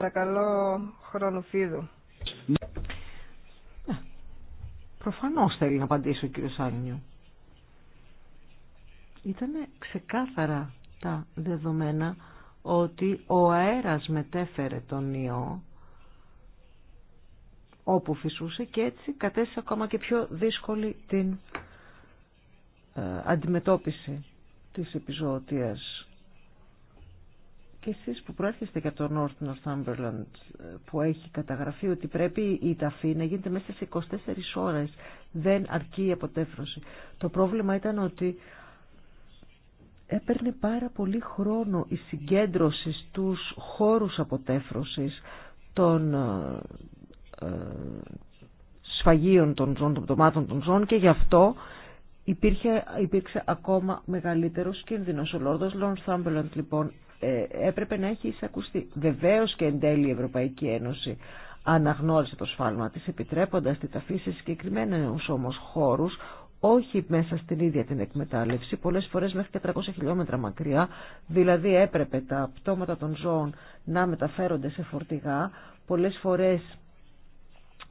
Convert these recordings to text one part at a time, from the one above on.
Παρακαλώ, χρόνο φίδου. Ναι. Προφανώς θέλει να απαντήσει ο κύριος Άγνιου. Ήταν ξεκάθαρα τα δεδομένα ότι ο αέρας μετέφερε τον ιό όπου φυσούσε και έτσι κατέστησε ακόμα και πιο δύσκολη την ε, αντιμετώπιση της επιζωοτίας και εσείς που προέρχεστε για το North Northumberland ε, που έχει καταγραφεί ότι πρέπει η ταφή να γίνεται μέσα σε 24 ώρες δεν αρκεί η αποτέφρωση το πρόβλημα ήταν ότι έπαιρνε πάρα πολύ χρόνο η συγκέντρωση στους χώρους αποτέφρωσης των ε, ε, σφαγίων των ζώων, των πτωμάτων των ζώων και γι' αυτό υπήρχε, υπήρξε ακόμα μεγαλύτερος κίνδυνος. Ο Λόρδος λοιπόν ε, έπρεπε να έχει εισακουστεί. Βεβαίω και εν τέλει η Ευρωπαϊκή Ένωση αναγνώρισε το σφάλμα τη, επιτρέποντας τη ταφή σε συγκεκριμένου όμως χώρου, όχι μέσα στην ίδια την εκμετάλλευση, πολλές φορές μέχρι και 300 χιλιόμετρα μακριά, δηλαδή έπρεπε τα πτώματα των ζώων να μεταφέρονται σε φορτηγά, πολλές φορές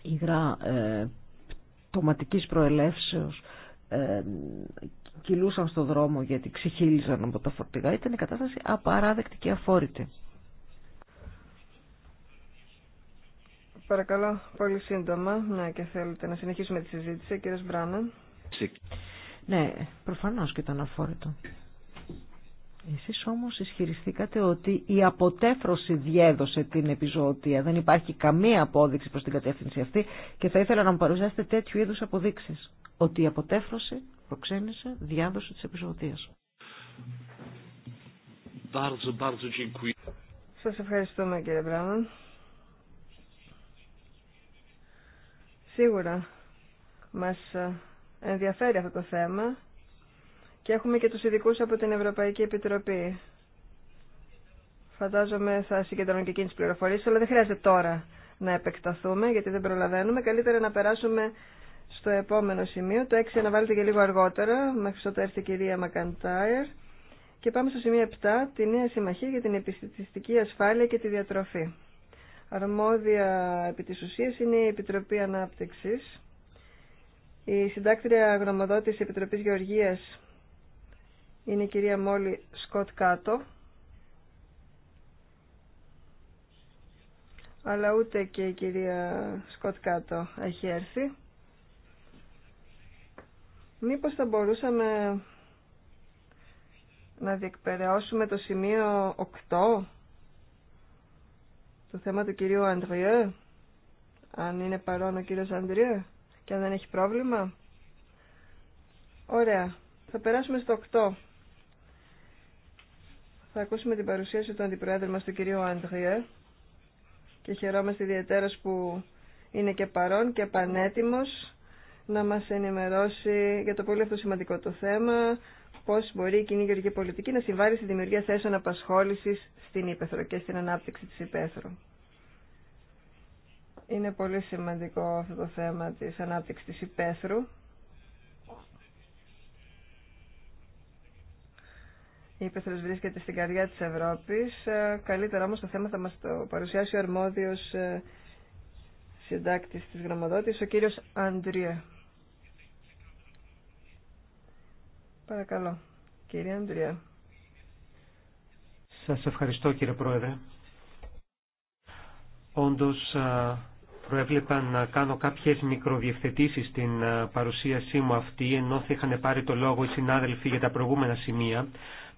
υγρά ε, πτωματικής προελεύσεως ε, κυλούσαν στο δρόμο γιατί ξεχύλιζαν από τα φορτηγά ήταν η κατάσταση απαράδεκτη και αφόρητη. Παρακαλώ, πολύ σύντομα, ναι, και θέλετε να συνεχίσουμε τη συζήτηση, Κύριε Μπράνον. Ναι, προφανώς και ήταν αφόρητο. Εσείς όμως ισχυριστήκατε ότι η αποτέφρωση διέδωσε την επιζώτια. Δεν υπάρχει καμία απόδειξη προς την κατεύθυνση αυτή και θα ήθελα να μου παρουσιάσετε τέτοιου είδους αποδείξεις. Ότι η αποτέφρωση προξένησε διάδοση της επιζωτίας. Σας ευχαριστούμε κύριε Μπράμαν. Σίγουρα μας ενδιαφέρει αυτό το θέμα και έχουμε και τους ειδικού από την Ευρωπαϊκή Επιτροπή. Φαντάζομαι θα συγκεντρώνουν και εκείνες τις πληροφορίες, αλλά δεν χρειάζεται τώρα να επεκταθούμε, γιατί δεν προλαβαίνουμε. Καλύτερα να περάσουμε στο επόμενο σημείο. Το 6 αναβάλλεται και λίγο αργότερα, μέχρι όταν έρθει η κυρία Μακαντάιρ. Και πάμε στο σημείο 7, τη νέα συμμαχία για την επιστημιστική ασφάλεια και τη διατροφή. Αρμόδια επί της ουσίας είναι η Επιτροπή Ανάπτυξης. Η συντάκτρια γνωμοδότης Επιτροπής Γεωργίας είναι η κυρία Μόλι Σκοτ Κάτο. Αλλά ούτε και η κυρία Σκοτ Κάτο έχει έρθει. Μήπως θα μπορούσαμε να διεκπαιρεώσουμε το σημείο 8, το θέμα του κυρίου Αντριέ, αν είναι παρόν ο κύριος Αντριέ και αν δεν έχει πρόβλημα. Ωραία. Θα περάσουμε στο 8 θα ακούσουμε την παρουσίαση του Αντιπροέδρου μας, του κυρίου Αντριέ και χαιρόμαστε ιδιαίτερα που είναι και παρόν και πανέτοιμος να μας ενημερώσει για το πολύ αυτό σημαντικό το θέμα, πώς μπορεί η κοινή γεωργική πολιτική να συμβάλλει στη δημιουργία θέσεων απασχόλησης στην Ήπεθρο και στην ανάπτυξη της Ήπεθρου. Είναι πολύ σημαντικό αυτό το θέμα της ανάπτυξης της Ήπεθρου Η βρίσκεται στην καρδιά τη Ευρώπη. Ε, καλύτερα όμω το θέμα θα μα το παρουσιάσει ο αρμόδιο ε, συντάκτη τη γραμματότητα, ο κύριο Αντρία. Παρακαλώ, κύριε Αντρία. σα ευχαριστώ κύριε Πρόεδρε. Όντω, ε, προέβλεπα να κάνω κάποιε μικροδιευθετήσει στην παρουσίασή μου αυτή, ενώ θα είχαν πάρει το λόγο οι συνάδελφοι για τα προηγούμενα σημεία.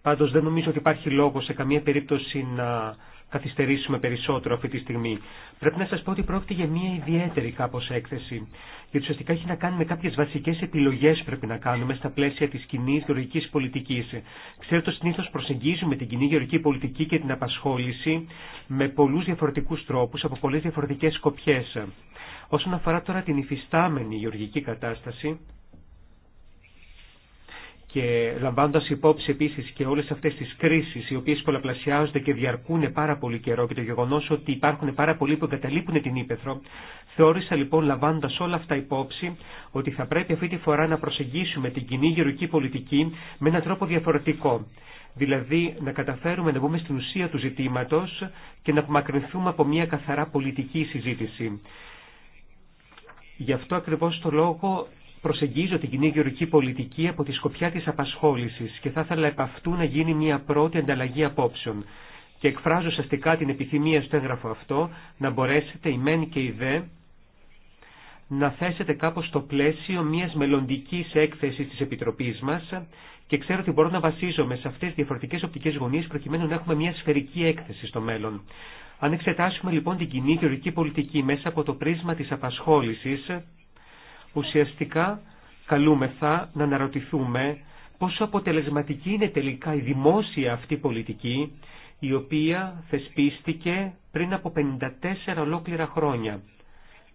Πάντω δεν νομίζω ότι υπάρχει λόγο σε καμία περίπτωση να καθυστερήσουμε περισσότερο αυτή τη στιγμή. Πρέπει να σα πω ότι πρόκειται για μια ιδιαίτερη κάπω έκθεση, γιατί ουσιαστικά έχει να κάνει με κάποιε βασικέ επιλογέ που πρέπει να κάνουμε στα πλαίσια τη κοινή γεωργική πολιτική. Ξέρετε ότι συνήθω προσεγγίζουμε την κοινή γεωργική πολιτική και την απασχόληση με πολλού διαφορετικού τρόπου από πολλέ διαφορετικέ σκοπιέ. Όσον αφορά τώρα την υφιστάμενη γεωργική κατάσταση, και λαμβάνοντας υπόψη επίσης και όλες αυτές τις κρίσεις οι οποίες πολλαπλασιάζονται και διαρκούν πάρα πολύ καιρό και το γεγονός ότι υπάρχουν πάρα πολλοί που εγκαταλείπουν την Ήπεθρο, θεώρησα λοιπόν λαμβάνοντας όλα αυτά υπόψη ότι θα πρέπει αυτή τη φορά να προσεγγίσουμε την κοινή γεωργική πολιτική με έναν τρόπο διαφορετικό. Δηλαδή να καταφέρουμε να μπούμε στην ουσία του ζητήματος και να απομακρυνθούμε από μια καθαρά πολιτική συζήτηση. Γι' αυτό ακριβώς το λόγο προσεγγίζω την κοινή γεωρική πολιτική από τη σκοπιά της απασχόλησης και θα ήθελα επ' αυτού να γίνει μια πρώτη ανταλλαγή απόψεων και εκφράζω σαστικά την επιθυμία στο έγγραφο αυτό να μπορέσετε η μεν και η δε να θέσετε κάπως στο πλαίσιο μιας μελλοντική έκθεσης της Επιτροπής μας και ξέρω ότι μπορώ να βασίζομαι σε αυτές τις διαφορετικές οπτικές γωνίες προκειμένου να έχουμε μια σφαιρική έκθεση στο μέλλον. Αν εξετάσουμε λοιπόν την κοινή γεωργική πολιτική μέσα από το πρίσμα της απασχόλησης, ουσιαστικά καλούμεθα να αναρωτηθούμε πόσο αποτελεσματική είναι τελικά η δημόσια αυτή πολιτική, η οποία θεσπίστηκε πριν από 54 ολόκληρα χρόνια.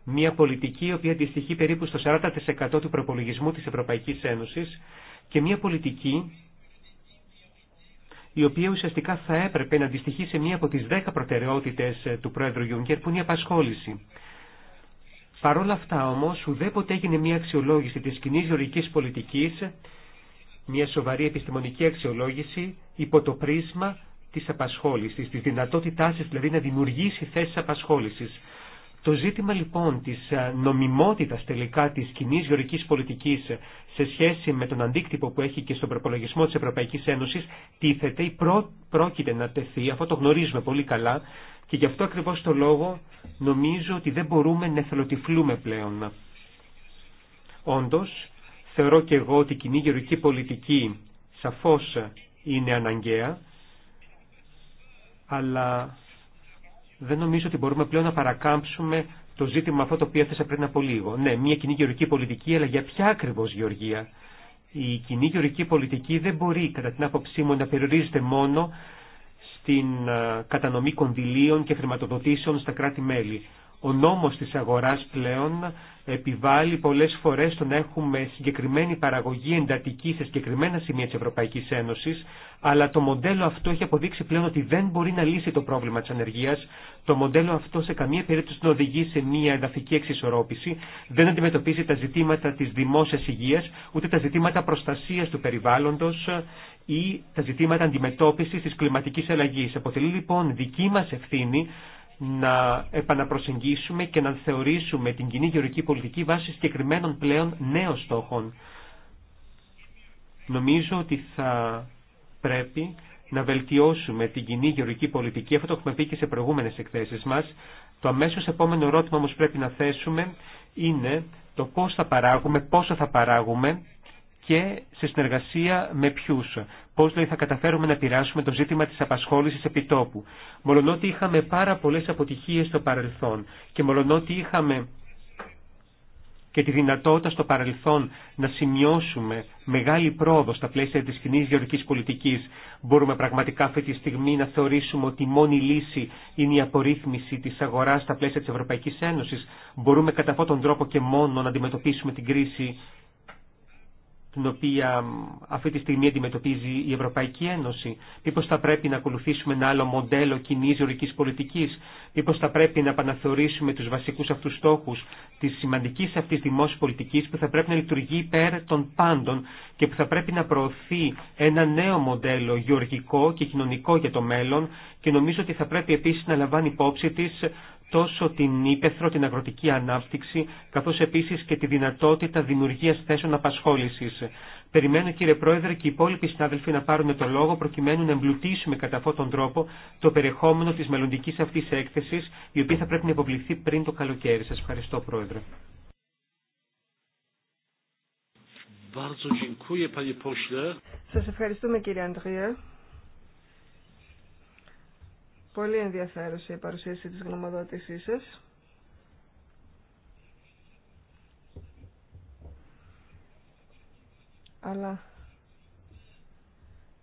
Μια πολιτική η οποία αντιστοιχεί περίπου στο 40% του προπολογισμού της Ευρωπαϊκής Ένωσης και μια πολιτική η οποία ουσιαστικά θα έπρεπε να αντιστοιχεί σε μία από τις 10 προτεραιότητες του Πρόεδρου Γιούγκερ που είναι η απασχόληση. Παρ' όλα αυτά όμως ουδέποτε έγινε μια αξιολόγηση της κοινή γεωρικής πολιτικής, μια σοβαρή επιστημονική αξιολόγηση υπό το πρίσμα της απασχόλησης, της δυνατότητάς της δηλαδή να δημιουργήσει θέσεις απασχόλησης. Το ζήτημα λοιπόν της ε, νομιμότητας τελικά της κοινή γεωρικής πολιτικής σε σχέση με τον αντίκτυπο που έχει και στον προπολογισμό της Ευρωπαϊκής Ένωσης τίθεται ή πρό, πρόκειται να τεθεί, αυτό το γνωρίζουμε πολύ καλά και γι' αυτό ακριβώς το λόγο νομίζω ότι δεν μπορούμε να εθελοτυφλούμε πλέον. Όντως, θεωρώ και εγώ ότι η κοινή γεωρική πολιτική σαφώς είναι αναγκαία, αλλά δεν νομίζω ότι μπορούμε πλέον να παρακάμψουμε το ζήτημα αυτό το οποίο έθεσα πριν από λίγο. Ναι, μια κοινή γεωργική πολιτική, αλλά για ποια ακριβώ γεωργία. Η κοινή γεωργική πολιτική δεν μπορεί, κατά την άποψή μου, να περιορίζεται μόνο στην ε, κατανομή κονδυλίων και χρηματοδοτήσεων στα κράτη-μέλη. Ο νόμος της αγοράς πλέον επιβάλλει πολλές φορές το να έχουμε συγκεκριμένη παραγωγή εντατική σε συγκεκριμένα σημεία της Ευρωπαϊκής Ένωσης, αλλά το μοντέλο αυτό έχει αποδείξει πλέον ότι δεν μπορεί να λύσει το πρόβλημα της ανεργίας. Το μοντέλο αυτό σε καμία περίπτωση δεν οδηγεί σε μια εδαφική εξισορρόπηση, δεν αντιμετωπίζει τα ζητήματα της δημόσιας υγείας, ούτε τα ζητήματα προστασίας του περιβάλλοντος ή τα ζητήματα αντιμετώπισης της κλιματικής αλλαγής. Αποτελεί λοιπόν δική μας ευθύνη να επαναπροσεγγίσουμε και να θεωρήσουμε την κοινή γεωρική πολιτική βάσει συγκεκριμένων πλέον νέων στόχων. Νομίζω ότι θα πρέπει να βελτιώσουμε την κοινή γεωρική πολιτική, αυτό το έχουμε πει και σε προηγούμενες εκθέσεις μας. Το αμέσως επόμενο ερώτημα όμως πρέπει να θέσουμε είναι το πώς θα παράγουμε, πόσο θα παράγουμε και σε συνεργασία με ποιου. Πώ δηλαδή θα καταφέρουμε να πειράσουμε το ζήτημα τη απασχόληση επιτόπου. Μολονότι είχαμε πάρα πολλέ αποτυχίε στο παρελθόν και μολονότι είχαμε και τη δυνατότητα στο παρελθόν να σημειώσουμε μεγάλη πρόοδο στα πλαίσια της κοινή γεωργικής πολιτικής. Μπορούμε πραγματικά αυτή τη στιγμή να θεωρήσουμε ότι η μόνη λύση είναι η απορρίθμιση της αγοράς στα πλαίσια της Ευρωπαϊκής Ένωσης. Μπορούμε κατά αυτόν τον τρόπο και μόνο να αντιμετωπίσουμε την κρίση την οποία αυτή τη στιγμή αντιμετωπίζει η Ευρωπαϊκή Ένωση. Μήπω θα πρέπει να ακολουθήσουμε ένα άλλο μοντέλο κοινή ζωρική πολιτική. Μήπω θα πρέπει να επαναθεωρήσουμε του βασικού αυτού στόχου τη σημαντική αυτή δημόσια πολιτική που θα πρέπει να λειτουργεί υπέρ των πάντων και που θα πρέπει να προωθεί ένα νέο μοντέλο γεωργικό και κοινωνικό για το μέλλον και νομίζω ότι θα πρέπει επίση να λαμβάνει υπόψη τη τόσο την ύπεθρο, την αγροτική ανάπτυξη, καθώς επίσης και τη δυνατότητα δημιουργίας θέσεων απασχόλησης. Περιμένω κύριε Πρόεδρε και οι υπόλοιποι συνάδελφοι να πάρουν το λόγο προκειμένου να εμπλουτίσουμε κατά αυτόν τον τρόπο το περιεχόμενο της μελλοντική αυτής έκθεσης, η οποία θα πρέπει να υποβληθεί πριν το καλοκαίρι. Σας ευχαριστώ Πρόεδρε. Σας ευχαριστούμε κύριε Αντρία. Πολύ ενδιαφέρουσα η παρουσίαση της γνωμοδότησής σας. Αλλά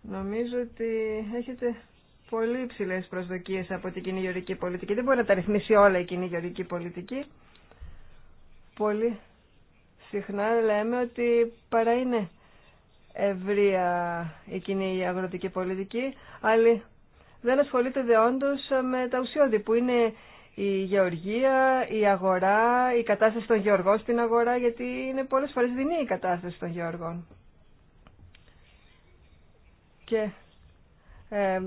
νομίζω ότι έχετε πολύ υψηλέ προσδοκίε από την κοινή γεωρική πολιτική. Δεν μπορεί να τα ρυθμίσει όλα η κοινή γεωρική πολιτική. Πολύ συχνά λέμε ότι παρά είναι ευρεία η κοινή αγροτική πολιτική. Άλλοι δεν ασχολείται όντως με τα ουσιώδη που είναι η γεωργία, η αγορά, η κατάσταση των γεωργών στην αγορά, γιατί είναι πολλές φορές δεινή η κατάσταση των γεωργών. Και ε,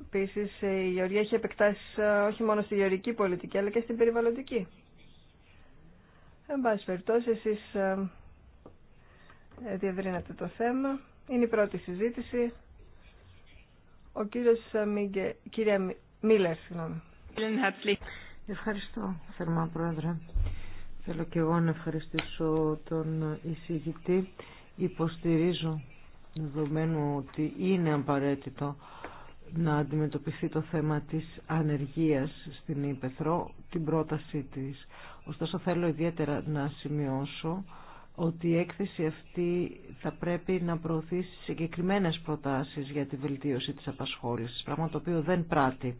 επίση η γεωργία έχει επεκτάσει ε, όχι μόνο στη γεωργική πολιτική, αλλά και στην περιβαλλοντική. Εν πάση περιπτώσει, εσείς ε, το θέμα. Είναι η πρώτη συζήτηση. Ο κύριος ε, Μίγκε, κύριε Μίλερ συγγνώμη. Ευχαριστώ, θερμά πρόεδρε. Θέλω και εγώ να ευχαριστήσω τον εισηγητή. Υποστηρίζω, δεδομένου ότι είναι απαραίτητο να αντιμετωπιστεί το θέμα της ανεργίας στην Ήπεθρο, την πρότασή της. Ωστόσο θέλω ιδιαίτερα να σημειώσω ότι η έκθεση αυτή θα πρέπει να προωθήσει συγκεκριμένες προτάσεις για τη βελτίωση της απασχόλησης, πράγμα το οποίο δεν πράττει.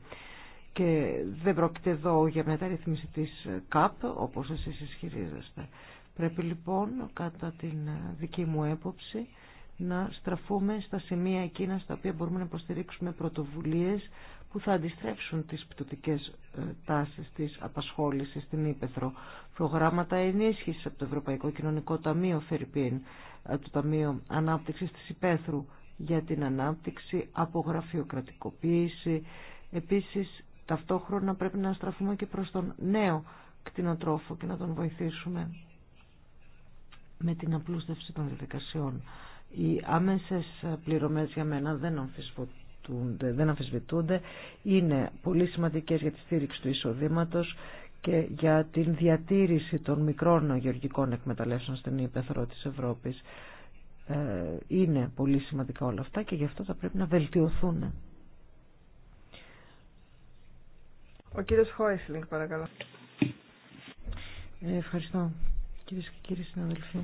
Και δεν πρόκειται εδώ για μεταρρύθμιση της ΚΑΠ, όπως εσείς ισχυρίζεστε. Πρέπει λοιπόν, κατά την δική μου έποψη, να στραφούμε στα σημεία εκείνα στα οποία μπορούμε να υποστηρίξουμε πρωτοβουλίες που θα αντιστρέψουν τις πτωτικές ε, τάσεις της απασχόλησης στην Ήπεθρο. Προγράμματα ενίσχυσης από το Ευρωπαϊκό Κοινωνικό Ταμείο Φερρυπίν, ε, το Ταμείο Ανάπτυξης της Ήπεθρου για την ανάπτυξη, απογραφειοκρατικοποίηση. Επίσης, ταυτόχρονα πρέπει να στραφούμε και προς τον νέο κτηνοτρόφο και να τον βοηθήσουμε με την απλούστευση των διαδικασιών. Οι άμεσες ε, πληρωμές για μένα δεν αμφισβούν δεν αμφισβητούνται, είναι πολύ σημαντικές για τη στήριξη του εισοδήματο και για την διατήρηση των μικρών γεωργικών εκμεταλλεύσεων στην υπεθρό της Ευρώπης. Ε, είναι πολύ σημαντικά όλα αυτά και γι' αυτό θα πρέπει να βελτιωθούν. Ο κύριος Χόισλινγκ παρακαλώ. Ε, ευχαριστώ κυρίε και κύριοι συναδελφοί.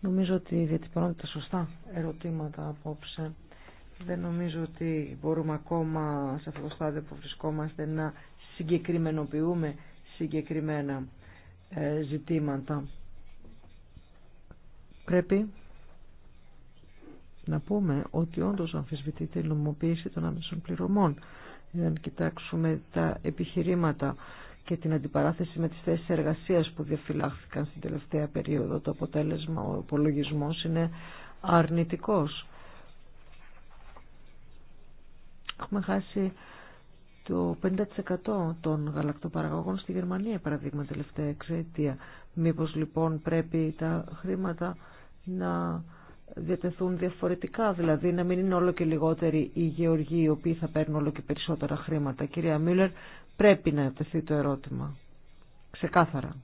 Νομίζω ότι διατυπώνονται τα σωστά ερωτήματα απόψε δεν νομίζω ότι μπορούμε ακόμα σε αυτό το στάδιο που βρισκόμαστε να συγκεκριμενοποιούμε συγκεκριμένα ε, ζητήματα. Πρέπει να πούμε ότι όντως αμφισβητείται η νομοποίηση των άμεσων πληρωμών. να κοιτάξουμε τα επιχειρήματα και την αντιπαράθεση με τις θέσεις εργασίας που διαφυλάχθηκαν στην τελευταία περίοδο, το αποτέλεσμα, ο υπολογισμό είναι αρνητικός. Έχουμε χάσει το 50% των γαλακτοπαραγωγών στη Γερμανία, παραδείγμα, τελευταία εξαιτία. Μήπως λοιπόν πρέπει τα χρήματα να διατεθούν διαφορετικά, δηλαδή να μην είναι όλο και λιγότεροι οι γεωργοί οι οποίοι θα παίρνουν όλο και περισσότερα χρήματα. Κυρία Μίλλερ, πρέπει να τεθεί το ερώτημα. Ξεκάθαρα.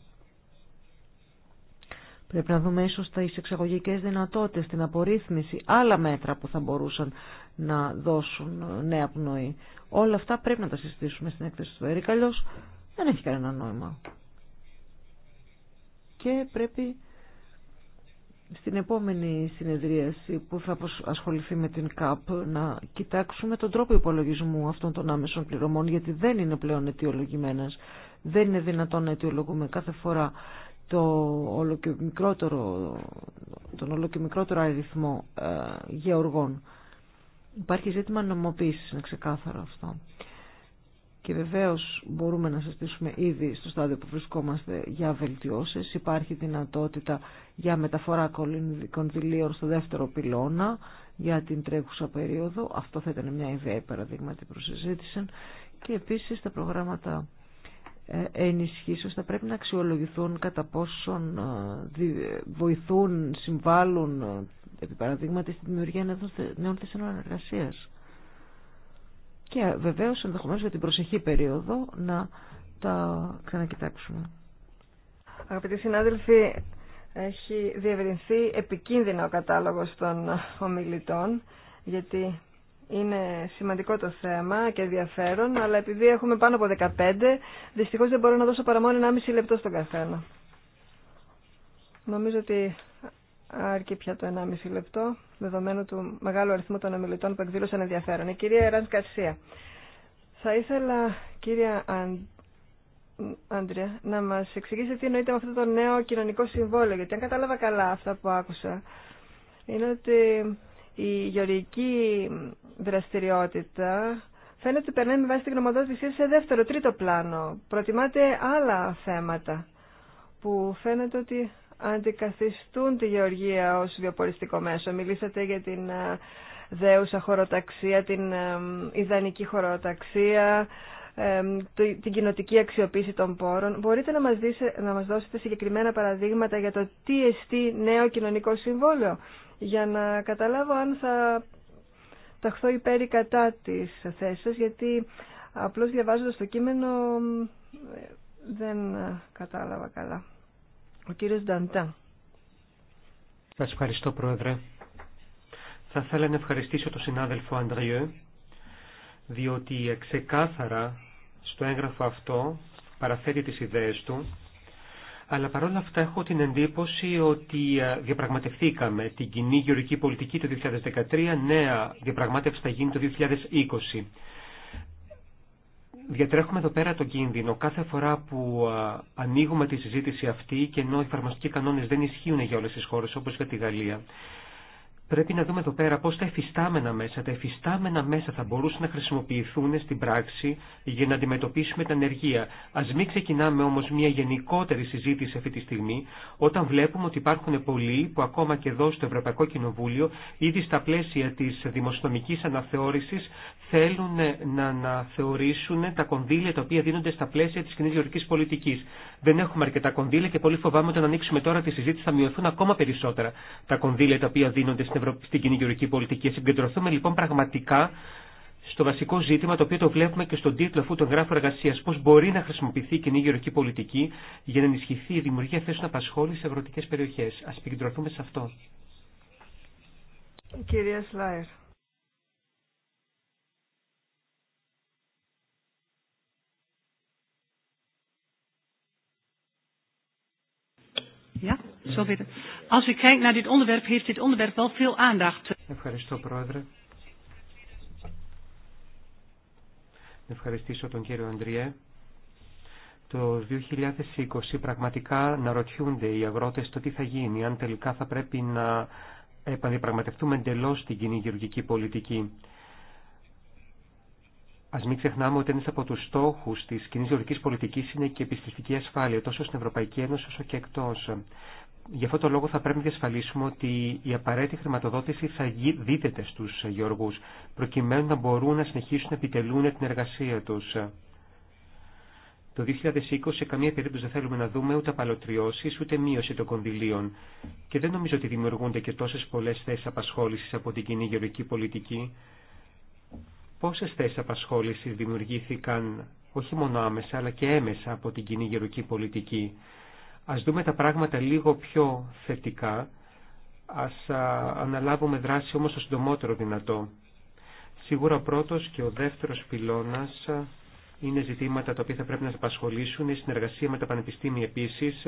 Πρέπει να δούμε ίσως τα εξαγωγικές δυνατότητες, την απορρίθμιση, άλλα μέτρα που θα μπορούσαν να δώσουν νέα πνοή. Όλα αυτά πρέπει να τα συζητήσουμε στην έκθεση του ΕΡΙΚ, αλλιώς δεν έχει κανένα νόημα. Και πρέπει στην επόμενη συνεδρίαση που θα ασχοληθεί με την ΚΑΠ να κοιτάξουμε τον τρόπο υπολογισμού αυτών των άμεσων πληρωμών γιατί δεν είναι πλέον αιτιολογημένες. Δεν είναι δυνατόν να αιτιολογούμε κάθε φορά το όλο και μικρότερο, τον όλο και μικρότερο αριθμό ε, γεωργών. Υπάρχει ζήτημα νομοποίηση, είναι ξεκάθαρο αυτό. Και βεβαίω μπορούμε να συζητήσουμε ήδη στο στάδιο που βρισκόμαστε για βελτιώσει. Υπάρχει δυνατότητα για μεταφορά κονδυλίων στο δεύτερο πυλώνα για την τρέχουσα περίοδο. Αυτό θα ήταν μια ιδέα, παραδείγματι, προσυζήτησαν. Και επίση τα προγράμματα ε, ενισχύσεω θα πρέπει να αξιολογηθούν κατά πόσον ε, βοηθούν, συμβάλλουν, ε, επί παραδείγματι στη δημιουργία νέων θέσεων εργασία. Και βεβαίω ενδεχομένω για την προσεχή περίοδο να τα ξανακοιτάξουμε. Αγαπητοί συνάδελφοι, έχει διευρυνθεί επικίνδυνο ο κατάλογος των ομιλητών, γιατί είναι σημαντικό το θέμα και ενδιαφέρον, αλλά επειδή έχουμε πάνω από 15, δυστυχώς δεν μπορώ να δώσω παρά μόνο 1,5 λεπτό στον καθένα. Νομίζω ότι Άρκει πια το 1,5 λεπτό, δεδομένου του μεγάλου αριθμού των ομιλητών που εκδήλωσαν ενδιαφέρον. Η κυρία Ραντ Καρσία. Θα ήθελα, κύρια Άντρια, να μα εξηγήσετε τι εννοείται με αυτό το νέο κοινωνικό συμβόλαιο, γιατί αν κατάλαβα καλά αυτά που άκουσα, είναι ότι η γεωργική δραστηριότητα φαίνεται ότι περνάει με βάση την γνωμοδότησή σε δεύτερο, τρίτο πλάνο. Προτιμάται άλλα θέματα που φαίνεται ότι αντικαθιστούν τη γεωργία ως βιοποριστικό μέσο. Μιλήσατε για την ε, δέουσα χωροταξία, την ε, ιδανική χωροταξία, ε, την κοινοτική αξιοποίηση των πόρων. Μπορείτε να μας, να μας δώσετε συγκεκριμένα παραδείγματα για το τι εστί νέο κοινωνικό συμβόλαιο, για να καταλάβω αν θα ταχθώ υπέρ ή κατά της θέσης, γιατί απλώς διαβάζοντας το κείμενο δεν κατάλαβα καλά. Ο κύριος Νταντά. Σας ευχαριστώ Πρόεδρε. Θα ήθελα να ευχαριστήσω τον συνάδελφο Αντριέ, διότι ξεκάθαρα στο έγγραφο αυτό παραθέτει τις ιδέες του, αλλά παρόλα αυτά έχω την εντύπωση ότι ε, διαπραγματευθήκαμε την κοινή γεωρική πολιτική το 2013, νέα διαπραγμάτευση θα γίνει το 2020 διατρέχουμε εδώ πέρα τον κίνδυνο κάθε φορά που ανοίγουμε τη συζήτηση αυτή και ενώ οι φαρμαστικοί κανόνες δεν ισχύουν για όλες τις χώρες όπως για τη Γαλλία. Πρέπει να δούμε εδώ πέρα πώς τα εφιστάμενα μέσα, τα εφιστάμενα μέσα θα μπορούσαν να χρησιμοποιηθούν στην πράξη για να αντιμετωπίσουμε την ανεργία. Ας μην ξεκινάμε όμως μια γενικότερη συζήτηση αυτή τη στιγμή, όταν βλέπουμε ότι υπάρχουν πολλοί που ακόμα και εδώ στο Ευρωπαϊκό Κοινοβούλιο, ήδη στα πλαίσια της δημοσιονομικής αναθεώρησης, θέλουν να αναθεωρήσουν τα κονδύλια τα οποία δίνονται στα πλαίσια της κοινή γεωργικής πολιτικής. Δεν έχουμε αρκετά κονδύλια και πολύ φοβάμαι ότι αν ανοίξουμε τώρα τη συζήτηση θα μειωθούν ακόμα περισσότερα τα κονδύλια τα οποία δίνονται στην στην κοινή γεωργική πολιτική. Συγκεντρωθούμε λοιπόν πραγματικά στο βασικό ζήτημα το οποίο το βλέπουμε και στον τίτλο αφού τον γράφω εργασία. Πώ μπορεί να χρησιμοποιηθεί η κοινή γεωργική πολιτική για να ενισχυθεί η δημιουργία θέσεων απασχόληση σε αγροτικέ περιοχέ. Α συγκεντρωθούμε σε αυτό. Κυρία Σλάιρ. Yeah, Als u kijkt naar dit onderwerp, Ευχαριστώ, Πρόεδρε. Ευχαριστήσω τον κύριο Αντριέ. Το 2020 πραγματικά να ρωτιούνται οι αγρότες το τι θα γίνει, αν τελικά θα πρέπει να επανδιαπραγματευτούμε εντελώ την κοινή γεωργική πολιτική. Α μην ξεχνάμε ότι ένα από του στόχου τη κοινή γεωργική πολιτική είναι και η ασφάλεια, τόσο στην Ευρωπαϊκή Ένωση όσο και εκτό. Γι' αυτό το λόγο θα πρέπει να διασφαλίσουμε ότι η απαραίτητη χρηματοδότηση θα δίδεται στους γεωργούς, προκειμένου να μπορούν να συνεχίσουν να επιτελούν την εργασία τους. Το 2020 σε καμία περίπτωση δεν θέλουμε να δούμε ούτε απαλωτριώσεις ούτε μείωση των κονδυλίων και δεν νομίζω ότι δημιουργούνται και τόσες πολλές θέσεις απασχόλησης από την κοινή γεωργική πολιτική. Πόσες θέσεις απασχόλησης δημιουργήθηκαν όχι μόνο άμεσα αλλά και έμεσα από την κοινή γεωργική πολιτική. Ας δούμε τα πράγματα λίγο πιο θετικά, ας αναλάβουμε δράση όμως το συντομότερο δυνατό. Σίγουρα ο πρώτος και ο δεύτερος πυλώνας είναι ζητήματα τα οποία θα πρέπει να απασχολήσουν, η συνεργασία με τα πανεπιστήμια επίσης,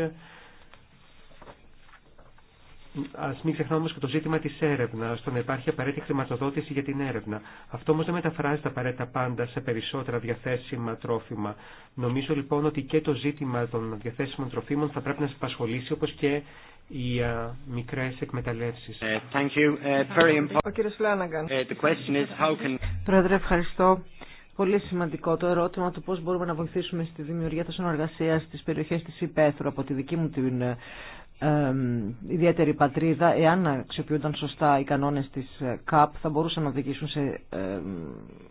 Α μην ξεχνάμε όμω και το ζήτημα τη έρευνα, στο να υπάρχει απαραίτητη χρηματοδότηση για την έρευνα. Αυτό όμω δεν μεταφράζεται απαραίτητα πάντα σε περισσότερα διαθέσιμα τρόφιμα. Νομίζω λοιπόν ότι και το ζήτημα των διαθέσιμων τροφίμων θα πρέπει να σε απασχολήσει όπω και οι uh, μικρέ εκμεταλλεύσει. Can... Πρόεδρε, ευχαριστώ. Πολύ σημαντικό το ερώτημα του πώς μπορούμε να βοηθήσουμε στη δημιουργία τόσων εργασία στις περιοχέ τη Υπέθρου. Από τη δική μου την ε, ιδιαίτερη πατρίδα, εάν αξιοποιούνταν σωστά οι κανόνες της ε, ΚΑΠ, θα μπορούσαν να οδηγήσουν σε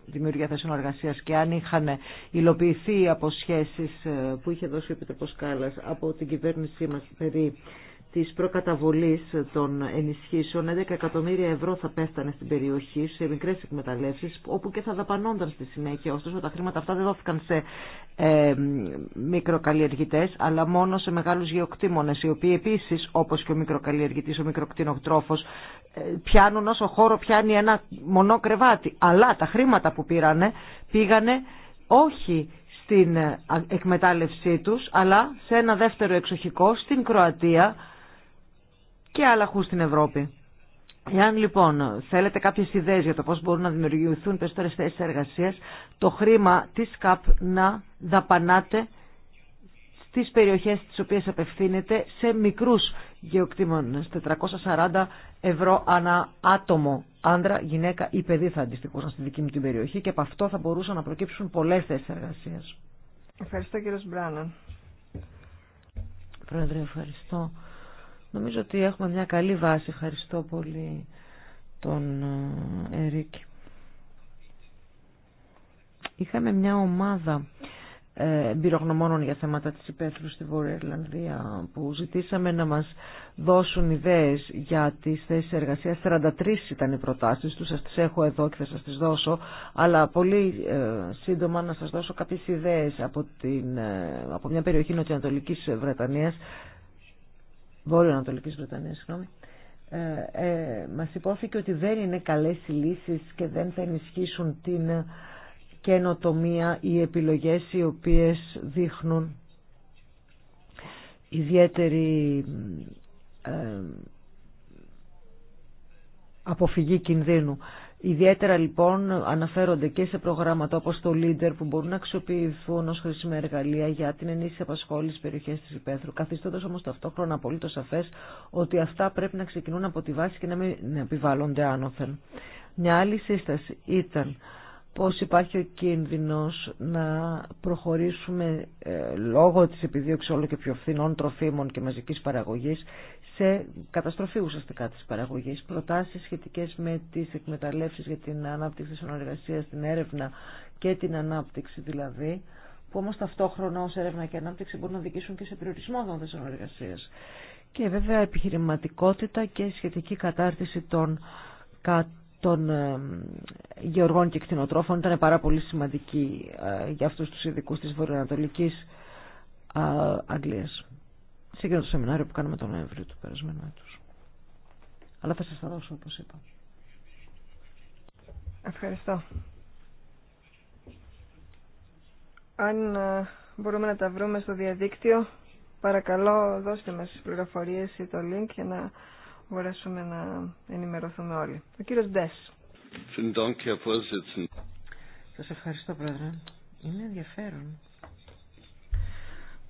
δημιουργία θέσεων εργασίας και αν είχαν υλοποιηθεί από σχέσεις ε, που είχε δώσει ο Επιτροπός Κάλλας από την κυβέρνησή μας περί της προκαταβολής των ενισχύσεων 11 εκατομμύρια ευρώ θα πέφτανε στην περιοχή σε μικρές εκμεταλλεύσεις όπου και θα δαπανώνταν στη συνέχεια ωστόσο τα χρήματα αυτά δεν δόθηκαν σε ε, μικροκαλλιεργητές αλλά μόνο σε μεγάλους γεωκτήμονες οι οποίοι επίσης όπως και ο μικροκαλλιεργητής, ο μικροκτηνοτρόφος ε, πιάνουν όσο χώρο πιάνει ένα μονό κρεβάτι αλλά τα χρήματα που πήρανε πήγανε όχι στην ε, εκμετάλλευσή τους αλλά σε ένα δεύτερο εξοχικό στην Κροατία και άλλα χού στην Ευρώπη. Εάν λοιπόν θέλετε κάποιε ιδέε για το πώ μπορούν να δημιουργηθούν περισσότερε θέσει εργασία, το χρήμα τη ΚΑΠ να δαπανάτε στις περιοχές στις οποίες απευθύνεται σε μικρούς γεωκτήμονες. 440 ευρώ ανά άτομο, άντρα, γυναίκα ή παιδί θα αντιστοιχούσαν στη δική μου την περιοχή και από αυτό θα μπορούσαν να προκύψουν πολλέ θέσει εργασία. Ευχαριστώ κύριο Μπράναν. Πρόεδρε, ευχαριστώ. Νομίζω ότι έχουμε μια καλή βάση. Ευχαριστώ πολύ τον ε, Ερίκ. Είχαμε μια ομάδα ε, εμπειρογνωμόνων για θέματα της υπαίθρου στη Βόρεια Ιρλανδία που ζητήσαμε να μας δώσουν ιδέες για τις θέσεις εργασίας. 43 ήταν οι προτάσεις τους, σας τις έχω εδώ και θα σας τις δώσω, αλλά πολύ ε, σύντομα να σας δώσω κάποιες ιδέες από, από μια περιοχή νοτιοανατολικής Βρετανίας Βόρειο ανατολικη Βρετανία, συγγνώμη, ε, ε, μας υπόθηκε ότι δεν είναι καλέ οι λύσεις και δεν θα ενισχύσουν την καινοτομία οι επιλογές οι οποίες δείχνουν ιδιαίτερη ε, αποφυγή κινδύνου. Ιδιαίτερα λοιπόν αναφέρονται και σε προγράμματα όπως το Leader που μπορούν να αξιοποιηθούν ως χρήσιμα εργαλεία για την ενίσχυση απασχόληση περιοχές της υπαίθρου, καθιστώντας όμως ταυτόχρονα απολύτω σαφές ότι αυτά πρέπει να ξεκινούν από τη βάση και να μην επιβάλλονται άνωθεν. Μια άλλη σύσταση ήταν πως υπάρχει ο κίνδυνος να προχωρήσουμε ε, λόγω της επιδίωξης όλο και πιο φθηνών τροφίμων και μαζικής παραγωγής σε καταστροφή ουσιαστικά της παραγωγής, προτάσεις σχετικές με τις εκμεταλλεύσεις για την ανάπτυξη της εργασίας, την έρευνα και την ανάπτυξη δηλαδή, που όμως ταυτόχρονα ως έρευνα και ανάπτυξη μπορούν να οδηγήσουν και σε περιορισμό των θέσεων Και βέβαια επιχειρηματικότητα και σχετική κατάρτιση των, κα, των ε, γεωργών και κτηνοτρόφων ήταν πάρα πολύ σημαντική ε, για αυτούς τους ειδικούς της βορειοανατολική ε, Αγγλίας και για το σεμινάριο που κάνουμε τον Νοέμβριο του περασμένου έτους. Αλλά θα σας τα δώσω όπω είπα. Ευχαριστώ. Αν ε, μπορούμε να τα βρούμε στο διαδίκτυο, παρακαλώ δώστε μας τις πληροφορίες ή το link για να μπορέσουμε να ενημερωθούμε όλοι. Ο κύριος Ντές. Σας ευχαριστώ, Πρόεδρε. Είναι ενδιαφέρον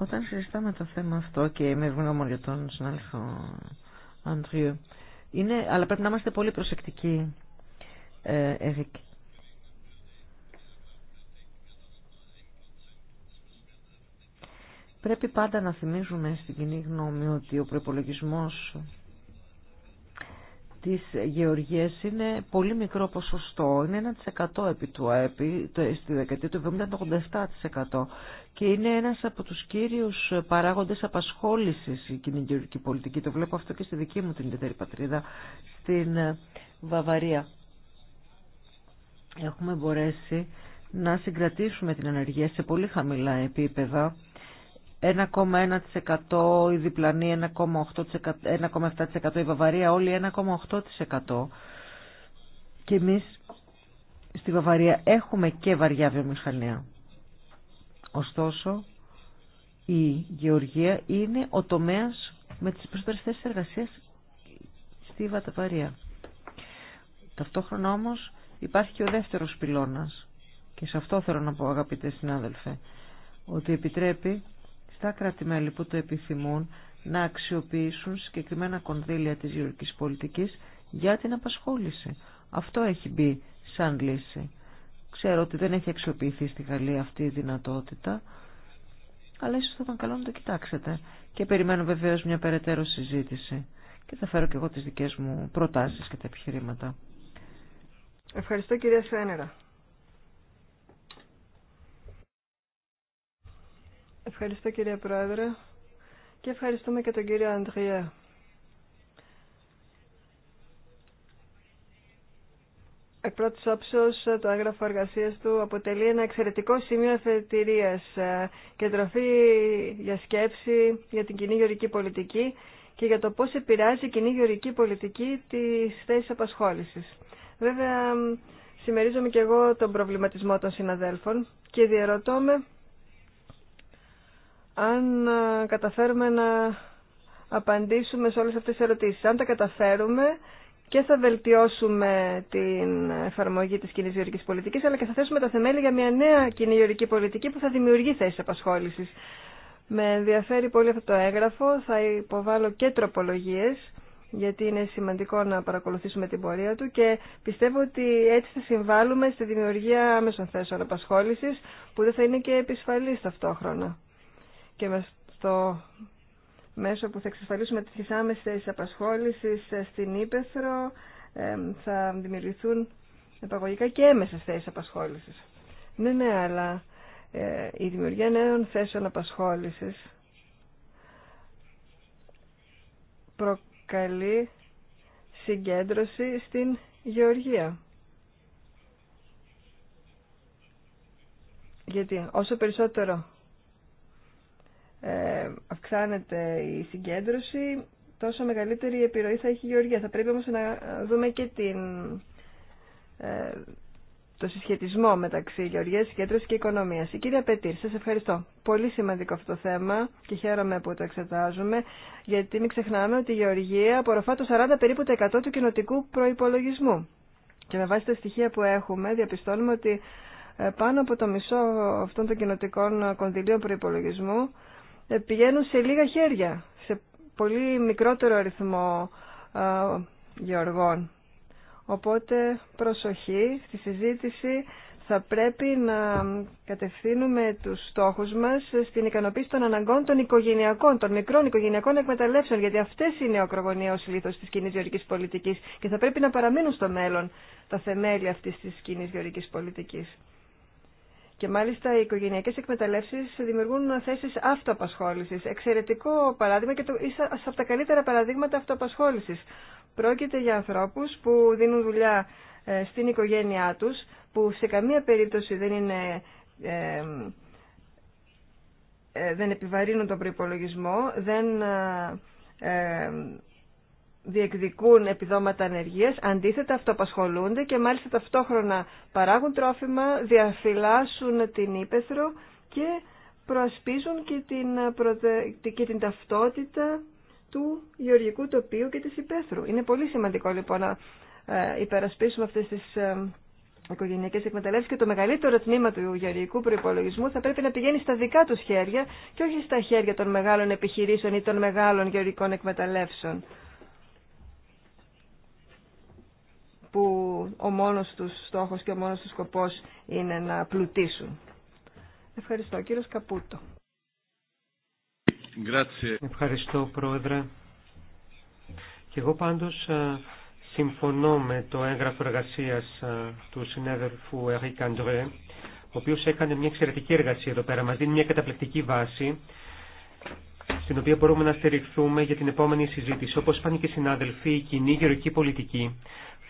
όταν συζητάμε το θέμα αυτό και είμαι ευγνώμων για τον συνάδελφο Αντριού, είναι, αλλά πρέπει να είμαστε πολύ προσεκτικοί, ε, Πρέπει πάντα να θυμίζουμε στην κοινή γνώμη ότι ο προπολογισμό της γεωργίας είναι πολύ μικρό ποσοστό, είναι 1% επί του ΑΕΠ, στη δεκαετία του 70-87% και είναι ένας από τους κύριους παράγοντες απασχόλησης η κοινή πολιτική. Το βλέπω αυτό και στη δική μου την ιδιαίτερη πατρίδα, στην ε, Βαβαρία. Έχουμε μπορέσει να συγκρατήσουμε την ανεργία σε πολύ χαμηλά επίπεδα 1,1%, η διπλανή 1,7%, η Βαβαρία όλοι 1,8%. Και εμείς στη Βαβαρία έχουμε και βαριά βιομηχανία. Ωστόσο, η γεωργία είναι ο τομέας με τις περισσότερες θέσεις εργασίας στη Βαταβαρία. Ταυτόχρονα όμως υπάρχει και ο δεύτερος πυλώνας και σε αυτό θέλω να πω αγαπητέ συνάδελφε ότι επιτρέπει τα κράτη-μέλη που το επιθυμούν να αξιοποιήσουν συγκεκριμένα κονδύλια της γεωργικής πολιτικής για την απασχόληση. Αυτό έχει μπει σαν λύση. Ξέρω ότι δεν έχει αξιοποιηθεί στη Γαλλία αυτή η δυνατότητα, αλλά ίσως θα ήταν καλό να το κοιτάξετε. Και περιμένω βεβαίως μια περαιτέρω συζήτηση και θα φέρω και εγώ τις δικές μου προτάσεις και τα επιχειρήματα. Ευχαριστώ κυρία Σφένερα. Ευχαριστώ κύριε Πρόεδρε και ευχαριστούμε και τον κύριο Αντριέ. Εκ πρώτη το έγγραφο εργασία του αποτελεί ένα εξαιρετικό σημείο αφετηρίας ε, και τροφή για σκέψη για την κοινή γεωρική πολιτική και για το πώς επηρεάζει η κοινή γεωρική πολιτική τι θέση απασχόλησης. Βέβαια, συμμερίζομαι και εγώ τον προβληματισμό των συναδέλφων και διαρωτώ με αν ε, καταφέρουμε να απαντήσουμε σε όλες αυτές τις ερωτήσεις. Αν τα καταφέρουμε και θα βελτιώσουμε την εφαρμογή της κοινή γεωρικής πολιτικής, αλλά και θα θέσουμε τα θεμέλια για μια νέα κοινή γεωρική πολιτική που θα δημιουργεί θέσει απασχόληση. Με ενδιαφέρει πολύ αυτό το έγγραφο, θα υποβάλω και τροπολογίες, γιατί είναι σημαντικό να παρακολουθήσουμε την πορεία του και πιστεύω ότι έτσι θα συμβάλλουμε στη δημιουργία άμεσων θέσεων απασχόλησης, που δεν θα είναι και επισφαλής ταυτόχρονα και με στο μέσο που θα εξασφαλίσουμε τις άμεσες θέσεις απασχόλησης ε, στην Ήπεθρο ε, θα δημιουργηθούν επαγωγικά και έμεσες θέσεις απασχόλησης. Ναι, ναι, αλλά ε, η δημιουργία νέων θέσεων απασχόλησης προκαλεί συγκέντρωση στην γεωργία. Γιατί όσο περισσότερο ε, αυξάνεται η συγκέντρωση, τόσο μεγαλύτερη η επιρροή θα έχει η γεωργία. Θα πρέπει όμως να δούμε και την, ε, το συσχετισμό μεταξύ γεωργίας, συγκέντρωσης και οικονομίας. Η κυρία Πετήρ, σας ευχαριστώ. Πολύ σημαντικό αυτό το θέμα και χαίρομαι που το εξετάζουμε, γιατί μην ξεχνάμε ότι η γεωργία απορροφά το 40 περίπου το 100 του κοινοτικού προϋπολογισμού. Και με βάση τα στοιχεία που έχουμε, διαπιστώνουμε ότι ε, πάνω από το μισό αυτών των κοινοτικών κονδυλίων προϋπολογισμού ε, πηγαίνουν σε λίγα χέρια, σε πολύ μικρότερο αριθμό γεωργών. Οπότε προσοχή στη συζήτηση θα πρέπει να κατευθύνουμε τους στόχους μας στην ικανοποίηση των αναγκών των οικογενειακών, των μικρών οικογενειακών εκμεταλλεύσεων, γιατί αυτές είναι ο ακρογωνιαίος λίθος της κοινή γεωργικής πολιτικής και θα πρέπει να παραμείνουν στο μέλλον τα θεμέλια αυτής της κοινή γεωργικής πολιτικής. Και μάλιστα οι οικογενειακές εκμεταλλεύσεις δημιουργούν θέσεις αυτοαπασχόλησης. Εξαιρετικό παράδειγμα και το, από τα καλύτερα παραδείγματα αυτοαπασχόλησης. Πρόκειται για ανθρώπους που δίνουν δουλειά ε, στην οικογένειά τους, που σε καμία περίπτωση δεν είναι... Ε, ε, δεν επιβαρύνουν τον προϋπολογισμό, δεν διεκδικούν επιδόματα ανεργίας, αντίθετα αυτοπασχολούνται και μάλιστα ταυτόχρονα παράγουν τρόφιμα, διαφυλάσσουν την ύπεθρο και προασπίζουν και την, προτε... την ταυτότητα του γεωργικού τοπίου και της ύπεθρου. Είναι πολύ σημαντικό λοιπόν να ε, υπερασπίσουμε αυτές τις ε, οικογενειακές εκμεταλλεύσεις και το μεγαλύτερο τμήμα του γεωργικού προϋπολογισμού θα πρέπει να πηγαίνει στα δικά τους χέρια και όχι στα χέρια των μεγάλων επιχειρήσεων ή των μεγάλων γεωργικών εκμεταλλεύσεων. που ο μόνος τους στόχος και ο μόνος τους σκοπός είναι να πλουτίσουν. Ευχαριστώ. Κύριος Καπούτο. Ευχαριστώ Πρόεδρε. Και εγώ πάντως ε, συμφωνώ με το έγγραφο εργασίας ε, του συνέδελφου Eric Καντρέ, ο οποίος έκανε μια εξαιρετική εργασία εδώ πέρα. Μας δίνει μια καταπληκτική βάση στην οποία μπορούμε να στηριχθούμε για την επόμενη συζήτηση. Όπως πάνε και οι συνάδελφοι, η κοινή γεωρική πολιτική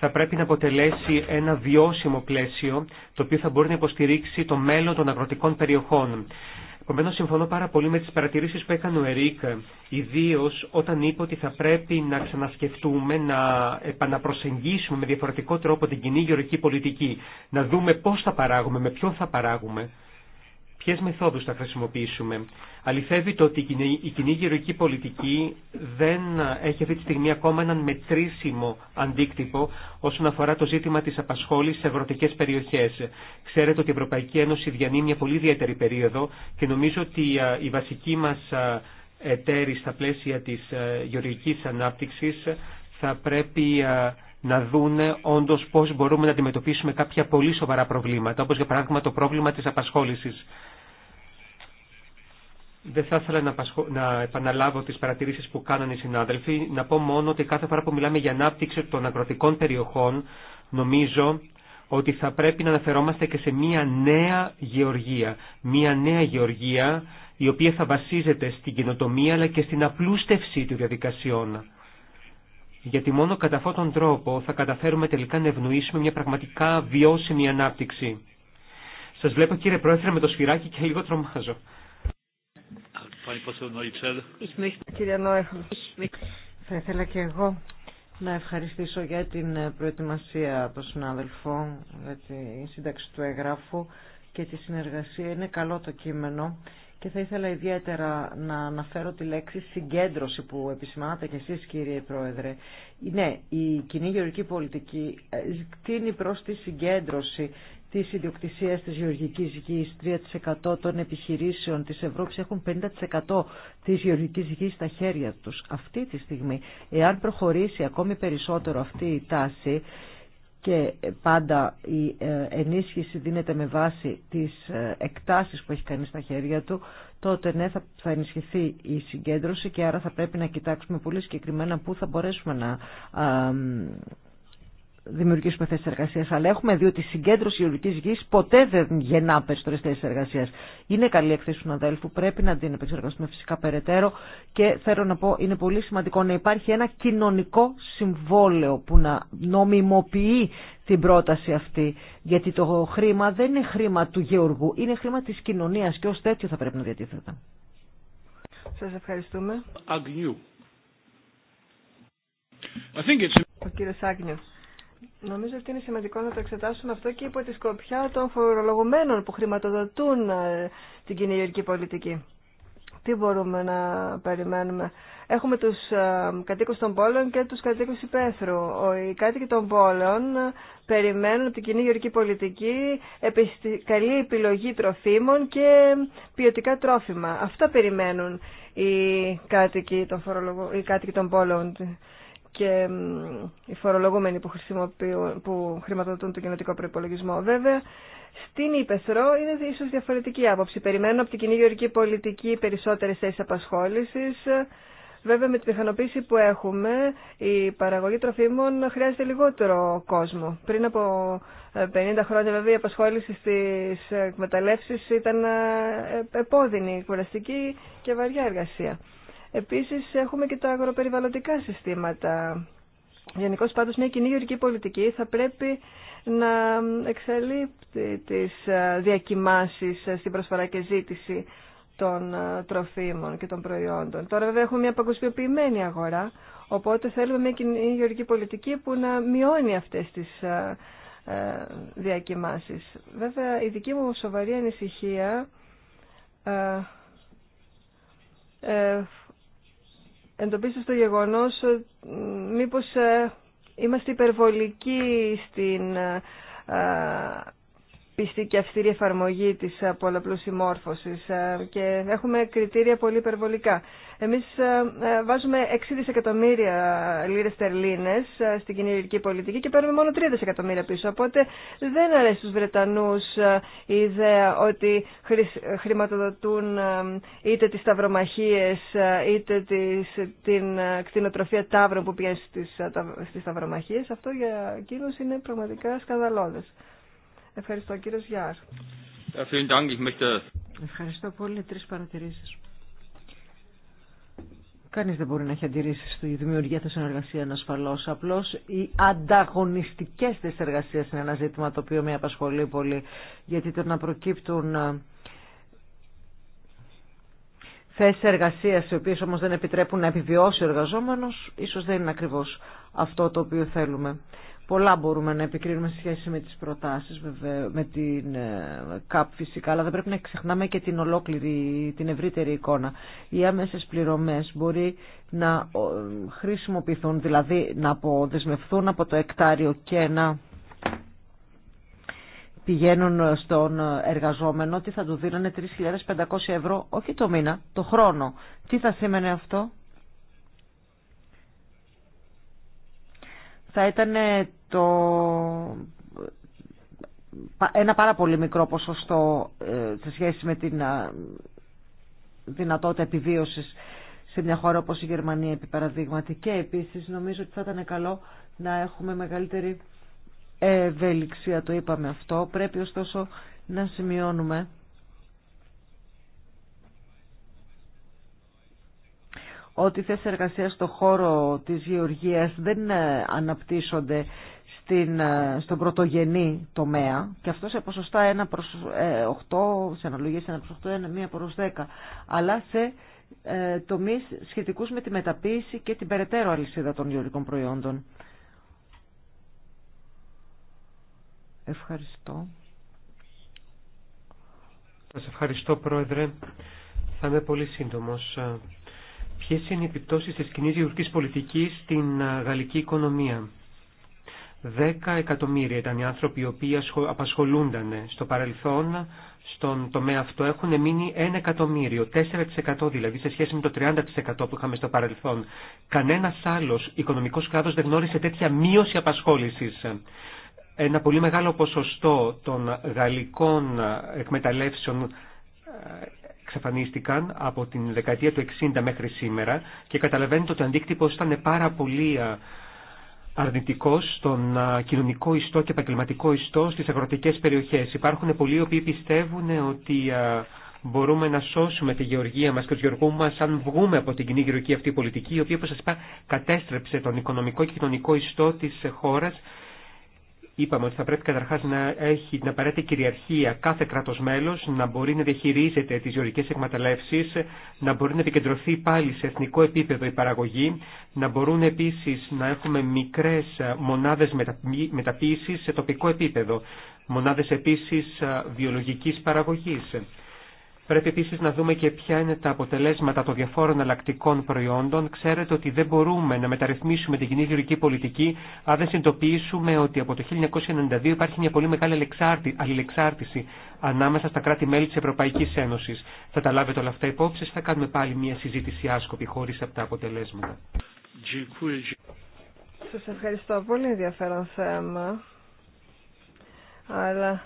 θα πρέπει να αποτελέσει ένα βιώσιμο πλαίσιο το οποίο θα μπορεί να υποστηρίξει το μέλλον των αγροτικών περιοχών. Επομένω, συμφωνώ πάρα πολύ με τι παρατηρήσει που έκανε ο Ερικ, ιδίω όταν είπε ότι θα πρέπει να ξανασκεφτούμε, να επαναπροσεγγίσουμε με διαφορετικό τρόπο την κοινή γεωργική πολιτική, να δούμε πώ θα παράγουμε, με ποιον θα παράγουμε. Ποιε μεθόδους θα χρησιμοποιήσουμε. Αληθεύει το ότι η κοινή γεωργική πολιτική δεν έχει αυτή τη στιγμή ακόμα έναν μετρήσιμο αντίκτυπο όσον αφορά το ζήτημα της απασχόλησης σε αγροτικέ περιοχές. Ξέρετε ότι η Ευρωπαϊκή Ένωση διανύει μια πολύ ιδιαίτερη περίοδο και νομίζω ότι η βασική μας εταίροι στα πλαίσια τη γεωργική ανάπτυξη θα πρέπει να δούνε όντω πώ μπορούμε να αντιμετωπίσουμε κάποια πολύ σοβαρά προβλήματα, όπω για παράδειγμα το πρόβλημα τη απασχόληση. Δεν θα ήθελα να, επαναλάβω τις παρατηρήσεις που κάνανε οι συνάδελφοι. Να πω μόνο ότι κάθε φορά που μιλάμε για ανάπτυξη των αγροτικών περιοχών, νομίζω ότι θα πρέπει να αναφερόμαστε και σε μια νέα γεωργία. Μια νέα γεωργία η οποία θα βασίζεται στην κοινοτομία αλλά και στην απλούστευση του διαδικασιών γιατί μόνο κατά αυτόν τον τρόπο θα καταφέρουμε τελικά να ευνοήσουμε μια πραγματικά βιώσιμη ανάπτυξη. Σας βλέπω κύριε Πρόεδρε με το σφυράκι και λίγο τρομάζω. θα ήθελα και εγώ να ευχαριστήσω για την προετοιμασία των συνάδελφων, για τη σύνταξη του εγγράφου και τη συνεργασία. Είναι καλό το κείμενο και θα ήθελα ιδιαίτερα να αναφέρω τη λέξη συγκέντρωση που επισημάνατε και εσείς κύριε Πρόεδρε. Ναι, η κοινή γεωργική πολιτική ε, κτίνει προς τη συγκέντρωση της ιδιοκτησίας της γεωργικής γης, 3% των επιχειρήσεων της Ευρώπης έχουν 50% της γεωργικής γης στα χέρια τους. Αυτή τη στιγμή, εάν προχωρήσει ακόμη περισσότερο αυτή η τάση, και πάντα η ε, ενίσχυση δίνεται με βάση τις ε, εκτάσεις που έχει κάνει στα χέρια του, τότε ναι θα ενισχυθεί η συγκέντρωση και άρα θα πρέπει να κοιτάξουμε πολύ συγκεκριμένα πού θα μπορέσουμε να δημιουργήσουμε θέσει εργασία, αλλά έχουμε δει ότι η συγκέντρωση γεωργική γη ποτέ δεν γεννά περισσότερε θέσει εργασία. Είναι καλή εκθέση του αδέλφου, πρέπει να την επεξεργαστούμε φυσικά περαιτέρω και θέλω να πω είναι πολύ σημαντικό να υπάρχει ένα κοινωνικό συμβόλαιο που να νομιμοποιεί την πρόταση αυτή. Γιατί το χρήμα δεν είναι χρήμα του γεωργού, είναι χρήμα τη κοινωνία και ω τέτοιο θα πρέπει να διατίθεται. Σα ευχαριστούμε. Ο κύριο Άγνιος. Νομίζω ότι είναι σημαντικό να το εξετάσουμε αυτό και υπό τη σκοπιά των φορολογουμένων που χρηματοδοτούν ε, την κοινωνική πολιτική. Τι μπορούμε να περιμένουμε. Έχουμε τους ε, κατοίκους των πόλεων και τους κατοίκους υπαίθρου. Οι κάτοικοι των πόλεων ε, περιμένουν από την κοινή γεωρική πολιτική καλή επιλογή τροφίμων και ποιοτικά τρόφιμα. Αυτά περιμένουν οι κάτοικοι των, φορολογου... οι κάτοικοι των πόλεων και οι φορολογούμενοι που, που χρηματοδοτούν το κοινοτικό προπολογισμό. Βέβαια, στην Ήπεθρο είναι ίσω διαφορετική άποψη. Περιμένουν από την κοινή γεωρική πολιτική περισσότερε θέσει απασχόληση. Βέβαια, με τη μηχανοποίηση που έχουμε, η παραγωγή τροφίμων χρειάζεται λιγότερο κόσμο. Πριν από 50 ε, χρόνια, βέβαια, η απασχόληση στι εκμεταλλεύσει ήταν ε, επώδυνη, κουραστική και βαριά εργασία. Επίσης έχουμε και τα αγροπεριβαλλοντικά συστήματα. Γενικώ πάντως μια κοινή γεωρική πολιτική θα πρέπει να εξαλείπτει τις ε, διακοιμάσεις ε, στην προσφορά και ζήτηση των ε, τροφίμων και των προϊόντων. Τώρα βέβαια έχουμε μια παγκοσμιοποιημένη αγορά, οπότε θέλουμε μια κοινή γεωργική πολιτική που να μειώνει αυτές τις διακοιμάσεις. Βέβαια η δική μου σοβαρή ανησυχία Εντοπίστε στο γεγονός ε, μήπως ε, είμαστε υπερβολικοί στην ε, πιστή και αυστηρή εφαρμογή της ε, πολλαπλού συμμόρφωσης ε, και έχουμε κριτήρια πολύ υπερβολικά. Εμείς ε, βάζουμε 6 δισεκατομμύρια λίρες τερλίνες στην κοινωνική πολιτική και παίρνουμε μόνο 3 δισεκατομμύρια πίσω. Οπότε δεν αρέσει στους Βρετανούς η ιδέα ότι χρηματοδοτούν είτε τις σταυρομαχίες είτε την κτηνοτροφία τάβρων που πηγαίνει στις σταυρομαχίες. Αυτό για εκείνους είναι πραγματικά σκανδαλώδες. Ευχαριστώ κύριος Γιάρ. Ευχαριστώ πολύ. Τρεις παρατηρήσεις. Κανείς δεν μπορεί να έχει αντιρρήσει στη δημιουργία θέσεων εργασία ασφαλώς. Απλώς οι ανταγωνιστικές της εργασία είναι ένα ζήτημα το οποίο με απασχολεί πολύ. Γιατί το να προκύπτουν ε, θέσεις εργασίας οι οποίες όμως δεν επιτρέπουν να επιβιώσει ο εργαζόμενος ίσως δεν είναι ακριβώς αυτό το οποίο θέλουμε. Πολλά μπορούμε να επικρίνουμε σε σχέση με τις προτάσεις, βέβαια, με την ε, ΚΑΠ φυσικά, αλλά δεν πρέπει να ξεχνάμε και την ολόκληρη, την ευρύτερη εικόνα. Οι άμεσες πληρωμές μπορεί να χρησιμοποιηθούν, δηλαδή να αποδεσμευθούν από το εκτάριο και να πηγαίνουν στον εργαζόμενο, ότι θα του δίνανε 3.500 ευρώ, όχι το μήνα, το χρόνο. Τι θα σήμαινε αυτό, θα ήταν το ένα πάρα πολύ μικρό ποσοστό ε, σε σχέση με την ε, δυνατότητα επιβίωσης σε μια χώρα όπως η Γερμανία επί παραδείγματι και επίσης νομίζω ότι θα ήταν καλό να έχουμε μεγαλύτερη ευελιξία το είπαμε αυτό πρέπει ωστόσο να σημειώνουμε ότι οι θέσει εργασία στον χώρο τη γεωργίας δεν ε, αναπτύσσονται στην, ε, στον πρωτογενή τομέα και αυτό σε ποσοστά 1 προ 8, σε αναλογίε 1 προ 8, 1 προ 10, αλλά σε ε, τομείς σχετικούς με τη μεταποίηση και την περαιτέρω αλυσίδα των γεωργικών προϊόντων. Ευχαριστώ. Σας ευχαριστώ Πρόεδρε. Θα είμαι πολύ σύντομος. Ποιε είναι οι επιπτώσει τη κοινή γεωργική πολιτική στην γαλλική οικονομία. 10 εκατομμύρια ήταν οι άνθρωποι οι οποίοι απασχολούνταν στο παρελθόν στον τομέα αυτό έχουν μείνει 1 εκατομμύριο, 4% δηλαδή σε σχέση με το 30% που είχαμε στο παρελθόν. Κανένα άλλο οικονομικό κλάδο δεν γνώρισε τέτοια μείωση απασχόληση. Ένα πολύ μεγάλο ποσοστό των γαλλικών εκμεταλλεύσεων εξαφανίστηκαν από την δεκαετία του 60 μέχρι σήμερα και καταλαβαίνετε ότι ο αντίκτυπος ήταν πάρα πολύ αρνητικός στον κοινωνικό ιστό και επαγγελματικό ιστό στις αγροτικές περιοχές. Υπάρχουν πολλοί οι οποίοι πιστεύουν ότι μπορούμε να σώσουμε τη γεωργία μας και του γεωργού μας αν βγούμε από την κοινή γεωργική αυτή πολιτική, η οποία, όπως σας είπα, κατέστρεψε τον οικονομικό και κοινωνικό ιστό της χώρας Είπαμε ότι θα πρέπει καταρχά να έχει την απαραίτητη κυριαρχία κάθε κράτο μέλο, να μπορεί να διαχειρίζεται τι γεωργικέ εκμεταλλεύσει, να μπορεί να επικεντρωθεί πάλι σε εθνικό επίπεδο η παραγωγή, να μπορούν επίση να έχουμε μικρέ μονάδε μεταποίηση σε τοπικό επίπεδο, μονάδε επίση βιολογική παραγωγή. Πρέπει επίσης να δούμε και ποια είναι τα αποτελέσματα των διαφόρων αλλακτικών προϊόντων. Ξέρετε ότι δεν μπορούμε να μεταρρυθμίσουμε την κοινή γεωργική πολιτική αν δεν συνειδητοποιήσουμε ότι από το 1992 υπάρχει μια πολύ μεγάλη αλληλεξάρτηση ανάμεσα στα κράτη-μέλη της Ευρωπαϊκής Ένωσης. Θα τα λάβετε όλα αυτά υπόψη, θα κάνουμε πάλι μια συζήτηση άσκοπη χωρίς αυτά τα αποτελέσματα. Σας ευχαριστώ. Πολύ ενδιαφέρον θέμα. Αλλά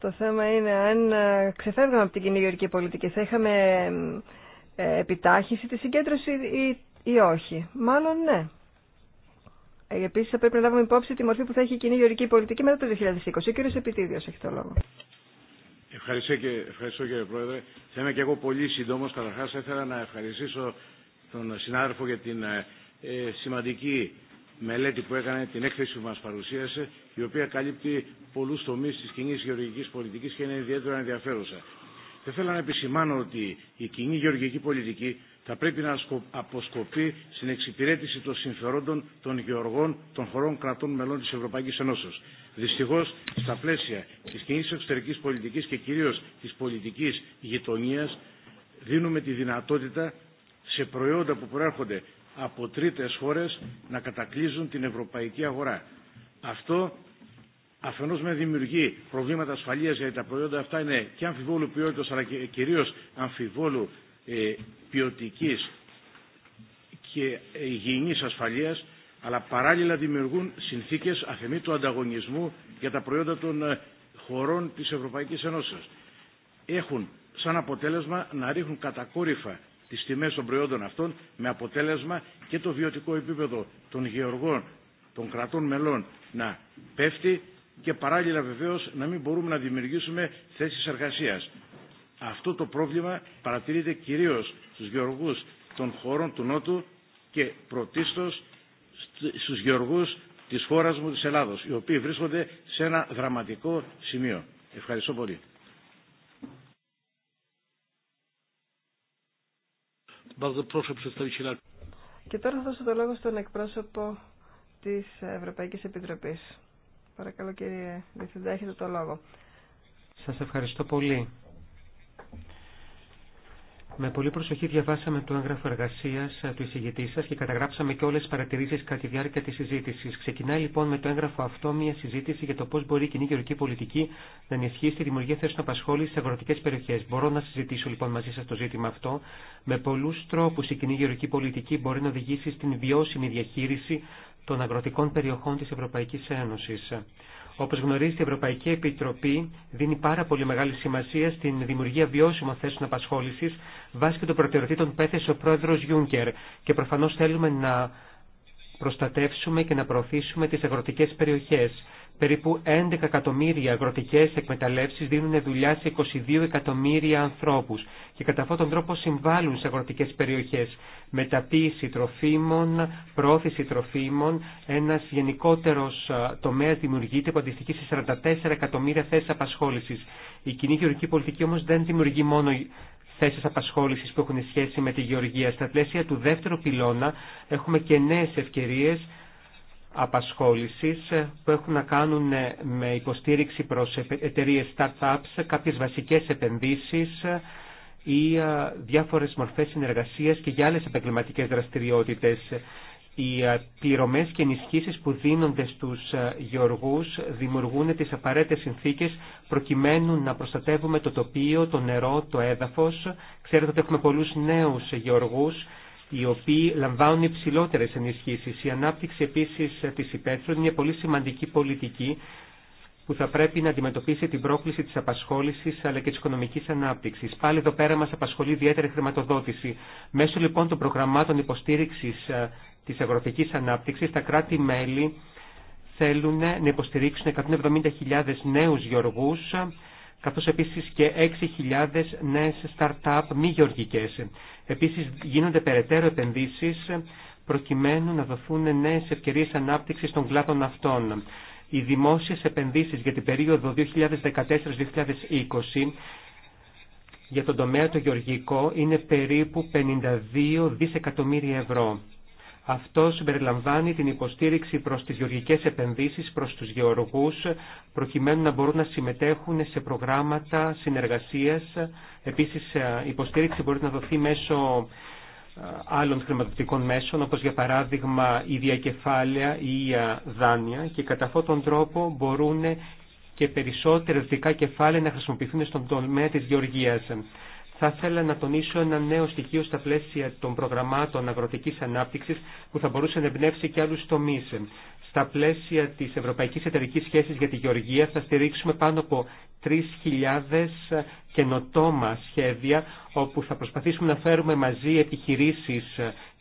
το θέμα είναι αν ε, ξεφεύγαμε από την κοινή γεωρική πολιτική, θα είχαμε ε, επιτάχυση τη συγκέντρωση ή, ή όχι. Μάλλον ναι. Ε, Επίση, θα πρέπει να λάβουμε υπόψη τη μορφή που θα έχει η κοινή γεωρική πολιτική μετά το 2020. Ο κύριο Επιτίδιο έχει το λόγο. Ευχαριστώ, και, ευχαριστώ κύριε Πρόεδρε. Θα είμαι και εγώ πολύ σύντομο. Καταρχά, ήθελα να ευχαριστήσω τον συνάδελφο για την ε, σημαντική μελέτη που έκανε, την έκθεση που μα παρουσίασε, η οποία καλύπτει πολλού τομεί τη κοινή γεωργική πολιτική και είναι ιδιαίτερα ενδιαφέρουσα. Θα ήθελα να επισημάνω ότι η κοινή γεωργική πολιτική θα πρέπει να αποσκοπεί στην εξυπηρέτηση των συμφερόντων των γεωργών των χωρών κρατών μελών τη Ευρωπαϊκή Ενώσεω. Δυστυχώ, στα πλαίσια τη κοινή εξωτερική πολιτική και κυρίω τη πολιτική γειτονία δίνουμε τη δυνατότητα σε προϊόντα που προέρχονται από τρίτες χώρες να κατακλείζουν την ευρωπαϊκή αγορά. Αυτό αφενός με δημιουργεί προβλήματα ασφαλείας γιατί τα προϊόντα αυτά είναι και αμφιβόλου ποιότητας αλλά και κυρίως αμφιβόλου ε, ποιοτικής και υγιεινής ασφαλείας αλλά παράλληλα δημιουργούν συνθήκες αφαιμή του ανταγωνισμού για τα προϊόντα των ε, χωρών της Ευρωπαϊκής Ένωσης. Έχουν σαν αποτέλεσμα να ρίχνουν κατακόρυφα τις τιμές των προϊόντων αυτών με αποτέλεσμα και το βιωτικό επίπεδο των γεωργών των κρατών μελών να πέφτει και παράλληλα βεβαίως να μην μπορούμε να δημιουργήσουμε θέσεις εργασίας. Αυτό το πρόβλημα παρατηρείται κυρίως στους γεωργούς των χωρών του Νότου και πρωτίστως στους γεωργούς της χώρας μου της Ελλάδος, οι οποίοι βρίσκονται σε ένα δραματικό σημείο. Ευχαριστώ πολύ. Και τώρα θα δώσω το λόγο στον εκπρόσωπο της Ευρωπαϊκής Επιτροπής. Παρακαλώ κύριε Διευθυντά, έχετε το λόγο. Σας ευχαριστώ πολύ. Με πολύ προσοχή διαβάσαμε το έγγραφο εργασία ε, του εισηγητή σα και καταγράψαμε και όλε τι παρατηρήσει κατά τη διάρκεια τη συζήτηση. Ξεκινάει λοιπόν με το έγγραφο αυτό μια συζήτηση για το πώ μπορεί η κοινή γεωργική πολιτική να ενισχύσει τη δημιουργία θέσεων απασχόληση σε αγροτικέ περιοχέ. Μπορώ να συζητήσω λοιπόν μαζί σα το ζήτημα αυτό. Με πολλού τρόπου η κοινή γεωργική πολιτική μπορεί να οδηγήσει στην βιώσιμη διαχείριση των αγροτικών περιοχών τη Ευρωπαϊκή Ένωση. Όπω γνωρίζετε, η Ευρωπαϊκή Επιτροπή δίνει πάρα πολύ μεγάλη σημασία στην δημιουργία βιώσιμων θέσεων απασχόληση βάσει και των προτεραιοτήτων που ο πρόεδρο Γιούγκερ. Και προφανώ θέλουμε να προστατεύσουμε και να προωθήσουμε τις αγροτικές περιοχές. Περίπου 11 εκατομμύρια αγροτικές εκμεταλλεύσεις δίνουν δουλειά σε 22 εκατομμύρια ανθρώπους και κατά αυτόν τον τρόπο συμβάλλουν σε αγροτικές περιοχές. Μεταποίηση τροφίμων, πρόθεση τροφίμων, ένας γενικότερος τομέας δημιουργείται που αντιστοιχεί σε 44 εκατομμύρια θέσεις απασχόλησης. Η κοινή γεωργική πολιτική όμως δεν δημιουργεί μόνο θέσεις απασχόλησης που έχουν σχέση με τη γεωργία. Στα πλαίσια του δεύτερου πυλώνα έχουμε και νέες ευκαιρίες απασχόλησης που έχουν να κάνουν με υποστήριξη προς εταιρείες startups, κάποιες βασικές επενδύσεις ή διάφορες μορφές συνεργασίας και για άλλες επαγγελματικές δραστηριότητες οι ε, πληρωμές και ενισχύσεις που δίνονται στους ε, γεωργούς δημιουργούν τις απαραίτητες συνθήκες προκειμένου να προστατεύουμε το τοπίο, το νερό, το έδαφος. Ξέρετε ότι έχουμε πολλούς νέους γεωργούς οι οποίοι λαμβάνουν υψηλότερε ενισχύσεις. Η ανάπτυξη επίσης ε, της υπαίθρου είναι μια πολύ σημαντική πολιτική που θα πρέπει να αντιμετωπίσει την πρόκληση τη απασχόληση αλλά και τη οικονομική ανάπτυξη. Πάλι εδώ πέρα μα απασχολεί ιδιαίτερη χρηματοδότηση. Μέσω λοιπόν των προγραμμάτων υποστήριξη της αγροτικής ανάπτυξης, τα κράτη-μέλη θέλουν να υποστηρίξουν 170.000 νέους γεωργούς, καθώς επίσης και 6.000 νέες start-up μη γεωργικές. Επίσης γίνονται περαιτέρω επενδύσεις προκειμένου να δοθούν νέες ευκαιρίες ανάπτυξης των κλάδων αυτών. Οι δημόσιες επενδύσεις για την περίοδο 2014-2020 για τον τομέα το γεωργικό είναι περίπου 52 δισεκατομμύρια ευρώ. Αυτό συμπεριλαμβάνει την υποστήριξη προς τις γεωργικές επενδύσεις, προς τους γεωργούς, προκειμένου να μπορούν να συμμετέχουν σε προγράμματα συνεργασίας. Επίσης, ε, υποστήριξη μπορεί να δοθεί μέσω ε, άλλων χρηματοδοτικών μέσων, όπως για παράδειγμα η διακεφάλαια ή η ε, δάνεια και κατά αυτόν τον τρόπο μπορούν και περισσότερα δικά κεφάλαια να χρησιμοποιηθούν στον τομέα της γεωργίας θα ήθελα να τονίσω ένα νέο στοιχείο στα πλαίσια των προγραμμάτων αγροτικής ανάπτυξης που θα μπορούσε να εμπνεύσει και άλλους τομείς. Στα πλαίσια της Ευρωπαϊκής Εταιρικής Σχέσης για τη Γεωργία θα στηρίξουμε πάνω από 3.000 καινοτόμα σχέδια όπου θα προσπαθήσουμε να φέρουμε μαζί επιχειρήσεις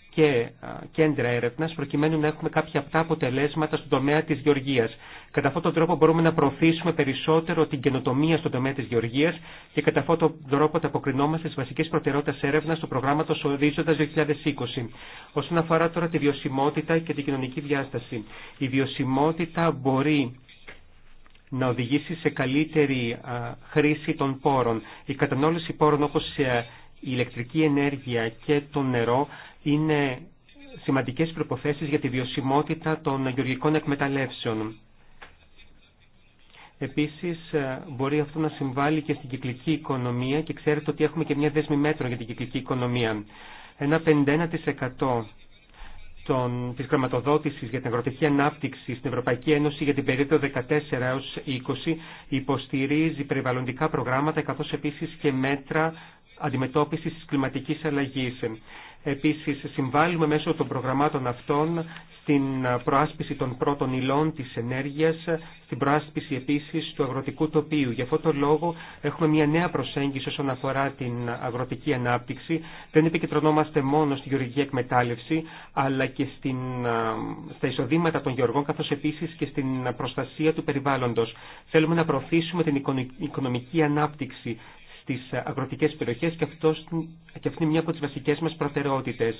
και κέντρα έρευνα προκειμένου να έχουμε κάποια αυτά αποτελέσματα στον τομέα τη γεωργία. Κατά αυτόν τον τρόπο μπορούμε να προωθήσουμε περισσότερο την καινοτομία στον τομέα τη γεωργία και κατά αυτόν τον τρόπο τα αποκρινόμαστε στι βασικέ προτεραιότητε έρευνα του προγράμματο Ορίζοντα 2020. Όσον αφορά τώρα τη βιωσιμότητα και την κοινωνική διάσταση. Η βιωσιμότητα μπορεί να οδηγήσει σε καλύτερη χρήση των πόρων. Η κατανόληση πόρων όπω ε, η ηλεκτρική ενέργεια και το νερό είναι σημαντικές προποθέσεις για τη βιωσιμότητα των γεωργικών εκμεταλλεύσεων. Επίσης, ε, μπορεί αυτό να συμβάλλει και στην κυκλική οικονομία και ξέρετε ότι έχουμε και μια δέσμη μέτρων για την κυκλική οικονομία. Ένα 51% των, της χρηματοδότησης για την αγροτική ανάπτυξη στην Ευρωπαϊκή Ένωση για την περίοδο 14 έως 20 υποστηρίζει περιβαλλοντικά προγράμματα καθώς επίσης και μέτρα αντιμετώπισης της κλιματικής αλλαγής. Επίσης συμβάλλουμε μέσω των προγραμμάτων αυτών στην προάσπιση των πρώτων υλών της ενέργειας, στην προάσπιση επίσης του αγροτικού τοπίου. Γι' αυτό τον λόγο έχουμε μια νέα προσέγγιση όσον αφορά την αγροτική ανάπτυξη. Δεν επικεντρωνόμαστε μόνο στην γεωργική εκμετάλλευση, αλλά και στην, στα εισοδήματα των γεωργών, καθώς επίσης και στην προστασία του περιβάλλοντος. Θέλουμε να προωθήσουμε την οικονομική ανάπτυξη στις αγροτικές περιοχές και, αυτός, αυτή είναι μια από τις βασικές μας προτεραιότητες.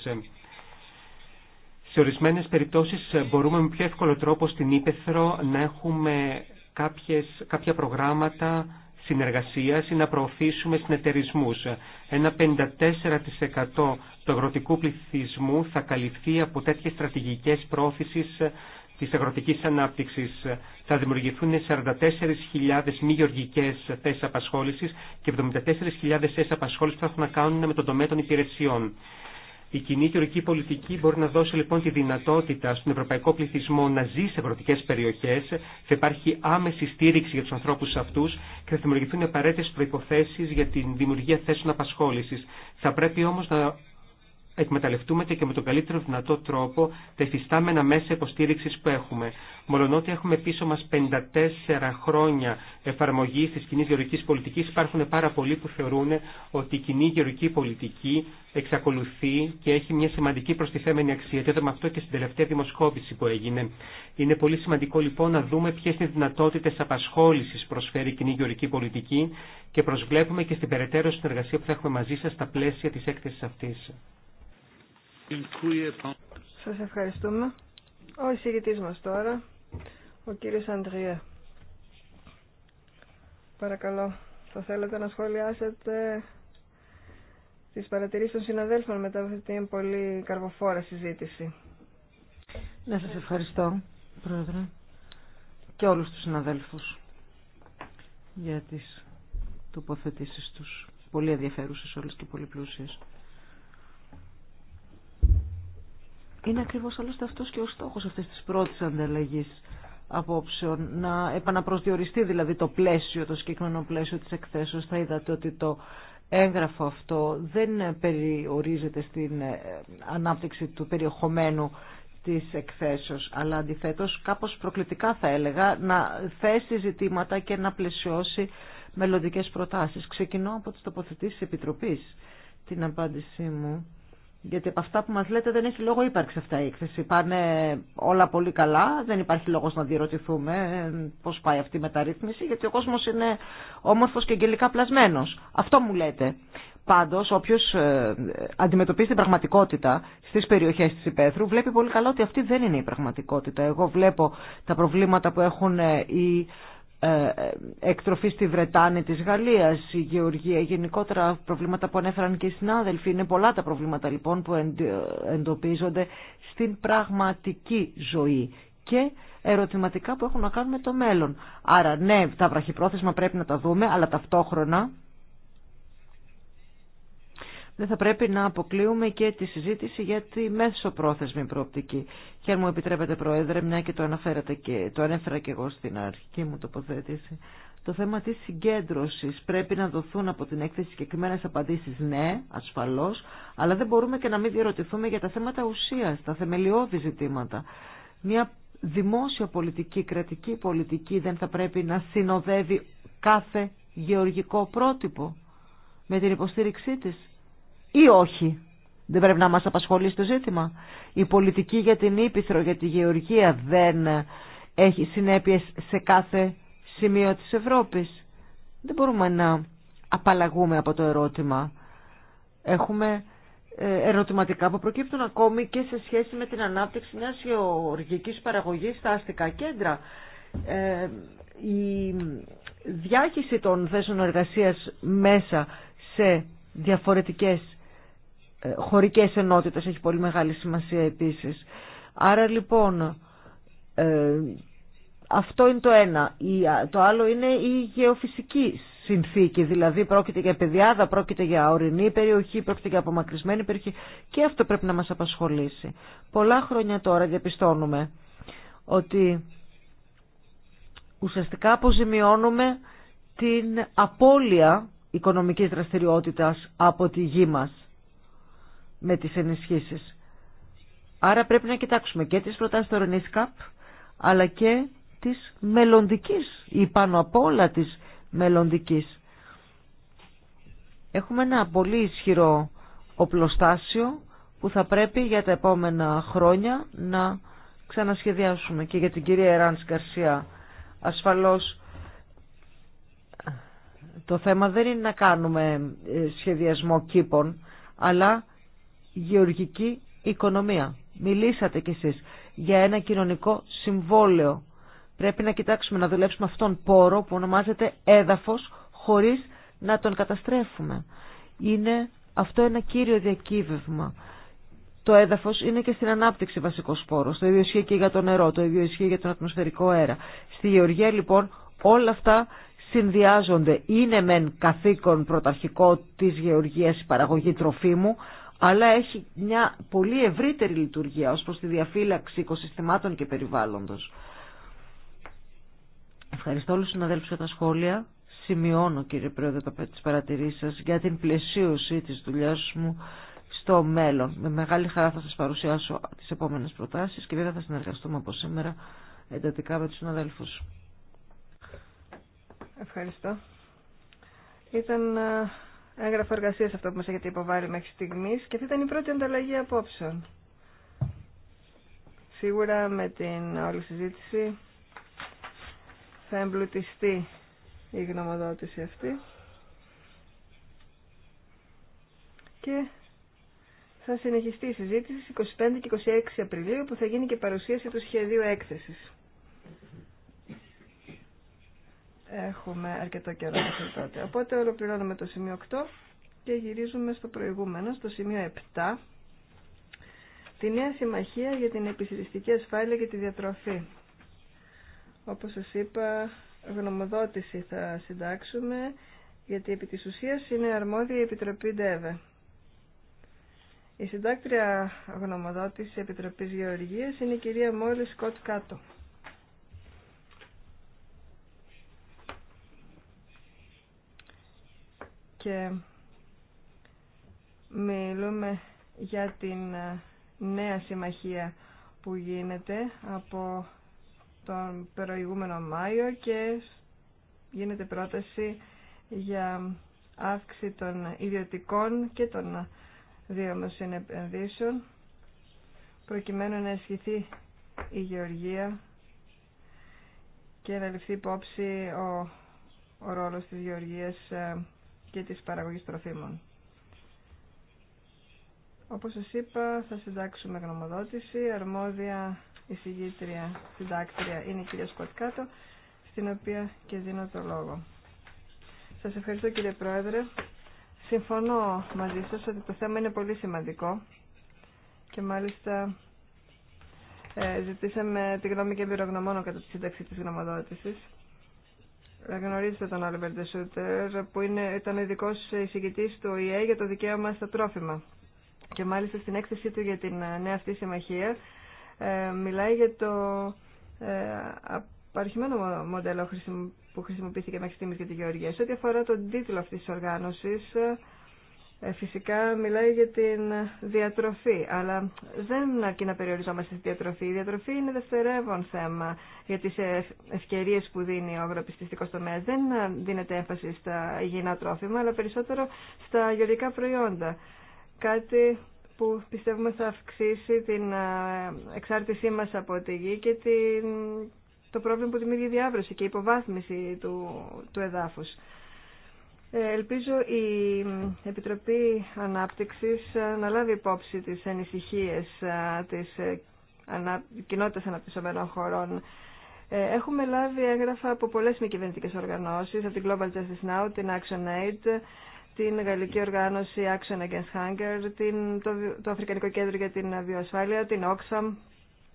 Σε ορισμένες περιπτώσεις ε, μπορούμε με πιο εύκολο τρόπο στην Ήπεθρο να έχουμε κάποιες, κάποια προγράμματα συνεργασίας ή να προωθήσουμε συνεταιρισμούς. Ένα 54% του αγροτικού πληθυσμού θα καλυφθεί από τέτοιες στρατηγικές πρόθεσης ε, της αγροτικής ανάπτυξης. Θα δημιουργηθούν 44.000 μη γεωργικές θέσεις απασχόλησης και 74.000 θέσεις απασχόλησης που θα έχουν να κάνουν με τον τομέα των υπηρεσιών. Η κοινή γεωργική πολιτική μπορεί να δώσει λοιπόν τη δυνατότητα στον ευρωπαϊκό πληθυσμό να ζει σε αγροτικέ περιοχέ, θα υπάρχει άμεση στήριξη για του ανθρώπου αυτού και θα δημιουργηθούν απαραίτητε προποθέσει για την δημιουργία θέσεων απασχόληση. Θα πρέπει όμω να εκμεταλλευτούμε και με τον καλύτερο δυνατό τρόπο τα εφιστάμενα μέσα υποστήριξη που έχουμε. Μολονότι έχουμε πίσω μα 54 χρόνια εφαρμογή τη κοινή γεωργική πολιτική, υπάρχουν πάρα πολλοί που θεωρούν ότι η κοινή γεωργική πολιτική εξακολουθεί και έχει μια σημαντική προστιθέμενη αξία. Το αυτό και στην τελευταία δημοσκόπηση που έγινε. Είναι πολύ σημαντικό λοιπόν να δούμε ποιε είναι οι δυνατότητε απασχόληση προσφέρει η κοινή γεωργική πολιτική και προσβλέπουμε και στην περαιτέρω συνεργασία που θα έχουμε μαζί σα στα πλαίσια τη έκθεση αυτή. Σας ευχαριστούμε. Ο εισηγητής μας τώρα, ο κύριος Αντριέ Παρακαλώ, θα θέλετε να σχολιάσετε τις παρατηρήσεις των συναδέλφων μετά από την πολύ καρποφόρα συζήτηση. Να σας ευχαριστώ, Πρόεδρε, και όλους τους συναδέλφους για τις τοποθετήσεις τους. Πολύ ενδιαφέρουσες όλες και πολύ πλούσιες. Είναι ακριβώς άλλωστε αυτός και ο στόχος αυτής της πρώτης ανταλλαγής απόψεων, να επαναπροσδιοριστεί δηλαδή το πλαίσιο, το συγκεκριμένο πλαίσιο της εκθέσεως. Θα είδατε ότι το έγγραφο αυτό δεν περιορίζεται στην ε, ανάπτυξη του περιεχομένου της εκθέσεως, αλλά αντιθέτως κάπως προκλητικά θα έλεγα να θέσει ζητήματα και να πλαισιώσει μελλοντικές προτάσεις. Ξεκινώ από τις τοποθετήσεις τη Επιτροπής. Την απάντησή μου γιατί από αυτά που μας λέτε δεν έχει λόγο ύπαρξη αυτά η έκθεση. Πάνε όλα πολύ καλά, δεν υπάρχει λόγος να διερωτηθούμε ε, πώς πάει αυτή η μεταρρύθμιση, γιατί ο κόσμος είναι όμορφος και αγγελικά πλασμένος. Αυτό μου λέτε. Πάντως, όποιος ε, αντιμετωπίζει την πραγματικότητα στις περιοχές της υπαίθρου, βλέπει πολύ καλά ότι αυτή δεν είναι η πραγματικότητα. Εγώ βλέπω τα προβλήματα που έχουν ε, οι ε, εκτροφή στη Βρετάνη της Γαλλίας, η Γεωργία, γενικότερα προβλήματα που ανέφεραν και οι συνάδελφοι. Είναι πολλά τα προβλήματα λοιπόν που εντοπίζονται στην πραγματική ζωή και ερωτηματικά που έχουν να κάνουν με το μέλλον. Άρα ναι, τα βραχυπρόθεσμα πρέπει να τα δούμε, αλλά ταυτόχρονα δεν θα πρέπει να αποκλείουμε και τη συζήτηση για τη μέσο πρόθεσμη προοπτική. Και αν μου επιτρέπετε, Πρόεδρε, μια και το, αναφέρατε και το ανέφερα και εγώ στην αρχική μου τοποθέτηση, το θέμα της συγκέντρωσης πρέπει να δοθούν από την έκθεση συγκεκριμένε απαντήσεις ναι, ασφαλώς, αλλά δεν μπορούμε και να μην διερωτηθούμε για τα θέματα ουσίας, τα θεμελιώδη ζητήματα. Μια δημόσια πολιτική, κρατική πολιτική δεν θα πρέπει να συνοδεύει κάθε γεωργικό πρότυπο με την υποστήριξή της ή όχι. Δεν πρέπει να μας απασχολεί στο ζήτημα. Η πολιτική για την Ήπειθρο, για τη Γεωργία δεν έχει συνέπειες σε κάθε σημείο της Ευρώπης. Δεν μπορούμε να απαλλαγούμε από το ερώτημα. Έχουμε ε, ερωτηματικά που προκύπτουν ακόμη και σε σχέση με την ανάπτυξη μιας γεωργικής παραγωγής στα αστικά κέντρα. Ε, η διάχυση των θέσεων εργασίας μέσα σε διαφορετικές χωρικές ενότητες έχει πολύ μεγάλη σημασία επίσης. Άρα λοιπόν ε, αυτό είναι το ένα. Το άλλο είναι η γεωφυσική συνθήκη, δηλαδή πρόκειται για πεδιάδα, πρόκειται για ορεινή περιοχή, πρόκειται για απομακρυσμένη περιοχή και αυτό πρέπει να μας απασχολήσει. Πολλά χρόνια τώρα διαπιστώνουμε ότι ουσιαστικά αποζημιώνουμε την απώλεια οικονομικής δραστηριότητας από τη γη μας με τις ενισχύσεις. Άρα πρέπει να κοιτάξουμε και τις προτάσεις των, αλλά και τις μελλοντική, ή πάνω απ' όλα της μελλοντική. Έχουμε ένα πολύ ισχυρό οπλοστάσιο που θα πρέπει για τα επόμενα χρόνια να ξανασχεδιάσουμε και για την κυρία Εράνς Καρσία ασφαλώς το θέμα δεν είναι να κάνουμε ε, σχεδιασμό κήπων αλλά γεωργική οικονομία. Μιλήσατε κι εσείς για ένα κοινωνικό συμβόλαιο. Πρέπει να κοιτάξουμε να δουλέψουμε αυτόν πόρο που ονομάζεται έδαφος χωρίς να τον καταστρέφουμε. Είναι αυτό ένα κύριο διακύβευμα. Το έδαφος είναι και στην ανάπτυξη βασικός πόρος. Το ίδιο ισχύει και για το νερό, το ίδιο ισχύει για τον ατμοσφαιρικό αέρα. Στη γεωργία λοιπόν όλα αυτά συνδυάζονται. Είναι μεν καθήκον πρωταρχικό της γεωργίας η παραγωγή τροφίμου, αλλά έχει μια πολύ ευρύτερη λειτουργία ως προς τη διαφύλαξη οικοσυστημάτων και περιβάλλοντος. Ευχαριστώ όλους τους συναδέλφους για τα σχόλια. Σημειώνω κύριε Πρόεδρε τις παρατηρήσεις σας για την πλαισίωση της δουλειάς μου στο μέλλον. Με μεγάλη χαρά θα σας παρουσιάσω τις επόμενες προτάσεις και βέβαια θα συνεργαστούμε από σήμερα εντατικά με τους συναδέλφους. Ευχαριστώ. Ήταν ε, έγγραφο εργασία αυτό που μα έχετε υποβάλει μέχρι στιγμή και αυτή ήταν η πρώτη ανταλλαγή απόψεων. Σίγουρα με την όλη συζήτηση θα εμπλουτιστεί η γνωμοδότηση αυτή και θα συνεχιστεί η συζήτηση στις 25 και 26 Απριλίου που θα γίνει και παρουσίαση του σχεδίου έκθεσης. έχουμε αρκετό καιρό μέχρι τότε. Οπότε ολοκληρώνουμε το σημείο 8 και γυρίζουμε στο προηγούμενο, στο σημείο 7, τη νέα συμμαχία για την επιχειριστική ασφάλεια και τη διατροφή. Όπως σας είπα, γνωμοδότηση θα συντάξουμε, γιατί επί της ουσίας είναι αρμόδια η Επιτροπή ΔΕΒΕ. Η συντάκτρια γνωμοδότηση Επιτροπής Γεωργίας είναι η κυρία Μόλι Σκοτ Κάτω. και μιλούμε για την ε, νέα συμμαχία που γίνεται από τον προηγούμενο Μάιο και γίνεται πρόταση για αύξηση των ιδιωτικών και των δίωμασων επενδύσεων προκειμένου να ισχυθεί η γεωργία και να ληφθεί υπόψη ο, ο ρόλος της γεωργίας ε, και της παραγωγής τροφίμων. Όπως σας είπα, θα συντάξουμε γνωμοδότηση. Αρμόδια εισηγήτρια, συντάκτρια είναι η κυρία Σκοτκάτο, στην οποία και δίνω το λόγο. Σας ευχαριστώ κύριε Πρόεδρε. Συμφωνώ μαζί σας ότι το θέμα είναι πολύ σημαντικό και μάλιστα ε, ζητήσαμε τη γνώμη και εμπειρογνωμόνων κατά τη σύνταξη της γνωμοδότησης. Γνωρίζετε τον Άλμπερτ Σούτερ, που είναι, ήταν ειδικό εισηγητή του ΟΗΕ για το δικαίωμα στα τρόφιμα. Και μάλιστα στην έκθεσή του για την ε, νέα αυτή συμμαχία ε, μιλάει για το ε, απαρχημένο μοντέλο που χρησιμοποιήθηκε μέχρι στιγμή για τη Γεωργία. Σε ό,τι αφορά τον τίτλο αυτή τη οργάνωση, ε, φυσικά μιλάει για την διατροφή, αλλά δεν αρκεί να περιοριζόμαστε στη διατροφή. Η διατροφή είναι δευτερεύον θέμα για τις ε, ευκαιρίες που δίνει ο αγροπιστικός τομέας. Δεν δίνεται έμφαση στα υγιεινά τρόφιμα, αλλά περισσότερο στα γεωργικά προϊόντα. Κάτι που πιστεύουμε θα αυξήσει την ε, εξάρτησή μας από τη γη και την... το πρόβλημα που δημιουργεί η διάβρωση και η υποβάθμιση του, του εδάφους. Ελπίζω η Επιτροπή Ανάπτυξης να λάβει υπόψη τις ανησυχίες της ε, κοινότητας αναπτυσσομένων χωρών. Ε, έχουμε λάβει έγγραφα από πολλές μη κυβερνητικέ οργανώσεις, από την Global Justice Now, την Action Aid, την Γαλλική Οργάνωση Action Against Hunger, την, το, Αφρικανικό Κέντρο για την Βιοασφάλεια, την Oxfam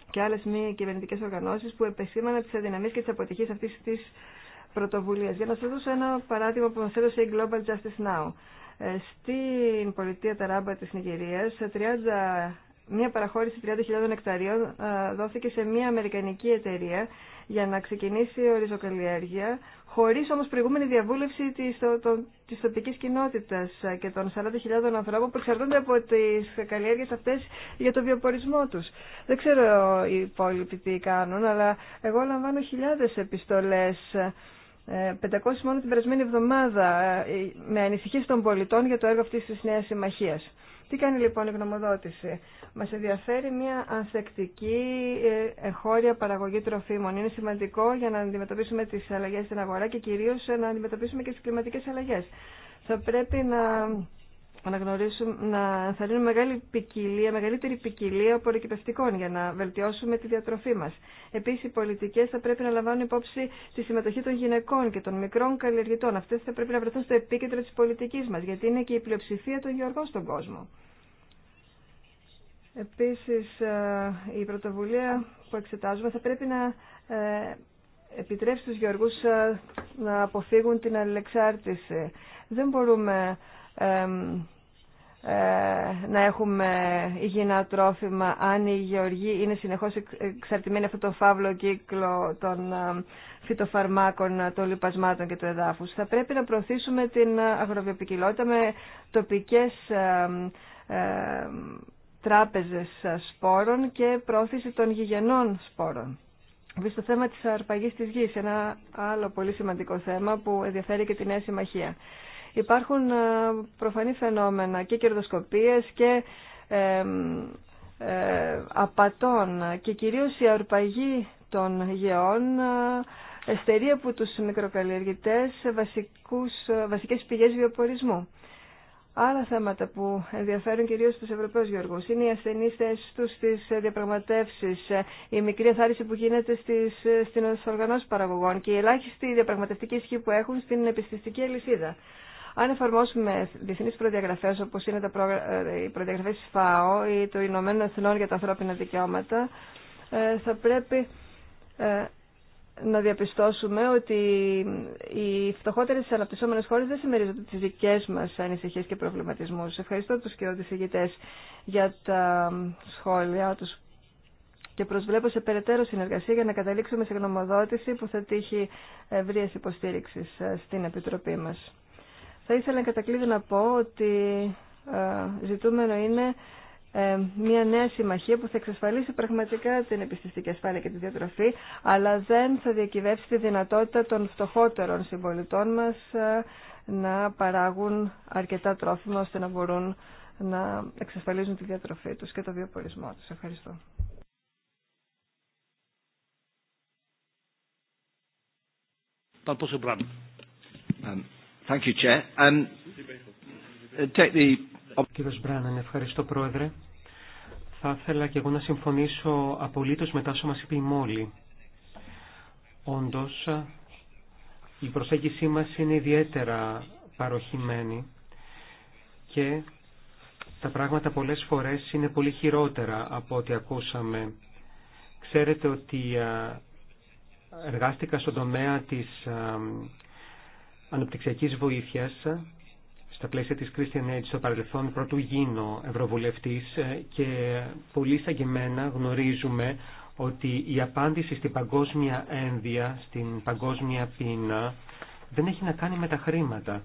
και άλλες μη κυβερνητικέ οργανώσεις που επεσήμαναν τις αδυναμίες και τις αποτυχίες αυτής της για να σα δώσω ένα παράδειγμα που μα έδωσε η Global Justice Now. Ε, στην πολιτεία Ταράμπα τη Νιγηρίας, μια παραχώρηση 30.000 νεκταρίων ε, δόθηκε σε μια αμερικανική εταιρεία για να ξεκινήσει η οριζοκαλλιέργεια, χωρί όμω προηγούμενη διαβούλευση τη το, το, τοπικής κοινότητας ε, και των 40.000 ανθρώπων που εξαρτώνται από τι καλλιέργειε αυτέ για το βιοπορισμό του. Δεν ξέρω οι υπόλοιποι τι κάνουν, αλλά εγώ λαμβάνω χιλιάδε επιστολέ. 500 ε, μόνο την περασμένη εβδομάδα ε, με ανησυχίες των πολιτών για το έργο αυτής της νέας συμμαχίας. Τι κάνει λοιπόν η γνωμοδότηση. Μας ενδιαφέρει μια ανθεκτική ε, εγχώρια παραγωγή τροφίμων. Είναι σημαντικό για να αντιμετωπίσουμε τις αλλαγές στην αγορά και κυρίως να αντιμετωπίσουμε και τις κλιματικές αλλαγές. Θα πρέπει να αναγνωρίσουμε, να ενθαρρύνουμε μεγάλη ποικιλία, μεγαλύτερη ποικιλία απορροκυπευτικών για να βελτιώσουμε τη διατροφή μα. Επίση, οι πολιτικέ θα πρέπει να λαμβάνουν υπόψη τη συμμετοχή των γυναικών και των μικρών καλλιεργητών. Αυτέ θα πρέπει να βρεθούν στο επίκεντρο τη πολιτική μα, γιατί είναι και η πλειοψηφία των γεωργών στον κόσμο. Επίση, ε, η πρωτοβουλία που εξετάζουμε θα πρέπει να ε, επιτρέψει στους γεωργούς ε, να αποφύγουν την αλληλεξάρτηση. Δεν μπορούμε ε, να έχουμε υγιεινά τρόφιμα αν οι γεωργοί είναι συνεχώς εξαρτημένοι αυτό το φαύλο κύκλο των ε, φυτοφαρμάκων, ε, των λιπασμάτων και του εδάφους. Θα πρέπει να προωθήσουμε την αγροβιοπικιλότητα με τοπικές τράπεζες σπόρων και πρόθεση των γηγενών σπόρων. στο θέμα της αρπαγής της γης, ένα άλλο πολύ σημαντικό θέμα που ενδιαφέρει και τη Νέα Συμμαχία υπάρχουν ε, προφανή φαινόμενα και κερδοσκοπίες και ε, ε, απατών και κυρίως η αρπαγή των γεών ε, εστερεί από τους μικροκαλλιεργητές βασικούς, βασικές πηγές βιοπορισμού. Άλλα θέματα που ενδιαφέρουν κυρίως τους Ευρωπαίους Γεωργούς είναι οι ασθενείς θέσεις τους στις διαπραγματεύσεις, η μικρή αθάριση που γίνεται στις, στην παραγωγών και η ελάχιστη διαπραγματευτική ισχύ που έχουν στην επιστηστική αλυσίδα. Αν εφαρμόσουμε διεθνεί προδιαγραφέ όπω είναι τα ε, οι προδιαγραφέ τη ΦΑΟ ή του Ηνωμένου Εθνών για τα ανθρώπινα δικαιώματα, ε, θα πρέπει ε, να διαπιστώσουμε ότι οι φτωχότερε τη αναπτυσσόμενε χώρε δεν συμμερίζονται τι δικέ μα ανησυχίε και προβληματισμού. Ευχαριστώ του και ηγητέ για τα σχόλια του και προσβλέπω σε περαιτέρω συνεργασία για να καταλήξουμε σε γνωμοδότηση που θα τύχει ευρεία υποστήριξη στην Επιτροπή μας. Θα ήθελα κατακλείδη να πω ότι ε, ζητούμενο είναι ε, μια νέα συμμαχία που θα εξασφαλίσει πραγματικά την επιστηστική ασφάλεια και τη διατροφή, αλλά δεν θα διακυβεύσει τη δυνατότητα των φτωχότερων συμπολιτών μας ε, να παράγουν αρκετά τρόφιμα ώστε να μπορούν να εξασφαλίζουν τη διατροφή τους και το βιοπορισμό τους. Ευχαριστώ. Κύριε you, um, uh, ευχαριστώ Πρόεδρε. Θα ήθελα και εγώ να συμφωνήσω απολύτως μετά όσο μας είπε η Μόλη. Όντως, η προσέγγισή μας είναι ιδιαίτερα παροχημένη και τα πράγματα πολλές φορές είναι πολύ χειρότερα από ό,τι ακούσαμε. Ξέρετε ότι εργάστηκα στον τομέα της Αναπτυξιακή βοήθειας ε, στα πλαίσια της Christian Aid στο παρελθόν πρωτού γίνω Ευρωβουλευτής ε, και πολύ σαν γνωρίζουμε ότι η απάντηση στην παγκόσμια ένδια, στην παγκόσμια πείνα δεν έχει να κάνει με τα χρήματα.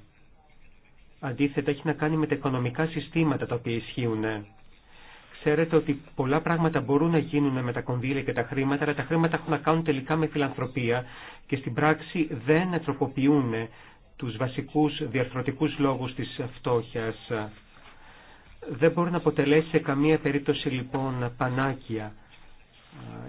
Αντίθετα έχει να κάνει με τα οικονομικά συστήματα τα οποία ισχύουν. Ξέρετε ότι πολλά πράγματα μπορούν να γίνουν με τα κονδύλια και τα χρήματα, αλλά τα χρήματα έχουν να κάνουν τελικά με φιλανθρωπία και στην πράξη δεν τροποποιούν τους βασικούς διαρθρωτικούς λόγους της φτώχειας. Δεν μπορεί να αποτελέσει σε καμία περίπτωση λοιπόν πανάκια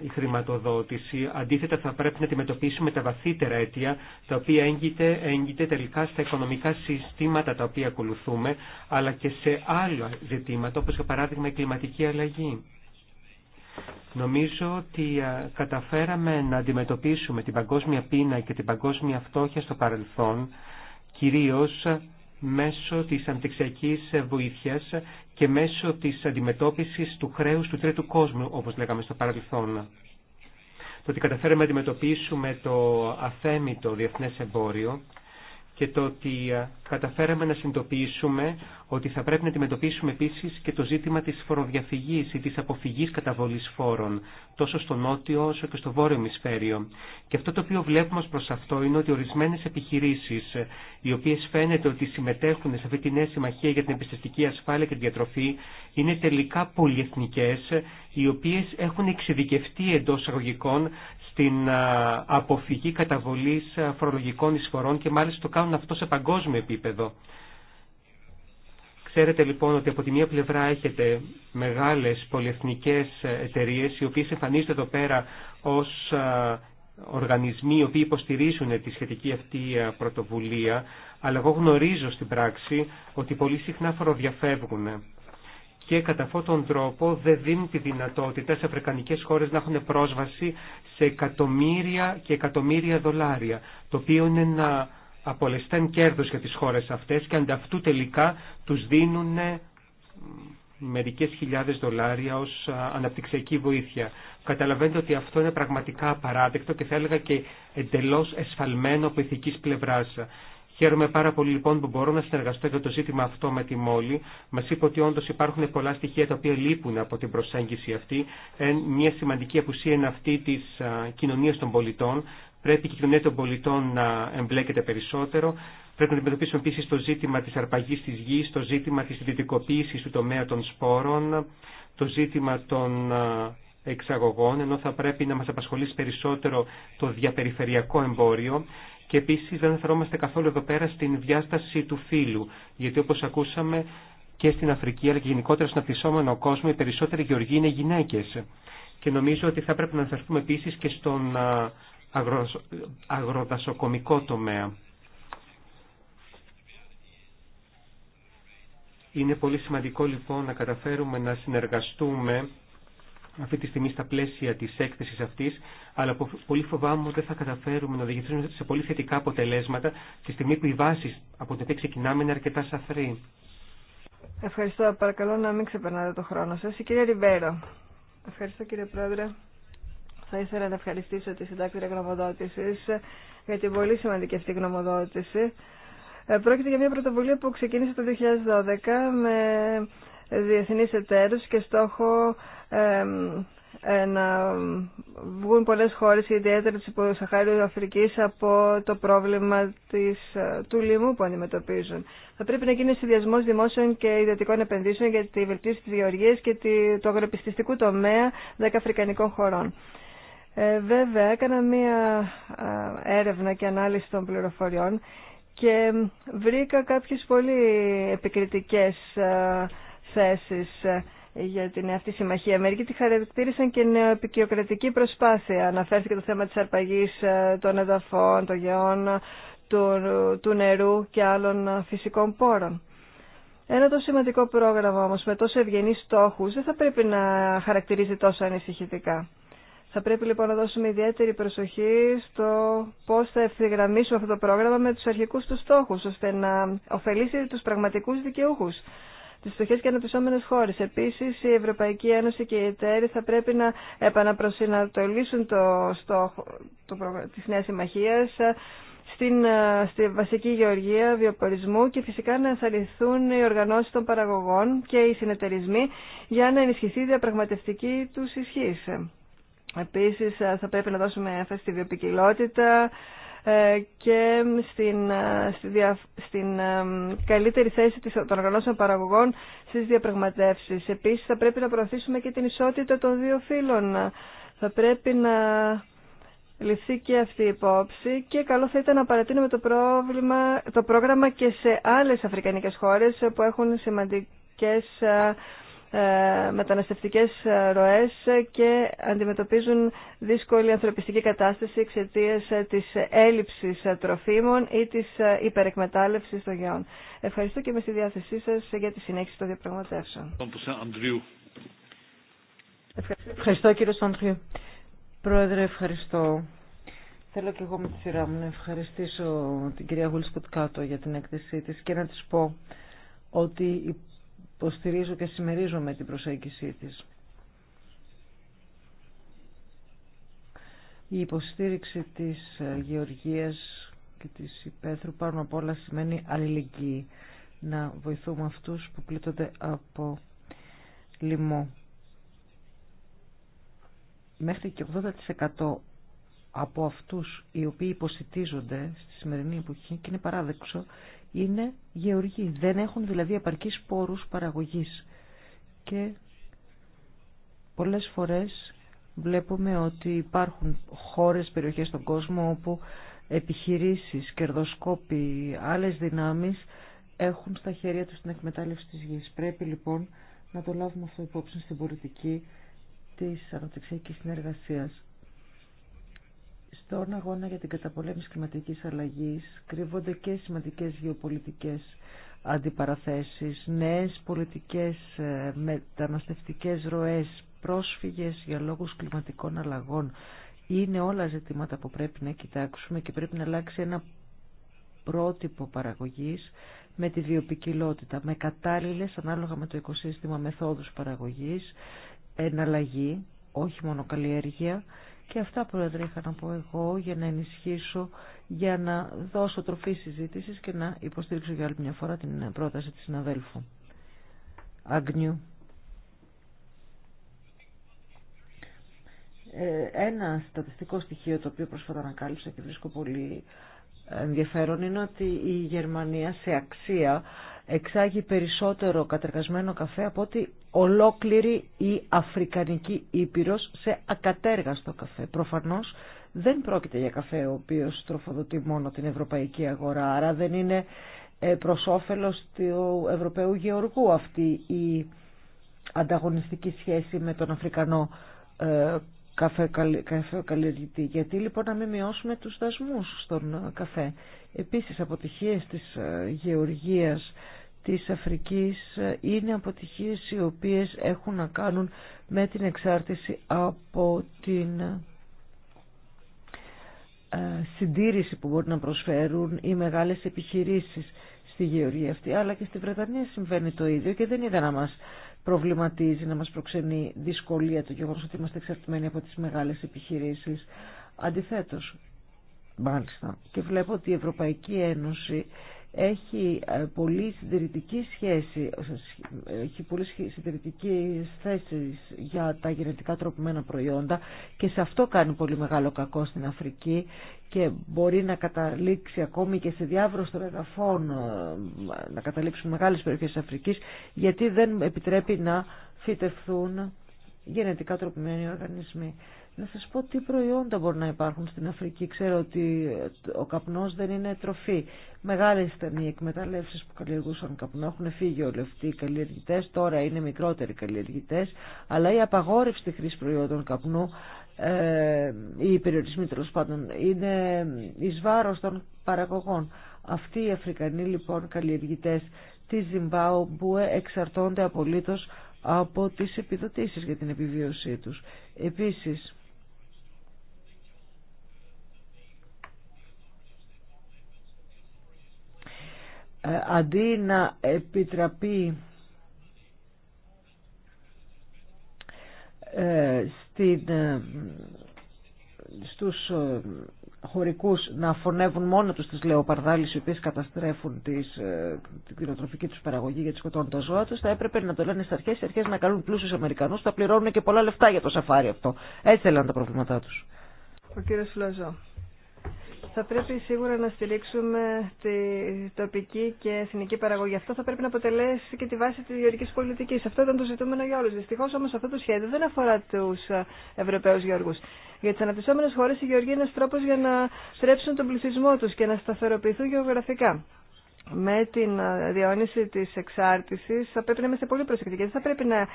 η χρηματοδότηση. Αντίθετα θα πρέπει να αντιμετωπίσουμε τα βαθύτερα αίτια τα οποία έγκυται, έγκυται τελικά στα οικονομικά συστήματα τα οποία ακολουθούμε αλλά και σε άλλα ζητήματα όπως για παράδειγμα η κλιματική αλλαγή. Νομίζω ότι καταφέραμε να αντιμετωπίσουμε την παγκόσμια πείνα και την παγκόσμια φτώχεια στο παρελθόν κυρίως μέσω της αντιξιακής βοήθειας και μέσω της αντιμετώπισης του χρέους του τρίτου κόσμου, όπως λέγαμε στο παρελθόν. Το ότι καταφέραμε να αντιμετωπίσουμε το αθέμητο διεθνές εμπόριο και το ότι καταφέραμε να συνειδητοποιήσουμε ότι θα πρέπει να αντιμετωπίσουμε επίση και το ζήτημα τη φοροδιαφυγή ή τη αποφυγή καταβολή φόρων, τόσο στο νότιο όσο και στο βόρειο ημισφαίριο. Και αυτό το οποίο βλέπουμε ως προ αυτό είναι ότι ορισμένε επιχειρήσει, ε, οι οποίε φαίνεται ότι συμμετέχουν σε αυτή τη νέα συμμαχία για την επιστηστική ασφάλεια και την διατροφή, είναι τελικά πολύεθνικέ, ε, οι οποίε έχουν εξειδικευτεί εντό αγωγικών στην αποφυγή καταβολής φορολογικών εισφορών και μάλιστα το κάνουν αυτό σε παγκόσμιο επίπεδο. Ξέρετε λοιπόν ότι από τη μία πλευρά έχετε μεγάλες πολυεθνικές εταιρείες οι οποίες εμφανίζονται εδώ πέρα ως οργανισμοί οι οποίοι υποστηρίζουν τη σχετική αυτή πρωτοβουλία αλλά εγώ γνωρίζω στην πράξη ότι πολύ συχνά φοροδιαφεύγουν και κατά αυτόν τον τρόπο δεν δίνουν τη δυνατότητα σε αφρικανικές χώρες να έχουν πρόσβαση σε εκατομμύρια και εκατομμύρια δολάρια, το οποίο είναι ένα απολεσθέν κέρδος για τις χώρες αυτές και ανταυτού τελικά τους δίνουν μερικές χιλιάδες δολάρια ως αναπτυξιακή βοήθεια. Καταλαβαίνετε ότι αυτό είναι πραγματικά απαράδεκτο και θα έλεγα και εντελώς εσφαλμένο από ηθικής πλευράς. Χαίρομαι πάρα πολύ λοιπόν που μπορώ να συνεργαστώ για το ζήτημα αυτό με τη Μόλη. Μα είπε ότι όντω υπάρχουν πολλά στοιχεία τα οποία λείπουν από την προσέγγιση αυτή. Μια σημαντική απουσία είναι αυτή τη κοινωνία των πολιτών. Πρέπει και η κοινωνία των πολιτών να εμπλέκεται περισσότερο. Πρέπει να αντιμετωπίσουμε επίση το ζήτημα τη αρπαγή τη γη, το ζήτημα τη ιδιωτικοποίηση του τομέα των σπόρων, το ζήτημα των εξαγωγών, ενώ θα πρέπει να μας απασχολήσει περισσότερο το διαπεριφερειακό εμπόριο. Και επίσης δεν αναφερόμαστε καθόλου εδώ πέρα στην διάσταση του φύλου, γιατί όπως ακούσαμε και στην Αφρική αλλά και γενικότερα στον αφισόμενο κόσμο οι περισσότεροι γεωργοί είναι γυναίκες. Και νομίζω ότι θα πρέπει να αναφερθούμε επίσης και στον αγρο... αγροδασοκομικό τομέα. Είναι πολύ σημαντικό λοιπόν να καταφέρουμε να συνεργαστούμε αυτή τη στιγμή στα πλαίσια της έκθεσης αυτής αλλά πολύ φοβάμαι ότι δεν θα καταφέρουμε να οδηγηθούμε σε πολύ θετικά αποτελέσματα τη στιγμή που οι βάσει από την οποία ξεκινάμε είναι αρκετά σαφροί. Ευχαριστώ. Παρακαλώ να μην ξεπερνάτε το χρόνο σα. Η κυρία Ριμπέρο. Ευχαριστώ κύριε Πρόεδρε. Θα ήθελα να ευχαριστήσω τη συντάκτηρα γνωμοδότηση για την πολύ σημαντική αυτή γνωμοδότηση. Ε, πρόκειται για μια πρωτοβουλία που ξεκίνησε το 2012 με διεθνείς εταίρους και στόχο ε, να βγουν πολλές χώρες, ιδιαίτερα της υποσαχάριου Αφρικής, από το πρόβλημα της, ε, του λοιμού που αντιμετωπίζουν. Θα πρέπει να γίνει συνδυασμό δημόσιων και ιδιωτικών επενδύσεων για τη βελτίωση της γεωργίας και του αγροπιστικού τομέα 10 αφρικανικών χωρών. Ε, βέβαια, έκανα μία ε, έρευνα και ανάλυση των πληροφοριών και βρήκα κάποιες πολύ επικριτικές θέσεις για την αυτή συμμαχία. Μερικοί τη χαρακτήρισαν και νεοεπικιοκρατική προσπάθεια. Αναφέρθηκε το θέμα της αρπαγής ε, των εδαφών, των γεών, του, του νερού και άλλων ε, φυσικών πόρων. Ένα τόσο σημαντικό πρόγραμμα όμως με τόσο ευγενείς στόχους δεν θα πρέπει να χαρακτηρίζει τόσο ανησυχητικά. Θα πρέπει λοιπόν να δώσουμε ιδιαίτερη προσοχή στο πώς θα ευθυγραμμίσουμε αυτό το πρόγραμμα με τους αρχικούς του στόχους, ώστε να ωφελήσει τους πραγματικούς δικαιούχους. Τι φτωχέ και αναπτυσσόμενε χώρε. Επίση, η Ευρωπαϊκή Ένωση και οι εταίροι θα πρέπει να επαναπροσυνατολίσουν το στόχο το, της Νέας ε, στην, ε, στη βασική γεωργία βιοπορισμού και φυσικά να ενθαρρυνθούν οι οργανώσει των παραγωγών και οι συνεταιρισμοί για να ενισχυθεί η διαπραγματευτική του ισχύ. Επίση, ε, θα πρέπει να δώσουμε έμφαση στη βιοπικιλότητα, ε, και στην, ε, ε, καλύτερη θέση των οργανώσεων παραγωγών στις διαπραγματεύσεις. Επίσης θα πρέπει να προωθήσουμε και την ισότητα των δύο φύλων. Θα πρέπει να ληφθεί και αυτή η υπόψη και καλό θα ήταν να παρατείνουμε το, πρόβλημα, το πρόγραμμα και σε άλλες αφρικανικές χώρες που έχουν σημαντικές ε, μεταναστευτικές ε, ροές και αντιμετωπίζουν δύσκολη ανθρωπιστική κατάσταση εξαιτίας ε, της έλλειψης τροφίμων ή της υπερεκμετάλλευσης των γεών. Ευχαριστώ και με στη διάθεσή σας για τη συνέχιση των διαπραγματεύσεων. Ευχαριστώ κύριο Σαντριού. Πρόεδρε, ευχαριστώ. Θέλω και εγώ με τη σειρά μου να ευχαριστήσω την κυρία Γουλσκουτ Κάτω για την έκθεσή της και να της πω ότι υποστηρίζω και συμμερίζομαι την προσέγγιση της. Η υποστήριξη της γεωργίας και της υπαίθρου πάνω απ' όλα σημαίνει αλληλεγγύη. Να βοηθούμε αυτούς που πλήττονται από λοιμό. Μέχρι και 80% από αυτούς οι οποίοι υποσυτίζονται στη σημερινή εποχή και είναι παράδεξο είναι γεωργοί. Δεν έχουν δηλαδή επαρκείς πόρους παραγωγής. Και πολλές φορές βλέπουμε ότι υπάρχουν χώρες, περιοχές στον κόσμο όπου επιχειρήσεις, κερδοσκόποι, άλλες δυνάμεις έχουν στα χέρια τους την εκμετάλλευση της γης. Πρέπει λοιπόν να το λάβουμε αυτό υπόψη στην πολιτική της αναπτυξιακής συνεργασίας. Στον αγώνα για την καταπολέμηση κλιματικής αλλαγής κρύβονται και σημαντικές γεωπολιτικές αντιπαραθέσεις, νέες πολιτικές ε, μεταναστευτικές ροές, πρόσφυγες για λόγους κλιματικών αλλαγών. Είναι όλα ζητήματα που πρέπει να κοιτάξουμε και πρέπει να αλλάξει ένα πρότυπο παραγωγής με τη βιοπικιλότητα, με κατάλληλες ανάλογα με το οικοσύστημα μεθόδους παραγωγής, εναλλαγή, όχι μόνο καλλιέργεια και αυτά, Πρόεδρε, είχα να πω εγώ για να ενισχύσω, για να δώσω τροφή συζήτηση και να υποστήριξω για άλλη μια φορά την πρόταση της συναδέλφου. Αγνιού. Ε, ένα στατιστικό στοιχείο το οποίο πρόσφατα κάλυψα και βρίσκω πολύ ενδιαφέρον είναι ότι η Γερμανία σε αξία εξάγει περισσότερο κατεργασμένο καφέ από ότι ολόκληρη η Αφρικανική Ήπειρος σε ακατέργαστο καφέ. Προφανώς δεν πρόκειται για καφέ ο οποίος τροφοδοτεί μόνο την ευρωπαϊκή αγορά, άρα δεν είναι ε, προς όφελος του Ευρωπαίου Γεωργού αυτή η ανταγωνιστική σχέση με τον Αφρικανό ε, καφέ, καφέ καλλιεργητή. Γιατί λοιπόν να μην μειώσουμε τους δασμούς στον καφέ. Επίσης αποτυχίες της ε, γεωργίας της Αφρικής είναι αποτυχίες οι οποίες έχουν να κάνουν με την εξάρτηση από την ε, συντήρηση που μπορεί να προσφέρουν οι μεγάλες επιχειρήσεις στη γεωργία αυτή αλλά και στη Βρετανία συμβαίνει το ίδιο και δεν είδα να μας προβληματίζει, να μας προξενεί δυσκολία το γεγονός ότι είμαστε εξαρτημένοι από τις μεγάλες επιχειρήσεις. Αντιθέτως, μάλιστα, και βλέπω ότι η Ευρωπαϊκή Ένωση έχει ε, πολύ συντηρητική σχέση, ε, ε, έχει πολύ συντηρητική θέση για τα γενετικά τροπημένα προϊόντα και σε αυτό κάνει πολύ μεγάλο κακό στην Αφρική και μπορεί να καταλήξει ακόμη και σε διάβρος των εδαφών, να καταλήξουν μεγάλες περιοχές της Αφρικής γιατί δεν επιτρέπει να φυτευθούν γενετικά τροπημένοι οργανισμοί. Να σας πω τι προϊόντα μπορεί να υπάρχουν στην Αφρική. Ξέρω ότι ο καπνός δεν είναι τροφή. Μεγάλε ήταν οι εκμεταλλεύσει που καλλιεργούσαν καπνό. Έχουν φύγει όλοι αυτοί οι καλλιεργητές. Τώρα είναι μικρότεροι καλλιεργητέ, Αλλά η απαγόρευση χρήση προϊόντων καπνού ε, οι περιορισμοί τέλο πάντων είναι ει βάρο των παραγωγών. Αυτοί οι Αφρικανοί λοιπόν καλλιεργητές της Ζιμπάουμπουε εξαρτώνται απολύτω από τις επιδοτήσεις για την επιβίωσή τους. Επίσης, Ε, αντί να επιτραπεί ε, στην, ε, στους χωρικούς να φωνεύουν μόνο τους τις λεοπαρδάλεις οι οποίες καταστρέφουν τις, την κτηνοτροφική τους παραγωγή γιατί σκοτώνουν τα ζώα τους θα έπρεπε να το λένε στις αρχές, οι αρχές να καλούν πλούσιους Αμερικανούς θα πληρώνουν και πολλά λεφτά για το σαφάρι αυτό έτσι θέλανε τα προβλήματά τους Ο κύριος θα πρέπει σίγουρα να στηρίξουμε τη τοπική και εθνική παραγωγή. Αυτό θα πρέπει να αποτελέσει και τη βάση τη γεωργική πολιτική. Αυτό ήταν το ζητούμενο για όλου. Δυστυχώ όμω αυτό το σχέδιο δεν αφορά του Ευρωπαίου γεωργού. Για τι αναπτυσσόμενε χώρε η γεωργία είναι ένα τρόπο για να στρέψουν τον πληθυσμό του και να σταθεροποιηθούν γεωγραφικά. Με την διαιώνιση τη εξάρτηση θα πρέπει να είμαστε πολύ προσεκτικοί. Δεν θα πρέπει να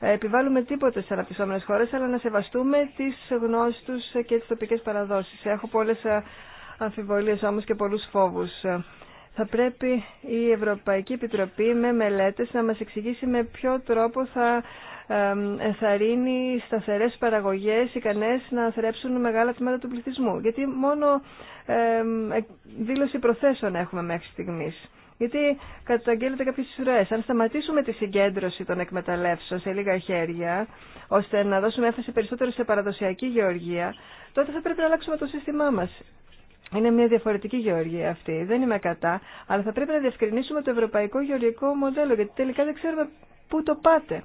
επιβάλλουμε τίποτε στι αναπτυσσόμενε χώρε, αλλά να σεβαστούμε τι γνώσει του και τι τοπικέ παραδόσει. Έχω πολλέ αμφιβολίες όμως και πολλούς φόβους. Θα πρέπει η Ευρωπαϊκή Επιτροπή με μελέτες να μας εξηγήσει με ποιο τρόπο θα ενθαρρύνει σταθερές παραγωγές ικανές να θρέψουν μεγάλα τμήματα του πληθυσμού. Γιατί μόνο δήλωση προθέσεων έχουμε μέχρι στιγμής. Γιατί καταγγέλλεται κάποιε ροέ. Αν σταματήσουμε τη συγκέντρωση των εκμεταλλεύσεων σε λίγα χέρια, ώστε να δώσουμε έφαση περισσότερο σε παραδοσιακή γεωργία, τότε θα πρέπει να αλλάξουμε το σύστημά μα. Είναι μια διαφορετική γεωργία αυτή. Δεν είμαι κατά, αλλά θα πρέπει να διευκρινίσουμε το ευρωπαϊκό γεωργικό μοντέλο, γιατί τελικά δεν ξέρουμε πού το πάτε.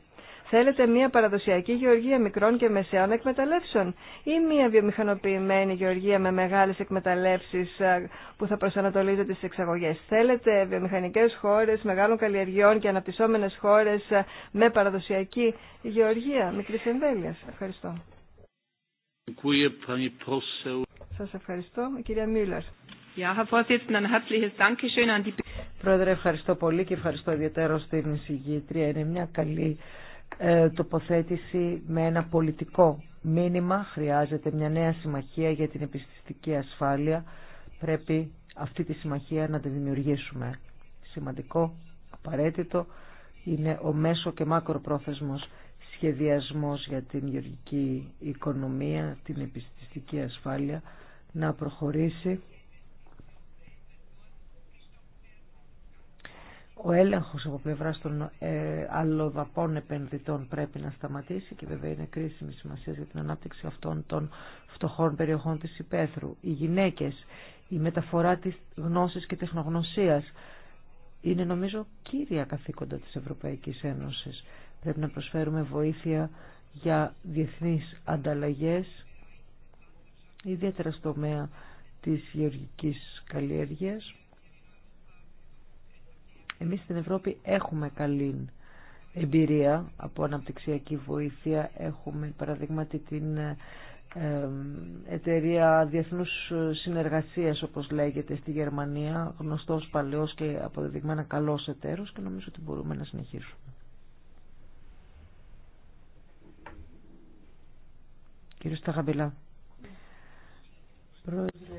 Θέλετε μια παραδοσιακή γεωργία μικρών και μεσαίων εκμεταλλεύσεων ή μια βιομηχανοποιημένη γεωργία με μεγάλες εκμεταλλεύσεις που θα προσανατολίζεται στις εξαγωγές. Θέλετε βιομηχανικές χώρες μεγάλων καλλιεργειών και αναπτυσσόμενες χώρες με παραδοσιακή γεωργία μικρή εμβέλειας. Ευχαριστώ. Σας ευχαριστώ. κυρία Μίλλερ. Πρόεδρε, ευχαριστώ πολύ και ευχαριστώ ιδιαίτερα στην εισηγήτρια. Είναι μια καλή ε, τοποθέτηση με ένα πολιτικό μήνυμα. Χρειάζεται μια νέα συμμαχία για την επιστηστική ασφάλεια. Πρέπει αυτή τη συμμαχία να τη δημιουργήσουμε. Σημαντικό, απαραίτητο, είναι ο μέσο και μακροπρόθεσμος σχεδιασμός για την γεωργική οικονομία, την επιστηστική ασφάλεια να προχωρήσει. Ο έλεγχος από πλευρά των ε, αλλοδαπών επενδυτών πρέπει να σταματήσει και βέβαια είναι κρίσιμη σημασία για την ανάπτυξη αυτών των φτωχών περιοχών της υπαίθρου. Οι γυναίκες, η μεταφορά της γνώσης και τεχνογνωσίας είναι νομίζω κύρια καθήκοντα της Ευρωπαϊκής Ένωσης. Πρέπει να προσφέρουμε βοήθεια για διεθνείς ανταλλαγές ιδιαίτερα στο τομέα της γεωργικής καλλιέργειας. Εμείς στην Ευρώπη έχουμε καλή εμπειρία από αναπτυξιακή βοήθεια. Έχουμε παραδείγματι την εταιρεία διεθνούς συνεργασίας όπως λέγεται στη Γερμανία, γνωστός παλαιός και αποδεδειγμένα καλός εταίρος και νομίζω ότι μπορούμε να συνεχίσουμε. Κύριε Σταγαμπηλά.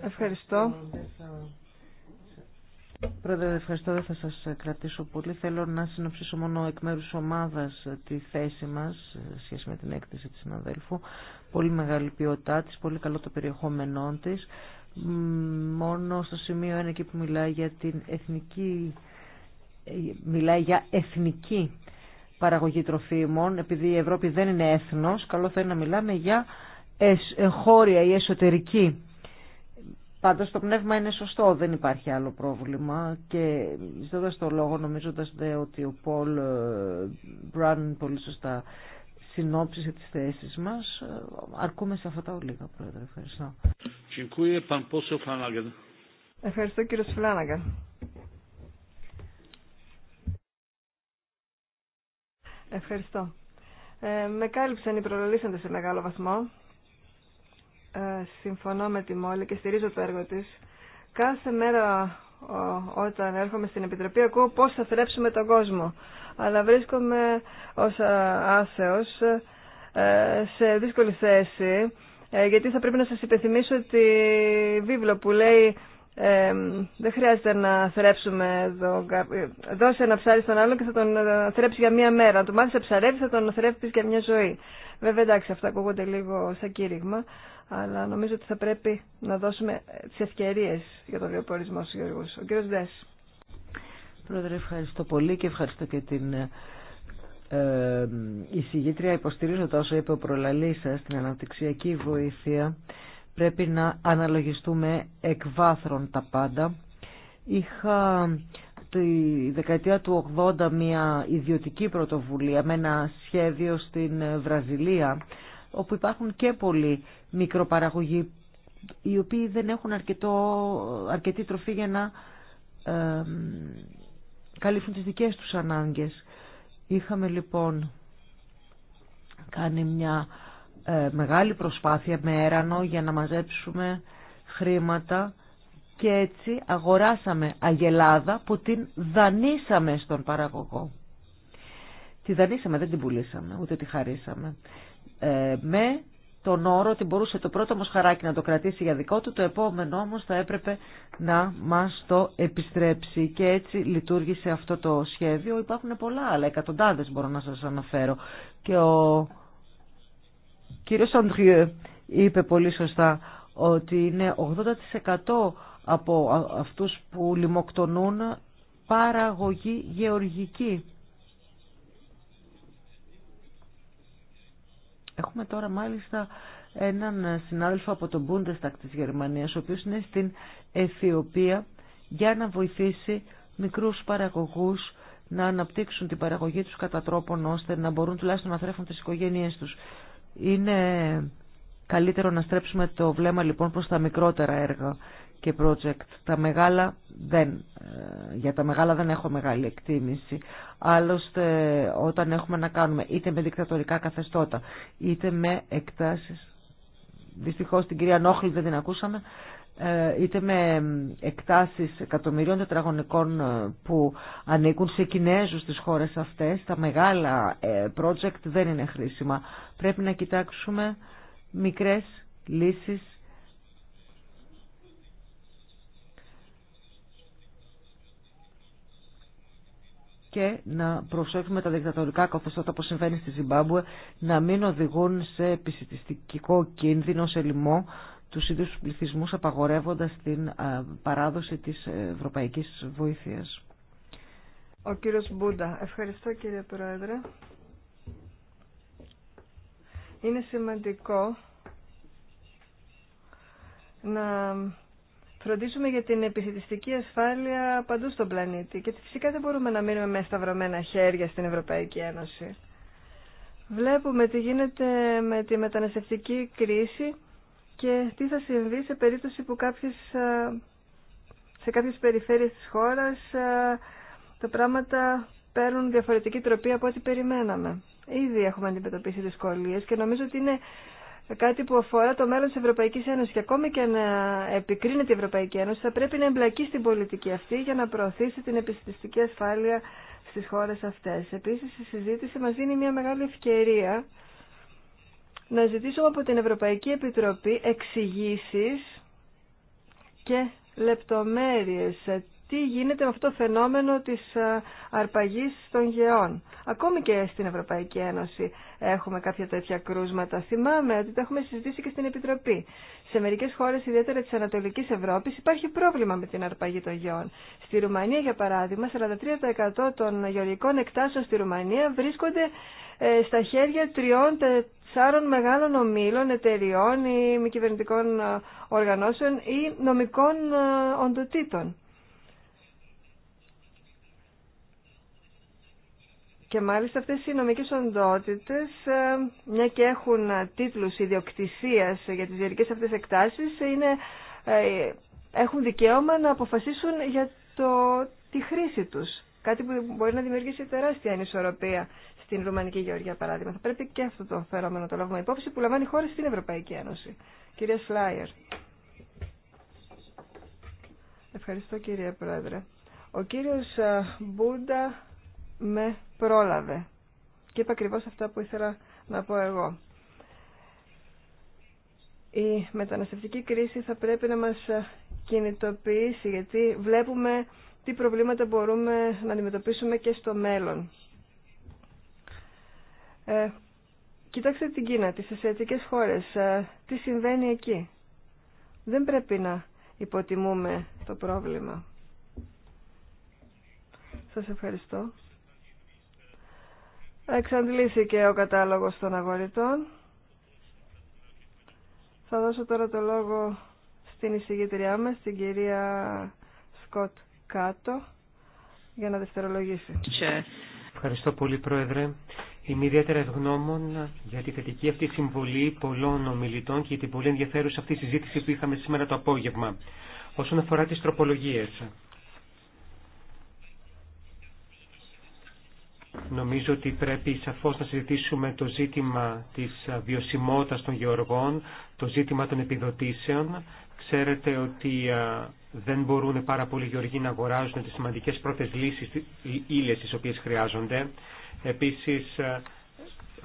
Ευχαριστώ. Πρόεδρε, ευχαριστώ. Δεν θα σας κρατήσω πολύ. Θέλω να συνοψίσω μόνο εκ μέρους ομάδας τη θέση μας σχέση με την έκθεση της συναδέλφου. Πολύ μεγάλη ποιότητά της, πολύ καλό το περιεχόμενό της. Μόνο στο σημείο είναι εκεί που μιλάει για την εθνική μιλάει για εθνική παραγωγή τροφίμων, επειδή η Ευρώπη δεν είναι έθνος, καλό θα είναι να μιλάμε για χώρια ή εσωτερική Πάντως το πνεύμα είναι σωστό, δεν υπάρχει άλλο πρόβλημα και ζητώντα το λόγο νομίζοντα ότι ο Πολ ε, Μπραν πολύ σωστά συνόψισε τις θέσει μας, ε, αρκούμε σε αυτά τα ολίγα, Πρόεδρε. Ευχαριστώ. Ευχαριστώ κύριο Φλάνναγκαν. Ευχαριστώ. Ε, με κάλυψαν οι προλαλήσαντε σε μεγάλο βαθμό. Ε, συμφωνώ με τη Μόλη και στηρίζω το έργο της. Κάθε μέρα όταν έρχομαι στην Επιτροπή ακούω πώς θα θρέψουμε τον κόσμο. Αλλά βρίσκομαι ως ε, άθεος ε, σε δύσκολη θέση γιατί θα πρέπει να σας υπενθυμίσω τη βίβλο που λέει ε, δεν χρειάζεται να θρέψουμε εδώ. Ε, δώσε ένα ψάρι στον άλλον και θα τον ε, θρέψει για μία μέρα. Αν του μάθει να ψαρεύει, θα τον θρέψει για μια ζωή. Βέβαια, εντάξει, αυτά ακούγονται λίγο σαν κήρυγμα, αλλά νομίζω ότι θα πρέπει να δώσουμε ε, τι ευκαιρίε για τον βιοπορισμό στου Γεωργού. Ο κ. Δέσ Πρόεδρε, ευχαριστώ πολύ και ευχαριστώ και την ε, η συγγήτρια υποστηρίζω τα είπε ο προλαλή σα την αναπτυξιακή βοήθεια πρέπει να αναλογιστούμε εκ βάθρων τα πάντα. Είχα τη δεκαετία του 80 μια ιδιωτική πρωτοβουλία με ένα σχέδιο στην Βραζιλία όπου υπάρχουν και πολλοί μικροπαραγωγοί οι οποίοι δεν έχουν αρκετό, αρκετή τροφή για να ε, καλύψουν τις δικές τους ανάγκες. Είχαμε λοιπόν κάνει μια ε, μεγάλη προσπάθεια με έρανο για να μαζέψουμε χρήματα και έτσι αγοράσαμε αγελάδα που την δανείσαμε στον παραγωγό. Τη δανείσαμε, δεν την πουλήσαμε, ούτε τη χαρίσαμε. Ε, με τον όρο ότι μπορούσε το πρώτο χαράκι να το κρατήσει για δικό του, το επόμενο όμως θα έπρεπε να μας το επιστρέψει. Και έτσι λειτουργήσε αυτό το σχέδιο. Υπάρχουν πολλά άλλα, εκατοντάδες μπορώ να σας αναφέρω. Και ο κύριος Αντριέ είπε πολύ σωστά ότι είναι 80% από αυτούς που λιμοκτονούν παραγωγή γεωργική. Έχουμε τώρα μάλιστα έναν συνάδελφο από τον Bundestag της Γερμανίας, ο οποίος είναι στην Αιθιοπία για να βοηθήσει μικρούς παραγωγούς να αναπτύξουν την παραγωγή τους κατά τρόπον ώστε να μπορούν τουλάχιστον να θρέφουν τις οικογένειές τους. Είναι καλύτερο να στρέψουμε το βλέμμα λοιπόν προς τα μικρότερα έργα και project. Τα μεγάλα δεν, ε, για τα μεγάλα δεν έχω μεγάλη εκτίμηση. Άλλωστε όταν έχουμε να κάνουμε είτε με δικτατορικά καθεστώτα είτε με εκτάσεις, δυστυχώς την κυρία Νόχλη δεν την ακούσαμε, ε, είτε με εκτάσεις εκατομμυρίων τετραγωνικών ε, που ανήκουν σε Κινέζους στις χώρες αυτές, τα μεγάλα project δεν είναι χρήσιμα. Πρέπει να κοιτάξουμε μικρές λύσεις και να προσέχουμε τα δικτατορικά καθεστώτα που συμβαίνει στη Ζιμπάμπουε να μην οδηγούν σε επισητιστικό κίνδυνο, σε λοιμό τους ίδιους τους πληθυσμούς απαγορεύοντας την παράδοση της ευρωπαϊκής βοήθειας. Ο κύριος Μπούντα. Ευχαριστώ κύριε Πρόεδρε είναι σημαντικό να φροντίσουμε για την επιθετιστική ασφάλεια παντού στον πλανήτη. Και φυσικά δεν μπορούμε να μείνουμε με σταυρωμένα χέρια στην Ευρωπαϊκή Ένωση. Βλέπουμε τι γίνεται με τη μεταναστευτική κρίση και τι θα συμβεί σε περίπτωση που κάποιες, σε κάποιες περιφέρειες της χώρας τα πράγματα παίρνουν διαφορετική τροπή από ό,τι περιμέναμε. Ήδη έχουμε αντιμετωπίσει δυσκολίες και νομίζω ότι είναι κάτι που αφορά το μέλλον της Ευρωπαϊκής Ένωσης και ακόμη και να επικρίνεται η Ευρωπαϊκή Ένωση θα πρέπει να εμπλακεί στην πολιτική αυτή για να προωθήσει την επιστημιστική ασφάλεια στις χώρες αυτές. Επίσης η συζήτηση μας δίνει μια μεγάλη ευκαιρία να ζητήσουμε από την Ευρωπαϊκή Επιτροπή εξηγήσει και λεπτομέρειες τι γίνεται με αυτό το φαινόμενο της ε, αρπαγής των γεών. Ακόμη και στην Ευρωπαϊκή Ένωση έχουμε κάποια τέτοια κρούσματα. Θυμάμαι ότι τα έχουμε συζητήσει και στην Επιτροπή. Σε μερικές χώρες, ιδιαίτερα της Ανατολικής Ευρώπης, υπάρχει πρόβλημα με την αρπαγή των γεών. Στη Ρουμανία, για παράδειγμα, 43% των γεωργικών εκτάσεων στη Ρουμανία βρίσκονται ε, στα χέρια τριών, τεσσάρων μεγάλων ομίλων, εταιριών ή μη κυβερνητικών ε, οργανώσεων ή νομικών οντοτήτων. Και μάλιστα αυτές οι νομικές οντότητες, ε, μια και έχουν τίτλους ιδιοκτησίας για τις διαρκές αυτές εκτάσεις, είναι, ε, έχουν δικαίωμα να αποφασίσουν για το, τη χρήση τους. Κάτι που μπορεί να δημιουργήσει τεράστια ανισορροπία στην Ρουμανική Γεωργία, παράδειγμα. Θα πρέπει και αυτό το φερόμενο να το λάβουμε υπόψη που λαμβάνει χώρες στην Ευρωπαϊκή Ένωση. Κυρία Σλάιερ. Ευχαριστώ, κύριε Πρόεδρε. Ο κύριος ε, Μπούντα με πρόλαβε. Και είπα αυτά που ήθελα να πω εγώ. Η μεταναστευτική κρίση θα πρέπει να μας κινητοποιήσει, γιατί βλέπουμε τι προβλήματα μπορούμε να αντιμετωπίσουμε και στο μέλλον. Ε, κοιτάξτε την Κίνα, τις ασιατικές χώρες, ε, τι συμβαίνει εκεί. Δεν πρέπει να υποτιμούμε το πρόβλημα. Σας ευχαριστώ. Εξαντλήθηκε ο κατάλογος των αγορητών. Θα δώσω τώρα το λόγο στην εισηγητριά μας, την κυρία Σκοτ Κάτο, για να δευτερολογήσει. Ευχαριστώ πολύ, Πρόεδρε. Είμαι ιδιαίτερα ευγνώμων για τη θετική αυτή συμβολή πολλών ομιλητών και για την πολύ ενδιαφέρουσα αυτή συζήτηση που είχαμε σήμερα το απόγευμα. Όσον αφορά τις τροπολογίες, Νομίζω ότι πρέπει σαφώς να συζητήσουμε το ζήτημα της βιωσιμότητας των γεωργών, το ζήτημα των επιδοτήσεων. Ξέρετε ότι δεν μπορούν πάρα πολλοί γεωργοί να αγοράζουν τις σημαντικές πρώτες λύσεις, ύλες τις οποίες χρειάζονται. Επίσης,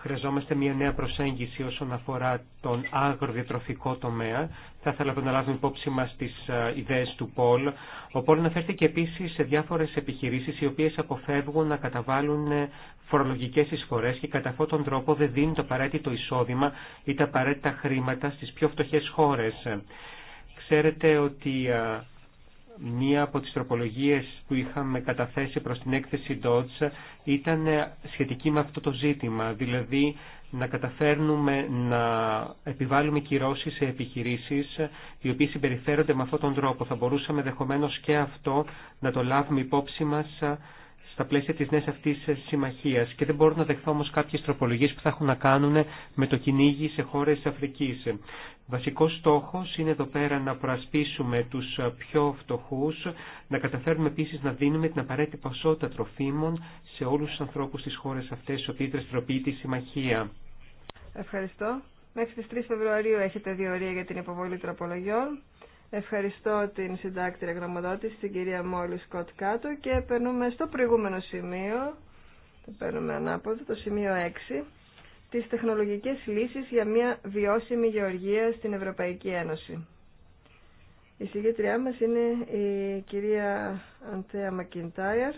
χρειαζόμαστε μια νέα προσέγγιση όσον αφορά τον αγροδιατροφικό τομέα. Θα ήθελα να λάβουμε υπόψη μα τι ε, ιδέε του Πολ. Ο Πολ αναφέρθηκε επίση σε διάφορε επιχειρήσει οι οποίε αποφεύγουν να καταβάλουν ε, φορολογικέ εισφορέ και κατά αυτόν τον τρόπο δεν δίνουν το απαραίτητο εισόδημα ή τα απαραίτητα χρήματα στι πιο φτωχέ χώρε. Ξέρετε ότι ε, Μία από τις τροπολογίες που είχαμε καταθέσει προς την έκθεση DOTS ήταν σχετική με αυτό το ζήτημα, δηλαδή να καταφέρνουμε να επιβάλλουμε κυρώσεις σε επιχειρήσεις οι οποίες συμπεριφέρονται με αυτόν τον τρόπο. Θα μπορούσαμε δεχομένως και αυτό να το λάβουμε υπόψη μας στα πλαίσια της νέας αυτής συμμαχίας και δεν μπορώ να δεχθώ όμως κάποιες τροπολογίες που θα έχουν να κάνουν με το κυνήγι σε χώρες της Αφρικής. Βασικός στόχος είναι εδώ πέρα να προασπίσουμε τους πιο φτωχούς, να καταφέρουμε επίσης να δίνουμε την απαραίτητη ποσότητα τροφίμων σε όλους τους ανθρώπους στις χώρες αυτές, ότι δραστηριοποιεί τη συμμαχία. Ευχαριστώ. Μέχρι τις 3 Φεβρουαρίου έχετε δύο για την υποβολή τροπολογιών. Ευχαριστώ την συντάκτρια γνωμοδότηση, την κυρία Μόλι Σκοτ Κάτω και περνούμε στο προηγούμενο σημείο, το παίρνουμε το σημείο 6, τις τεχνολογικές λύσεις για μια βιώσιμη γεωργία στην Ευρωπαϊκή Ένωση. Η συγγετριά μας είναι η κυρία Αντέα Μακιντάιερ.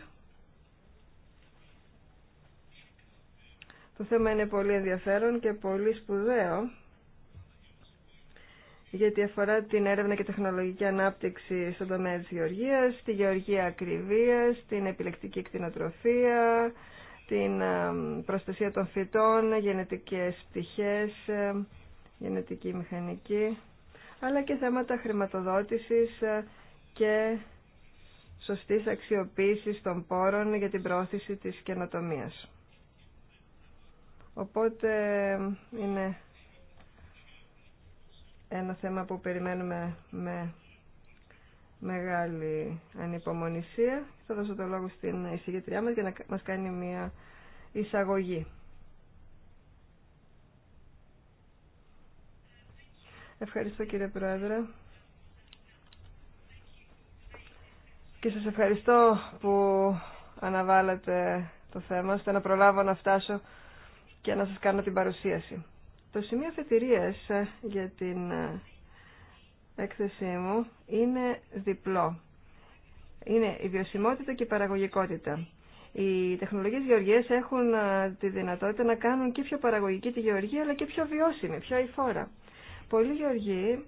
Το θέμα είναι πολύ ενδιαφέρον και πολύ σπουδαίο γιατί αφορά την έρευνα και τεχνολογική ανάπτυξη στον τομέα της γεωργίας, τη γεωργία ακριβίας, την επιλεκτική κτηνοτροφία, την ε, προστασία των φυτών, γενετικές πτυχές, ε, γενετική μηχανική, αλλά και θέματα χρηματοδότησης ε, και σωστής αξιοποίησης των πόρων για την πρόθεση της καινοτομίας. Οπότε είναι ένα θέμα που περιμένουμε με μεγάλη ανυπομονησία. Θα δώσω το λόγο στην εισηγητριά μας για να μας κάνει μια εισαγωγή. Ευχαριστώ κύριε Πρόεδρε. Και σας ευχαριστώ που αναβάλλατε το θέμα, ώστε να προλάβω να φτάσω και να σας κάνω την παρουσίαση. Το σημείο αφετηρίας ε, για την ε, έκθεσή μου είναι διπλό. Είναι η βιωσιμότητα και η παραγωγικότητα. Οι τεχνολογίες γεωργίας έχουν ε, τη δυνατότητα να κάνουν και πιο παραγωγική τη γεωργία, αλλά και πιο βιώσιμη, πιο αηφόρα. Πολλοί γεωργοί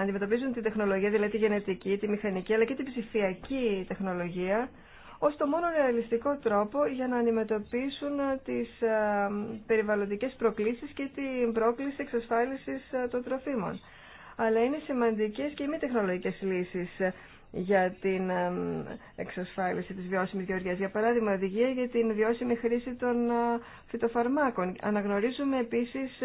αντιμετωπίζουν τη τεχνολογία, δηλαδή τη γενετική, τη μηχανική, αλλά και τη ψηφιακή τεχνολογία ως το μόνο ρεαλιστικό τρόπο για να αντιμετωπίσουν ε, τις ε, περιβαλλοντικές προκλήσεις και την πρόκληση εξασφάλισης ε, των τροφίμων. Αλλά είναι σημαντικές και οι μη τεχνολογικές λύσεις για την εξασφάλιση της βιώσιμης γεωργίας. Για παράδειγμα, οδηγία για την βιώσιμη χρήση των φυτοφαρμάκων. Αναγνωρίζουμε επίσης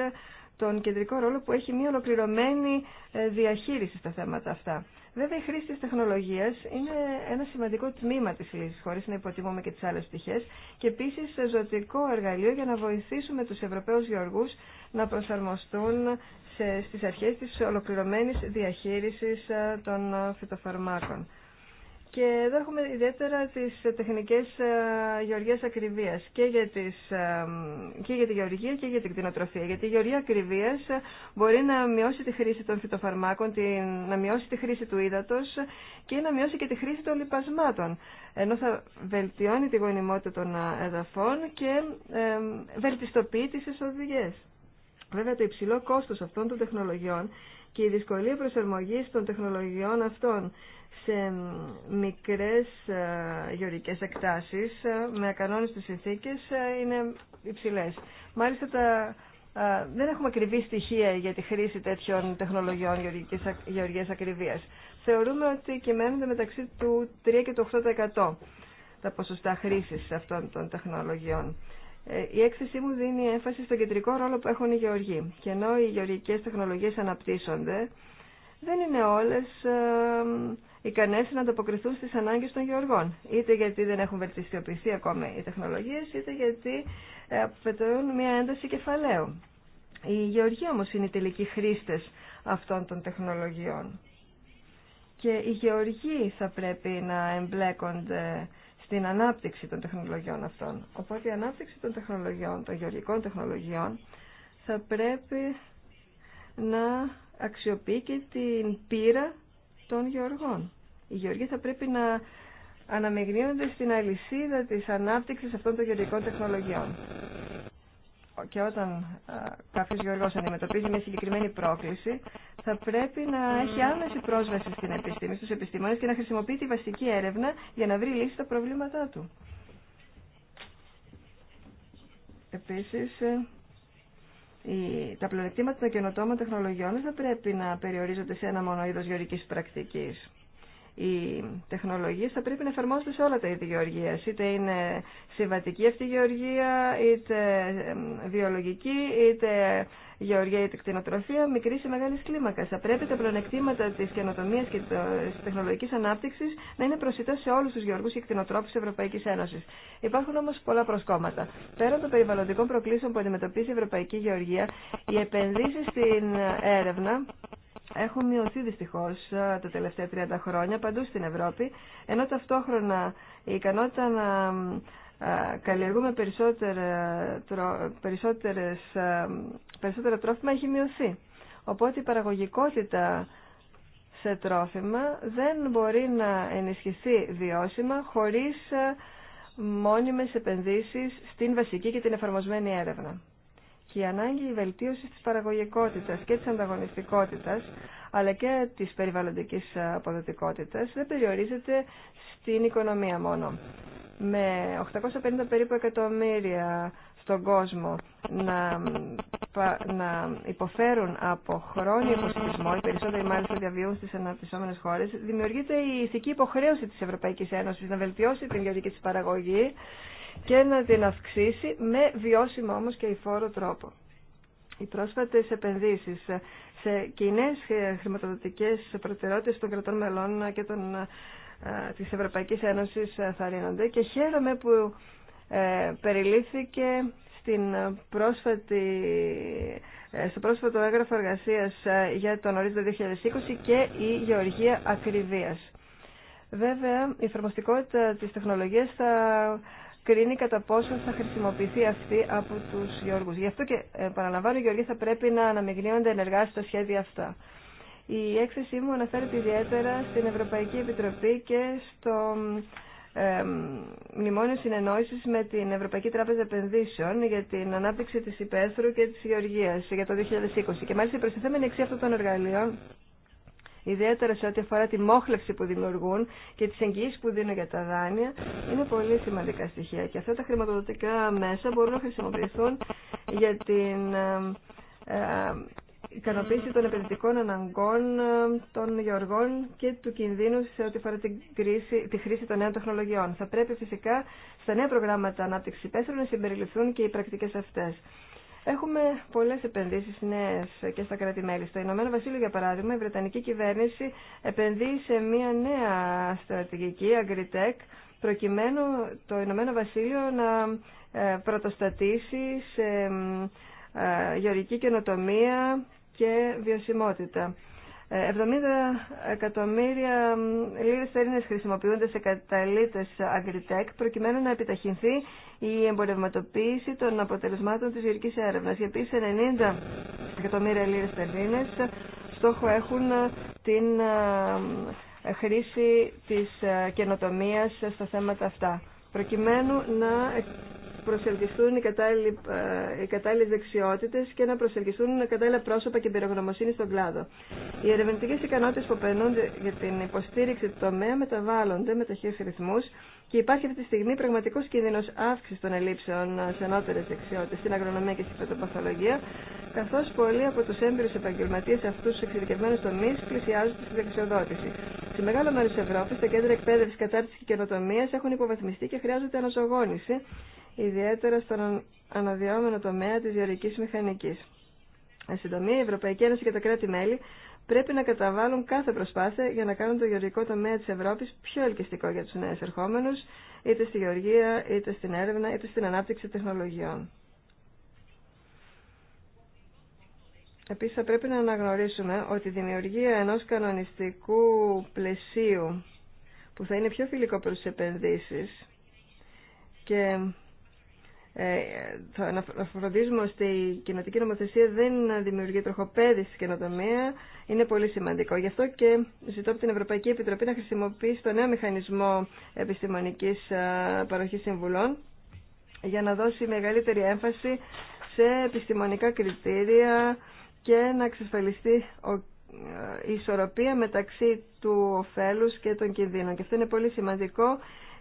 τον κεντρικό ρόλο που έχει μια ολοκληρωμένη διαχείριση στα θέματα αυτά. Βέβαια, η χρήση τη τεχνολογία είναι ένα σημαντικό τμήμα τη λύση, χωρί να υποτιμούμε και τι άλλε πτυχέ, και επίση ζωτικό εργαλείο για να βοηθήσουμε του Ευρωπαίου γεωργού να προσαρμοστούν στι αρχέ τη ολοκληρωμένη διαχείριση ε, των φυτοφαρμάκων. Και εδώ έχουμε ιδιαίτερα τις τεχνικές ε, γεωργίας ακριβίας και για, τις, ε, και για τη γεωργία και για την κτηνοτροφία. Γιατί η γεωργία ακριβίας μπορεί να μειώσει τη χρήση των φυτοφαρμάκων, να μειώσει τη χρήση του ύδατος και να μειώσει και τη χρήση των λιπασμάτων. Ενώ θα βελτιώνει τη γονιμότητα των ε, εδαφών και βελτιστοποιεί τις εισοδηγές. Βέβαια το υψηλό κόστος αυτών των τεχνολογιών και η δυσκολία προσαρμογής των τεχνολογιών αυτών σε μικρές ε, γεωρικές εκτάσεις ε, με ακανόνιστες συνθήκες ε, είναι υψηλές. Μάλιστα δεν έχουμε ακριβή στοιχεία για τη χρήση τέτοιων τεχνολογιών γεωργίας ακριβίας. Θεωρούμε ότι κυμαίνονται μεταξύ του 3 και του 8% τα ποσοστά χρήσης αυτών των τεχνολογιών. Ε, η έκθεσή μου δίνει έμφαση στον κεντρικό ρόλο που έχουν οι γεωργοί. Και ενώ οι γεωργικές τεχνολογίες αναπτύσσονται, δεν είναι όλες ικανές να ανταποκριθούν στις ανάγκες των γεωργών. Είτε γιατί δεν έχουν βελτιστιοποιηθεί ακόμα οι τεχνολογίες, είτε γιατί ε, απαιτούν μια ένταση κεφαλαίου. Οι γεωργοί όμως είναι οι τελικοί χρήστες αυτών των τεχνολογιών. Και οι γεωργοί θα πρέπει να εμπλέκονται την ανάπτυξη των τεχνολογιών αυτών. Οπότε η ανάπτυξη των τεχνολογιών, των γεωργικών τεχνολογιών, θα πρέπει να αξιοποιεί και την πείρα των γεωργών. Οι γεωργοί θα πρέπει να αναμειγνύονται στην αλυσίδα της ανάπτυξης αυτών των γεωργικών τεχνολογιών και όταν ε, κάποιο γεωργό αντιμετωπίζει μια συγκεκριμένη πρόκληση, θα πρέπει να έχει άμεση πρόσβαση στην επιστήμη, στους επιστήμονες και να χρησιμοποιεί τη βασική έρευνα για να βρει λύση στα προβλήματά του. Επίση, ε, τα πλεονεκτήματα των καινοτόμων τεχνολογιών δεν θα πρέπει να περιορίζονται σε ένα μόνο είδο γεωργική πρακτική οι τεχνολογίε θα πρέπει να εφαρμόζονται σε όλα τα είδη γεωργία. Είτε είναι συμβατική αυτή η γεωργία, είτε βιολογική, είτε γεωργία, είτε κτηνοτροφία, μικρή ή μεγάλη κλίμακα. Θα πρέπει τα πλεονεκτήματα τη καινοτομία και τη τεχνολογική ανάπτυξη να είναι προσιτά σε όλου του γεωργού και κτηνοτρόφου τη Ευρωπαϊκή Ένωση. Υπάρχουν όμω πολλά προσκόμματα. Πέραν των περιβαλλοντικών προκλήσεων που αντιμετωπίζει η Ευρωπαϊκή Γεωργία, οι επενδύσει στην έρευνα έχουν μειωθεί δυστυχώ ε, τα τελευταία 30 χρόνια παντού στην Ευρώπη, ενώ ταυτόχρονα η ικανότητα να ε, καλλιεργούμε περισσότερο ε, περισσότερα τρόφιμα έχει μειωθεί. Οπότε η παραγωγικότητα σε τρόφιμα δεν μπορεί να ενισχυθεί βιώσιμα χωρίς μόνιμες επενδύσεις στην βασική και την εφαρμοσμένη έρευνα και η ανάγκη βελτίωσης της παραγωγικότητας και της ανταγωνιστικότητας αλλά και της περιβαλλοντικής αποδοτικότητας δεν περιορίζεται στην οικονομία μόνο. Με 850 περίπου εκατομμύρια στον κόσμο να, να υποφέρουν από χρόνια υποσυτισμό, οι περισσότεροι μάλιστα διαβιούν στις αναπτυσσόμενες χώρες, δημιουργείται η ηθική υποχρέωση της Ευρωπαϊκής Ένωσης να βελτιώσει την ιδιωτική της παραγωγή και να την αυξήσει με βιώσιμο όμως και υφόρο τρόπο. Οι πρόσφατες επενδύσεις σε κοινέ χρηματοδοτικές προτεραιότητες των κρατών μελών και των, ε, της Ευρωπαϊκής Ένωσης ε, θα ρίνονται και χαίρομαι που ε, περιλήφθηκε στην πρόσφατη, στο πρόσφατο έγγραφο εργασίας για τον ορίζοντα 2020 και η γεωργία ακριβίας. Βέβαια, η εφαρμοστικότητα της τεχνολογίας θα κρίνει κατά πόσο θα χρησιμοποιηθεί αυτή από του Γιώργους. Γι' αυτό και ε, παραλαμβάνω, οι Γιώργοι θα πρέπει να αναμειγνύονται ενεργά στα σχέδια αυτά. Η έκθεσή μου αναφέρεται ιδιαίτερα στην Ευρωπαϊκή Επιτροπή και στο ε, μνημόνιο Συνεννόηση με την Ευρωπαϊκή Τράπεζα Επενδύσεων για την ανάπτυξη τη υπαίθρου και τη Γεωργία για το 2020. Και μάλιστα η προστιθέμενη εξή αυτών των εργαλείων ιδιαίτερα σε ό,τι αφορά τη μόχλευση που δημιουργούν και τις εγγυήσεις που δίνουν για τα δάνεια, είναι πολύ σημαντικά στοιχεία. Και αυτά τα χρηματοδοτικά μέσα μπορούν να χρησιμοποιηθούν για την ικανοποίηση των επενδυτικών αναγκών των γεωργών και του κινδύνου σε ό,τι αφορά την τη χρήση των νέων τεχνολογιών. Θα πρέπει φυσικά στα νέα προγράμματα ανάπτυξη πέστρων να συμπεριληφθούν και οι πρακτικέ αυτέ. Έχουμε πολλέ επενδύσει νέε και στα κράτη-μέλη. Στο Ηνωμένο Βασίλειο, για παράδειγμα, η Βρετανική κυβέρνηση επενδύει σε μια νέα στρατηγική, Agritech, προκειμένου το Ηνωμένο Βασίλειο να ε, πρωτοστατήσει σε ε, γεωργική καινοτομία και βιωσιμότητα. 70 ε, εκατομμύρια λίρες θερίνες χρησιμοποιούνται σε καταλήτες Agritech προκειμένου να επιταχυνθεί η εμπορευματοποίηση των αποτελεσμάτων της γερικής έρευνας. γιατί επίσης 90 εκατομμύρια λίρες τερλίνες στόχο έχουν ε, την ε, ε, χρήση της καινοτομίας στα θέματα αυτά προκειμένου να προσελκυστούν οι, κατάλληλοι, ε, οι κατάλληλες δεξιότητες και να προσελκυστούν κατάλληλα πρόσωπα και εμπειρογνωμοσύνη στον κλάδο. Οι ερευνητικέ ικανότητε που περνούνται για την υποστήριξη του τομέα μεταβάλλονται με ταχύ ρυθμούς και υπάρχει αυτή τη στιγμή πραγματικό κίνδυνο αύξηση των ελλείψεων σε ανώτερε δεξιότητε στην αγρονομία και στην πετοπαθολογία, καθώ πολλοί από του έμπειρου επαγγελματίε αυτού του εξειδικευμένου τομεί πλησιάζουν στη δεξιοδότηση. Σε μεγάλο μέρο τη Ευρώπη, τα κέντρα εκπαίδευση, κατάρτιση και καινοτομία έχουν υποβαθμιστεί και χρειάζονται αναζωογόνηση ιδιαίτερα στον αναδυόμενο τομέα της γεωρική μηχανικής. Εν συντομία, η Ευρωπαϊκή Ένωση και τα κράτη-μέλη πρέπει να καταβάλουν κάθε προσπάθεια για να κάνουν το γεωργικό τομέα της Ευρώπης πιο ελκυστικό για τους νέους ερχόμενους, είτε στη γεωργία, είτε στην έρευνα, είτε στην ανάπτυξη τεχνολογιών. Επίσης θα πρέπει να αναγνωρίσουμε ότι η δημιουργία ενός κανονιστικού πλαισίου που θα είναι πιο φιλικό προς τις επενδύσεις και ε, να φροντίζουμε ότι η κοινοτική νομοθεσία δεν δημιουργεί τροχοπαίδηση στη καινοτομία είναι πολύ σημαντικό. Γι' αυτό και ζητώ από την Ευρωπαϊκή Επιτροπή να χρησιμοποιήσει το νέο μηχανισμό επιστημονικής ε, παροχή συμβουλών για να δώσει μεγαλύτερη έμφαση σε επιστημονικά κριτήρια και να εξασφαλιστεί ε, η ισορροπία μεταξύ του ωφέλους και των κινδύνων. Και αυτό είναι πολύ σημαντικό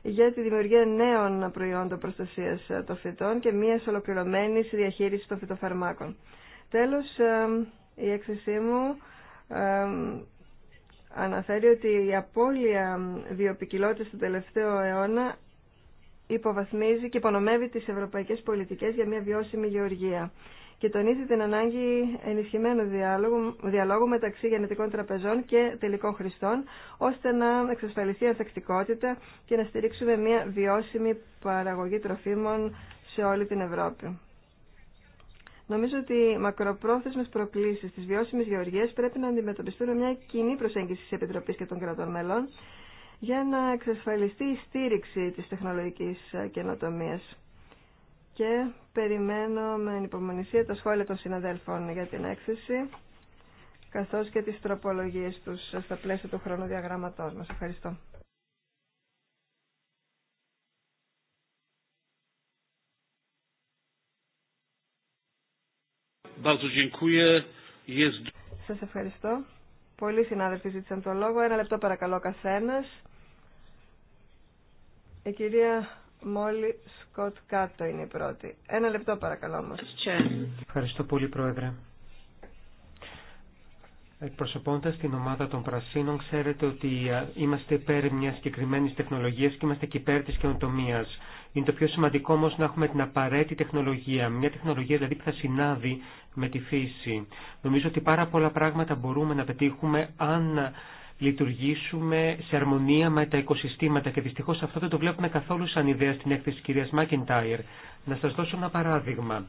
για τη δημιουργία νέων προϊόντων προστασία ε, των φυτών και μία ολοκληρωμένη διαχείριση των φυτοφαρμάκων. Τέλος, η έκθεσή μου αναφέρει ότι η απώλεια βιοπικιλότητα του τελευταίο αιώνα υποβαθμίζει και υπονομεύει τις ευρωπαϊκές πολιτικές για μια βιώσιμη γεωργία και τονίζει την ανάγκη ενισχυμένου διάλογου, διαλόγου μεταξύ γενετικών τραπεζών και τελικών χρηστών, ώστε να εξασφαλιστεί η ανθεκτικότητα και να στηρίξουμε μια βιώσιμη παραγωγή τροφίμων σε όλη την Ευρώπη. Νομίζω ότι οι μακροπρόθεσμε προκλήσει τη βιώσιμη γεωργία πρέπει να αντιμετωπιστούν με μια κοινή προσέγγιση τη Επιτροπή και των κρατών μελών για να εξασφαλιστεί η στήριξη τη τεχνολογική καινοτομία και περιμένω με ανυπομονησία τα σχόλια των συναδέλφων για την έκθεση καθώς και τις τροπολογίες τους στα πλαίσια του χρονοδιαγράμματός μας. Ευχαριστώ. Σας ευχαριστώ. Πολλοί συνάδελφοι ζήτησαν το λόγο. Ένα λεπτό παρακαλώ καθένας. Η ε, κυρία Μόλι Σκοτ Κάτο είναι η πρώτη. Ένα λεπτό παρακαλώ όμω. Ευχαριστώ πολύ Πρόεδρε. Εκπροσωπώντα την ομάδα των Πρασίνων, ξέρετε ότι ε, είμαστε υπέρ μια συγκεκριμένη τεχνολογία και είμαστε και υπέρ τη καινοτομία. Είναι το πιο σημαντικό όμω να έχουμε την απαραίτητη τεχνολογία. Μια τεχνολογία δηλαδή που θα συνάδει με τη φύση. Νομίζω ότι πάρα πολλά πράγματα μπορούμε να πετύχουμε αν λειτουργήσουμε σε αρμονία με τα οικοσυστήματα και δυστυχώς αυτό δεν το βλέπουμε καθόλου σαν ιδέα στην έκθεση της κυρίας Μάκεντάιρ. Να σας δώσω ένα παράδειγμα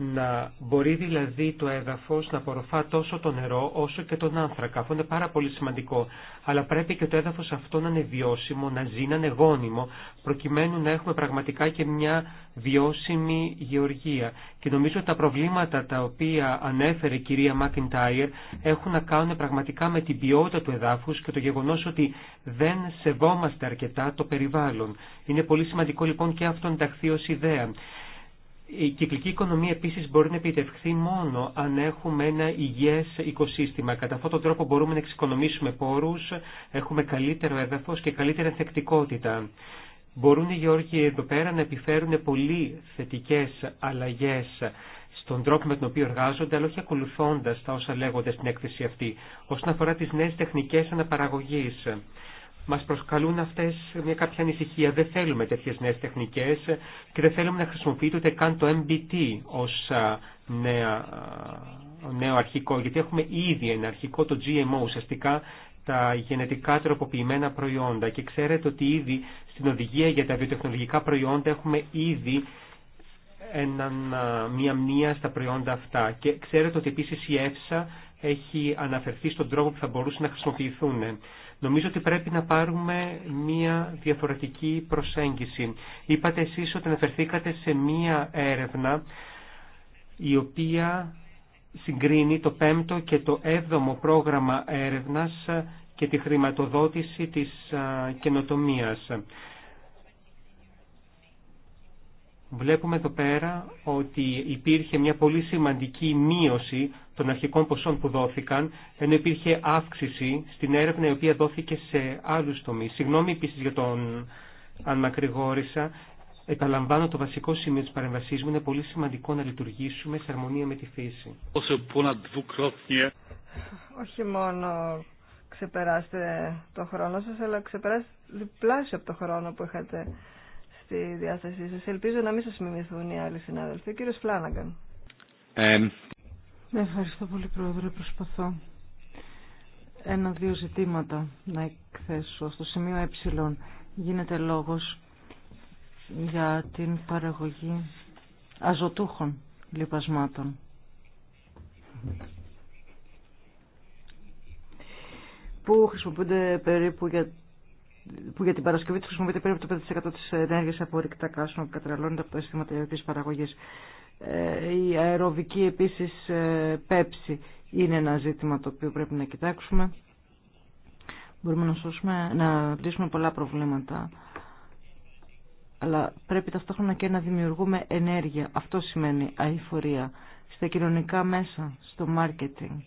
να μπορεί δηλαδή το έδαφος να απορροφά τόσο το νερό όσο και τον άνθρακα. Αυτό είναι πάρα πολύ σημαντικό. Αλλά πρέπει και το έδαφος αυτό να είναι βιώσιμο, να ζει, να είναι γόνιμο, προκειμένου να έχουμε πραγματικά και μια βιώσιμη γεωργία. Και νομίζω ότι τα προβλήματα τα οποία ανέφερε η κυρία Μακιντάιερ έχουν να κάνουν πραγματικά με την ποιότητα του εδάφους και το γεγονός ότι δεν σεβόμαστε αρκετά το περιβάλλον. Είναι πολύ σημαντικό λοιπόν και αυτό ενταχθεί ιδέα. Η κυκλική οικονομία επίσης μπορεί να επιτευχθεί μόνο αν έχουμε ένα υγιές οικοσύστημα. Κατά αυτόν τον τρόπο μπορούμε να εξοικονομήσουμε πόρους, έχουμε καλύτερο έδαφος και καλύτερη ανθεκτικότητα. Μπορούν οι Γεώργοι εδώ πέρα να επιφέρουν πολύ θετικές αλλαγές στον τρόπο με τον οποίο εργάζονται, αλλά όχι ακολουθώντα τα όσα λέγονται στην έκθεση αυτή, όσον αφορά τι νέες τεχνικές αναπαραγωγής. Μας προσκαλούν αυτές μια κάποια ανησυχία. Δεν θέλουμε τέτοιες νέες τεχνικές και δεν θέλουμε να χρησιμοποιείτε ούτε καν το MBT ως νέο αρχικό, γιατί έχουμε ήδη ένα αρχικό το GMO ουσιαστικά τα γενετικά τροποποιημένα προϊόντα και ξέρετε ότι ήδη στην οδηγία για τα βιοτεχνολογικά προϊόντα έχουμε ήδη έναν, μια μνήμα στα προϊόντα αυτά. Και ξέρετε ότι επίσης η ΕΦΣΑ έχει αναφερθεί στον τρόπο που θα μπορούσαν να χρησιμοποιηθούν. Νομίζω ότι πρέπει να πάρουμε μία διαφορετική προσέγγιση. Είπατε εσείς ότι αναφερθήκατε σε μία έρευνα η οποία συγκρίνει το πέμπτο και το έβδομο πρόγραμμα έρευνας και τη χρηματοδότηση της καινοτομίας. Βλέπουμε εδώ πέρα ότι υπήρχε μια πολύ σημαντική μείωση των αρχικών ποσών που δόθηκαν, ενώ υπήρχε αύξηση στην έρευνα η οποία δόθηκε σε άλλου τομεί. Συγγνώμη επίση για τον αν μακρηγόρησα. Επαλαμβάνω το βασικό σημείο της παρεμβασίσμου. μου, είναι πολύ σημαντικό να λειτουργήσουμε σε αρμονία με τη φύση. Όχι μόνο ξεπεράσετε το χρόνο σας, αλλά ξεπεράσετε διπλάσιο από το χρόνο που είχατε στη διάθεσή σας. Ελπίζω να μην σας μιμηθούν οι άλλοι συνάδελφοι. Ο κύριος Φλάναγκαν. Ε, ναι, ευχαριστώ πολύ, Πρόεδρε. Προσπαθώ ένα-δύο ζητήματα να εκθέσω. Στο σημείο ε γίνεται λόγος για την παραγωγή αζωτούχων λιπασμάτων. που χρησιμοποιούνται περίπου για που για την Παρασκευή του χρησιμοποιείται περίπου το 5% τη ενέργεια από ορυκτά καύσιμα που καταναλώνεται από τα αισθήματα ιεροπή παραγωγή. Ε, η αεροβική επίση πέψη ε, είναι ένα ζήτημα το οποίο πρέπει να κοιτάξουμε. Μπορούμε να, σώσουμε, να λύσουμε πολλά προβλήματα. Αλλά πρέπει ταυτόχρονα και να δημιουργούμε ενέργεια. Αυτό σημαίνει αηφορία. Στα κοινωνικά μέσα, στο marketing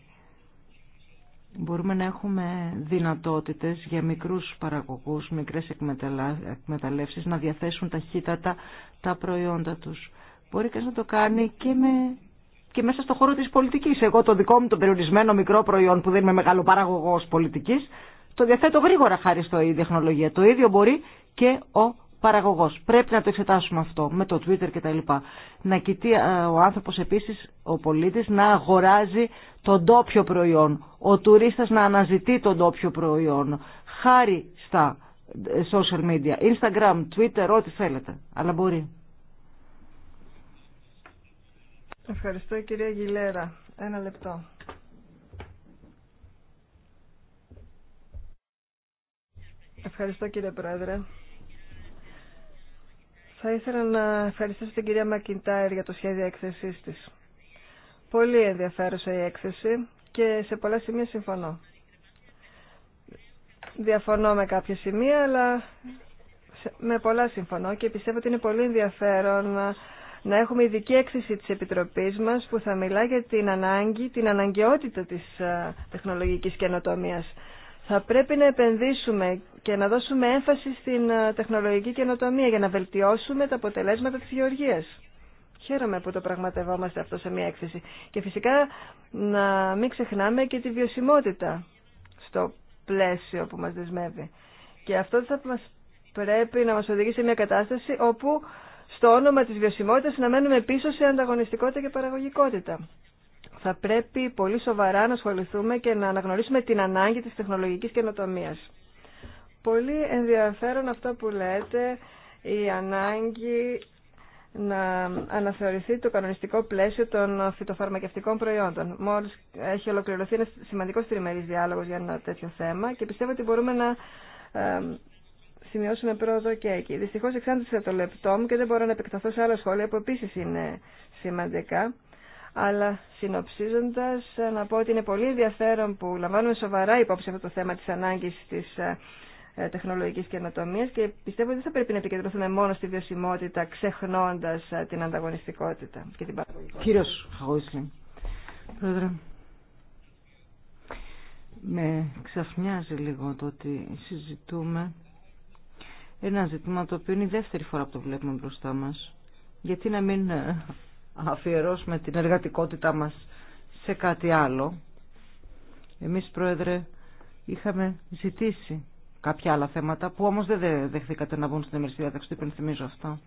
μπορούμε να έχουμε δυνατότητες για μικρούς παραγωγούς, μικρές εκμεταλλεύσεις να διαθέσουν ταχύτατα τα προϊόντα τους. Μπορεί κανείς να το κάνει και, με... και μέσα στο χώρο της πολιτικής. Εγώ το δικό μου το περιορισμένο μικρό προϊόν που δεν είμαι μεγάλο παραγωγός πολιτικής, το διαθέτω γρήγορα χάρη στο η τεχνολογία. Το ίδιο μπορεί και ο Πρέπει να το εξετάσουμε αυτό με το Twitter κτλ. Να κοιτεί ε, ο άνθρωπος επίσης, ο πολίτης, να αγοράζει τον τόπιο προϊόν. Ο τουρίστας να αναζητεί τον τόπιο προϊόν. Χάρη στα ε, social media, Instagram, Twitter, ό,τι θέλετε. Αλλά μπορεί. Ευχαριστώ κυρία Γιλέρα. Ένα λεπτό. Ευχαριστώ κύριε Πρόεδρε. Θα ήθελα να ευχαριστήσω την κυρία Μακιντάιρ για το σχέδιο έκθεσής της. Πολύ ενδιαφέρουσα η έκθεση και σε πολλά σημεία συμφωνώ. Διαφωνώ με κάποια σημεία, αλλά με πολλά συμφωνώ και πιστεύω ότι είναι πολύ ενδιαφέρον να έχουμε ειδική έκθεση της Επιτροπής μας που θα μιλά για την ανάγκη, την αναγκαιότητα της ε, τεχνολογικής καινοτομίας. Θα πρέπει να επενδύσουμε και να δώσουμε έμφαση στην ε, τεχνολογική καινοτομία για να βελτιώσουμε τα αποτελέσματα της γεωργίας. Χαίρομαι που το πραγματευόμαστε αυτό σε μια έκθεση. Και φυσικά να μην ξεχνάμε και τη βιωσιμότητα στο πλαίσιο που μας δεσμεύει. Και αυτό θα πρέπει να μας οδηγήσει σε μια κατάσταση όπου στο όνομα της βιωσιμότητας να μένουμε πίσω σε ανταγωνιστικότητα και παραγωγικότητα θα πρέπει πολύ σοβαρά να ασχοληθούμε και να αναγνωρίσουμε την ανάγκη της τεχνολογικής καινοτομία. Πολύ ενδιαφέρον αυτό που λέτε, η ανάγκη να αναθεωρηθεί το κανονιστικό πλαίσιο των φυτοφαρμακευτικών προϊόντων. Μόλις έχει ολοκληρωθεί ένα σημαντικό τριμερής διάλογο για ένα τέτοιο θέμα και πιστεύω ότι μπορούμε να σημειώσουμε πρόοδο και εκεί. Δυστυχώς εξάντλησα το λεπτό μου και δεν μπορώ να επεκταθώ σε άλλα σχόλια που επίση είναι σημαντικά. Αλλά συνοψίζοντας, να πω ότι είναι πολύ ενδιαφέρον που λαμβάνουμε σοβαρά υπόψη αυτό το θέμα της ανάγκης της ε, ε, τεχνολογικής καινοτομίας και πιστεύω ότι δεν θα πρέπει να επικεντρωθούμε μόνο στη βιωσιμότητα ξεχνώντας ε, την ανταγωνιστικότητα και την παραγωγικότητα. Κύριος Χαγουσλήμ, Πρόεδρε, με ξαφνιάζει λίγο το ότι συζητούμε ένα ζήτημα το οποίο είναι η δεύτερη φορά που το βλέπουμε μπροστά μας. Γιατί να μην αφιερώσουμε την εργατικότητά μας σε κάτι άλλο. Εμείς, Πρόεδρε, είχαμε ζητήσει κάποια άλλα θέματα που όμως δεν δεχθήκατε να μπουν στην ημερησία διάταξη, το υπενθυμίζω αυτό.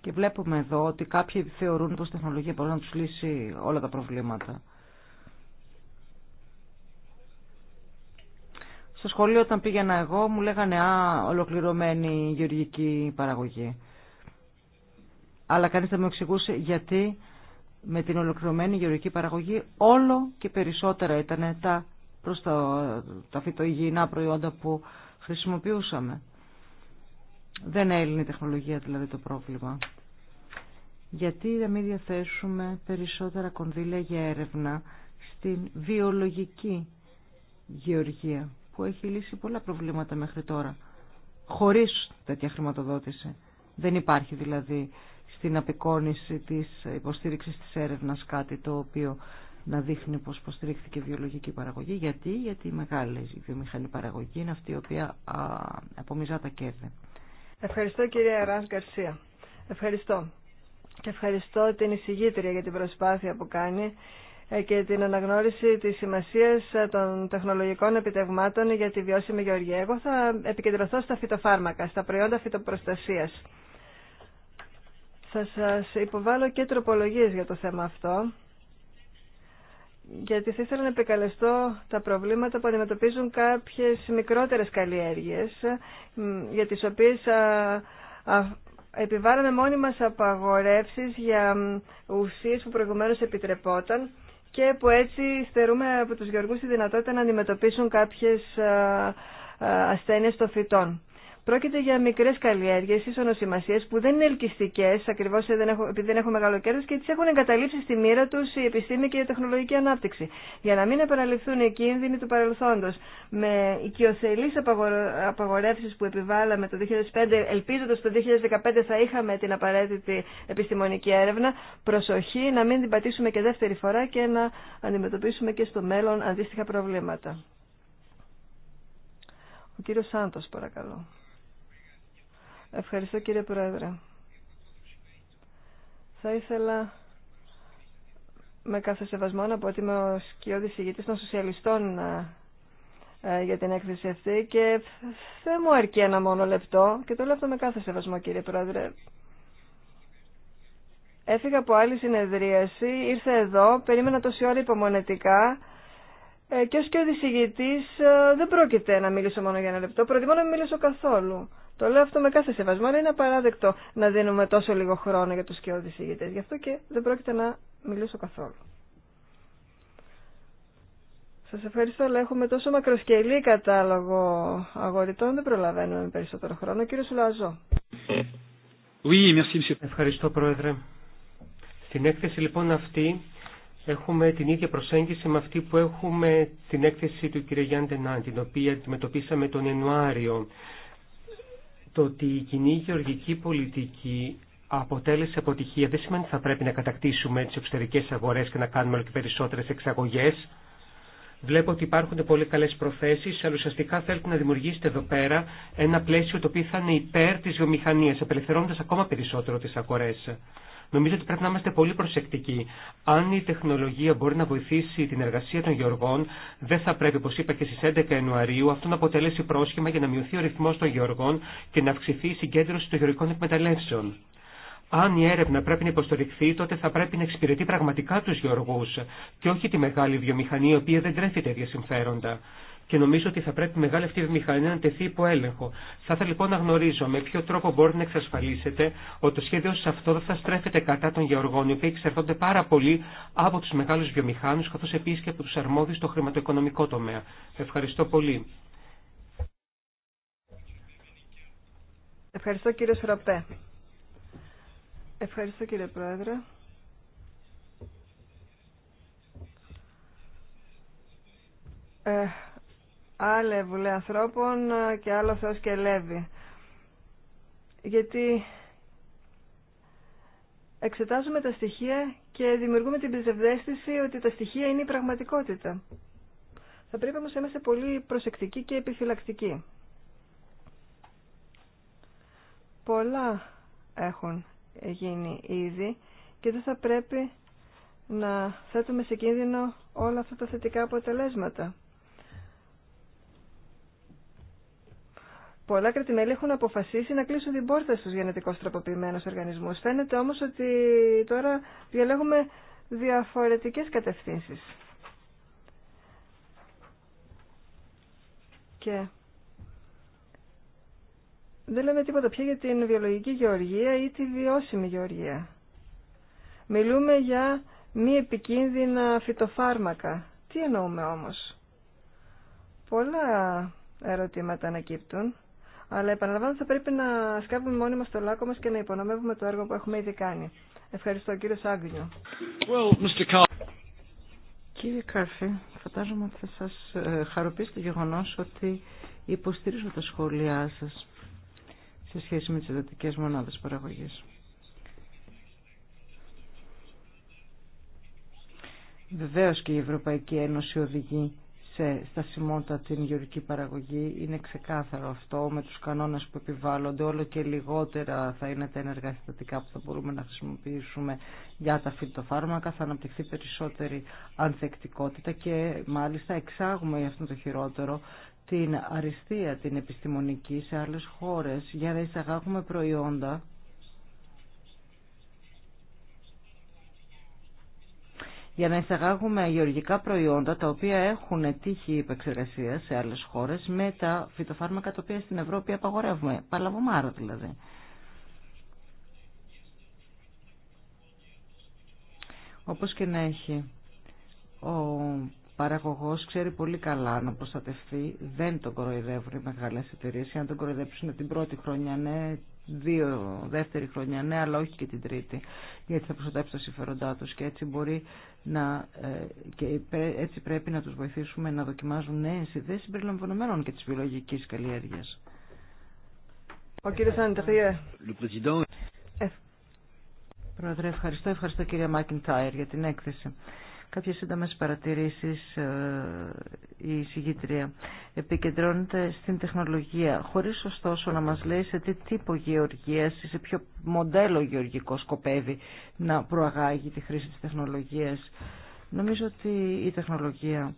Και βλέπουμε εδώ ότι κάποιοι θεωρούν πως η τεχνολογία μπορεί να τους λύσει όλα τα προβλήματα. Στο σχολείο όταν πήγαινα εγώ μου λέγανε «Α, ολοκληρωμένη γεωργική παραγωγή» αλλά κανείς δεν με εξηγούσε γιατί με την ολοκληρωμένη γεωργική παραγωγή όλο και περισσότερα ήταν τα, προς τα, τα προϊόντα που χρησιμοποιούσαμε. Δεν είναι η τεχνολογία δηλαδή το πρόβλημα. Γιατί να μην διαθέσουμε περισσότερα κονδύλια για έρευνα στην βιολογική γεωργία που έχει λύσει πολλά προβλήματα μέχρι τώρα χωρίς τέτοια χρηματοδότηση. Δεν υπάρχει δηλαδή στην απεικόνηση της υποστήριξης της έρευνας κάτι το οποίο να δείχνει πως υποστηρίχθηκε η βιολογική παραγωγή. Γιατί, γιατί η μεγάλη βιομηχανή παραγωγή είναι αυτή η οποία απομυζά τα κέρδη. Ευχαριστώ κυρία Ράς Γκαρσία. Ευχαριστώ. Και ευχαριστώ την εισηγήτρια για την προσπάθεια που κάνει ε, και την αναγνώριση της σημασίας ε, των τεχνολογικών επιτευγμάτων για τη βιώσιμη γεωργία. Εγώ θα επικεντρωθώ στα φυτοφάρμακα, στα προϊόντα φυτοπροστασίας. Θα σας υποβάλω και τροπολογίες για το θέμα αυτό, γιατί θα ήθελα να επικαλεστώ τα προβλήματα που αντιμετωπίζουν κάποιες μικρότερες καλλιέργειες, για τις οποίες επιβάλλαμε μόνοι μας απαγορεύσεις για ουσίες που προηγουμένως επιτρεπόταν και που έτσι στερούμε από τους γεωργούς τη δυνατότητα να αντιμετωπίσουν κάποιες ασθένειες των φυτών. Πρόκειται για μικρέ καλλιέργειε ίσονο που δεν είναι ελκυστικέ ακριβώ επειδή δεν έχουν μεγάλο κέρδο και τι έχουν εγκαταλείψει στη μοίρα του η επιστήμη και η τεχνολογική ανάπτυξη. Για να μην επαναληφθούν οι κίνδυνοι του παρελθόντο με οικειοθελεί απαγορεύσει που επιβάλαμε το 2005, ελπίζοντα το 2015 θα είχαμε την απαραίτητη επιστημονική έρευνα, προσοχή να μην την πατήσουμε και δεύτερη φορά και να αντιμετωπίσουμε και στο μέλλον αντίστοιχα προβλήματα. Ο κύριο Σάντο παρακαλώ. Ευχαριστώ κύριε Πρόεδρε. Θα ήθελα με κάθε σεβασμό να πω ότι είμαι ο σκιώδης ηγητής των σοσιαλιστών ε, ε, για την έκθεση αυτή και δεν μου αρκεί ένα μόνο λεπτό και το λέω αυτό με κάθε σεβασμό κύριε Πρόεδρε. Έφυγα από άλλη συνεδρίαση, ήρθα εδώ, περίμενα τόση ώρα υπομονετικά ε, και ως και ο δεν πρόκειται να μιλήσω μόνο για ένα λεπτό, προτιμώ να μιλήσω καθόλου. Το λέω αυτό με κάθε σεβασμό, αλλά είναι απαράδεκτο να δίνουμε τόσο λίγο χρόνο για του και ηγητέ. Γι' αυτό και δεν πρόκειται να μιλήσω καθόλου. Σα ευχαριστώ, αλλά έχουμε τόσο μακροσκελή κατάλογο αγόριτών. δεν προλαβαίνουμε περισσότερο χρόνο. Κύριο Σουλαζό. Ευχαριστώ, Πρόεδρε. Στην έκθεση λοιπόν αυτή έχουμε την ίδια προσέγγιση με αυτή που έχουμε την έκθεση του κ. Γιάννη Τενάν, την οποία αντιμετωπίσαμε τον Ιανουάριο το ότι η κοινή γεωργική πολιτική αποτέλεσε αποτυχία δεν σημαίνει ότι θα πρέπει να κατακτήσουμε τι εξωτερικέ αγορές και να κάνουμε όλο και περισσότερες εξαγωγές. Βλέπω ότι υπάρχουν πολύ καλές προθέσεις, αλλά ουσιαστικά θέλετε να δημιουργήσετε εδώ πέρα ένα πλαίσιο το οποίο θα είναι υπέρ τη βιομηχανία, απελευθερώνοντα ακόμα περισσότερο τι αγορέ. Νομίζω ότι πρέπει να είμαστε πολύ προσεκτικοί. Αν η τεχνολογία μπορεί να βοηθήσει την εργασία των γεωργών, δεν θα πρέπει, όπω είπα και στι 11 Ιανουαρίου, αυτό να αποτελέσει πρόσχημα για να μειωθεί ο ρυθμό των γεωργών και να αυξηθεί η συγκέντρωση των γεωργικών εκμεταλλεύσεων. Αν η έρευνα πρέπει να υποστηριχθεί, τότε θα πρέπει να εξυπηρετεί πραγματικά του γεωργού και όχι τη μεγάλη βιομηχανία, η οποία δεν τρέφεται τέτοια συμφέροντα και νομίζω ότι θα πρέπει μεγάλη αυτή η βιομηχανία να τεθεί υπό έλεγχο. Θα ήθελα λοιπόν να γνωρίζω με ποιο τρόπο μπορεί να εξασφαλίσετε ότι το σχέδιο σα αυτό δεν θα στρέφεται κατά των γεωργών, οι οποίοι εξαρτώνται πάρα πολύ από του μεγάλου βιομηχάνου, καθώ επίση και από του αρμόδιου στο χρηματοοικονομικό τομέα. Ευχαριστώ πολύ. Ευχαριστώ κύριε Σουραπέ. Ευχαριστώ κύριε Πρόεδρε. Ε, άλλε βουλέ ανθρώπων και άλλο Θεός και Λέβη. Γιατί εξετάζουμε τα στοιχεία και δημιουργούμε την ψευδέστηση ότι τα στοιχεία είναι η πραγματικότητα. Θα πρέπει όμως να είμαστε πολύ προσεκτικοί και επιφυλακτικοί. Πολλά έχουν γίνει ήδη και δεν θα πρέπει να θέτουμε σε κίνδυνο όλα αυτά τα θετικά αποτελέσματα. Πολλά κρατημέλη έχουν αποφασίσει να κλείσουν την πόρτα στους γενετικώς τροποποιημένους οργανισμούς. Φαίνεται όμως ότι τώρα διαλέγουμε διαφορετικές κατευθύνσεις. Και δεν λέμε τίποτα πια για την βιολογική γεωργία ή τη βιώσιμη γεωργία. Μιλούμε για μη επικίνδυνα φυτοφάρμακα. Τι εννοούμε όμως. Πολλά ερωτήματα ανακύπτουν. Αλλά επαναλαμβάνω θα πρέπει να σκάβουμε μόνοι μας το λάκκο μας και να υπονομεύουμε το έργο που έχουμε ήδη κάνει. Ευχαριστώ, κύριε Σάγκνιο. Well, Κύριε Κάρφη, φαντάζομαι ότι θα σα ε, χαροποιήσει το γεγονός ότι υποστηρίζω τα σχόλιά σας σε σχέση με τις ειδωτικές μονάδες παραγωγής. Βεβαίω και η Ευρωπαϊκή Ένωση οδηγεί σε στασιμότητα την γεωργική παραγωγή. Είναι ξεκάθαρο αυτό με τους κανόνες που επιβάλλονται. Όλο και λιγότερα θα είναι τα ενεργά συστατικά που θα μπορούμε να χρησιμοποιήσουμε για τα φυτοφάρμακα. Θα αναπτυχθεί περισσότερη ανθεκτικότητα και μάλιστα εξάγουμε για αυτό το χειρότερο την αριστεία την επιστημονική σε άλλες χώρες για να εισαγάγουμε προϊόντα για να εισαγάγουμε αγιοργικά προϊόντα τα οποία έχουν τύχη υπεξεργασία σε άλλες χώρες με τα φυτοφάρμακα τα οποία στην Ευρώπη απαγορεύουμε. Παλαβομάρα δηλαδή. Όπως και να έχει. Ο παραγωγό ξέρει πολύ καλά να προστατευτεί, δεν τον κοροϊδεύουν οι μεγάλες εταιρείες, αν τον κοροϊδέψουν την πρώτη χρονιά, ναι, δύο δεύτερη χρονιά, ναι, αλλά όχι και την τρίτη, γιατί θα προστατεύσει τα συμφέροντά του και έτσι μπορεί να, ε, και έτσι πρέπει να τους βοηθήσουμε να δοκιμάζουν νέες ιδέες συμπεριλαμβανομένων και τη βιολογική καλλιέργειας. Ο κύριο Αντρίε. Πρόεδρε, ευχαριστώ. Ευχαριστώ κύριε Μάκιντάιρ για την έκθεση. Κάποιες σύντομες παρατηρήσεις ε, η συγγήτρια επικεντρώνεται στην τεχνολογία, χωρίς ωστόσο να μας λέει σε τι τύπο γεωργίας ή σε ποιο μοντέλο γεωργικό σκοπεύει να προαγάγει τη χρήση της τεχνολογίας. Νομίζω ότι η τεχνολογία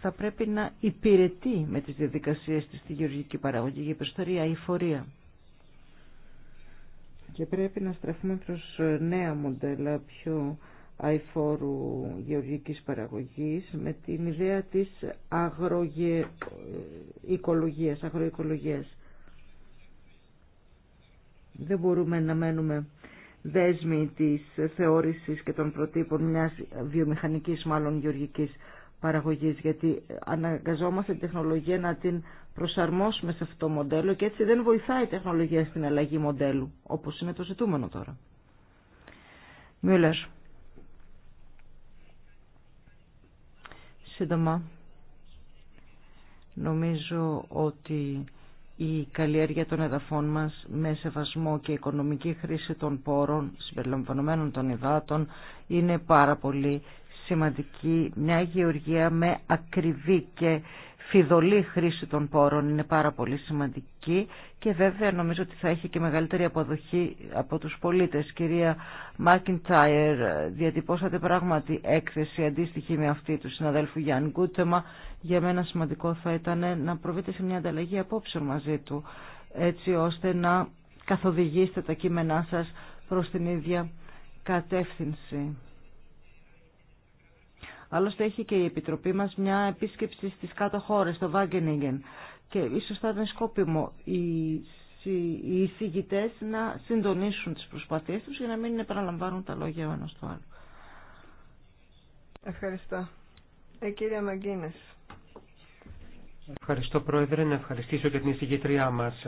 θα πρέπει να υπηρετεί με τις διαδικασίες της τη γεωργική παραγωγή για περισσότερη αηφορία. Και πρέπει να στραφούμε προς νέα μοντέλα πιο αηφόρου γεωργικής παραγωγής με την ιδέα της αγροοικολογίας, αγροοικολογίας. Δεν μπορούμε να μένουμε δέσμοι της θεώρησης και των προτύπων μιας βιομηχανικής μάλλον γεωργικής παραγωγής γιατί αναγκαζόμαστε την τεχνολογία να την προσαρμόσουμε σε αυτό το μοντέλο και έτσι δεν βοηθάει η τεχνολογία στην αλλαγή μοντέλου όπως είναι το ζητούμενο τώρα. Μιούλερ. Σύντομα, νομίζω ότι η καλλιέργεια των εδαφών μας με σεβασμό και οικονομική χρήση των πόρων συμπεριλαμβανομένων των υδάτων είναι πάρα πολύ σημαντική. Μια γεωργία με ακριβή και φιδωλή χρήση των πόρων είναι πάρα πολύ σημαντική και βέβαια νομίζω ότι θα έχει και μεγαλύτερη αποδοχή από τους πολίτες. Κυρία Μάκιντάιρ, διατυπώσατε πράγματι έκθεση αντίστοιχη με αυτή του συναδέλφου Γιάννη Κούτεμα. Για μένα σημαντικό θα ήταν να προβείτε σε μια ανταλλαγή απόψεων μαζί του, έτσι ώστε να καθοδηγήσετε τα κείμενά σας προς την ίδια κατεύθυνση. Άλλωστε έχει και η Επιτροπή μας μια επίσκεψη στις κάτω χώρες, στο Βάγκενιγκεν. Και ίσως θα ήταν σκόπιμο οι, οι να συντονίσουν τις προσπαθίες τους για να μην επαναλαμβάνουν τα λόγια ο ένας του άλλου. Ευχαριστώ. Ε, κύριε Μαγκίνες. Ευχαριστώ Πρόεδρε, να ευχαριστήσω και την εισηγητριά μας.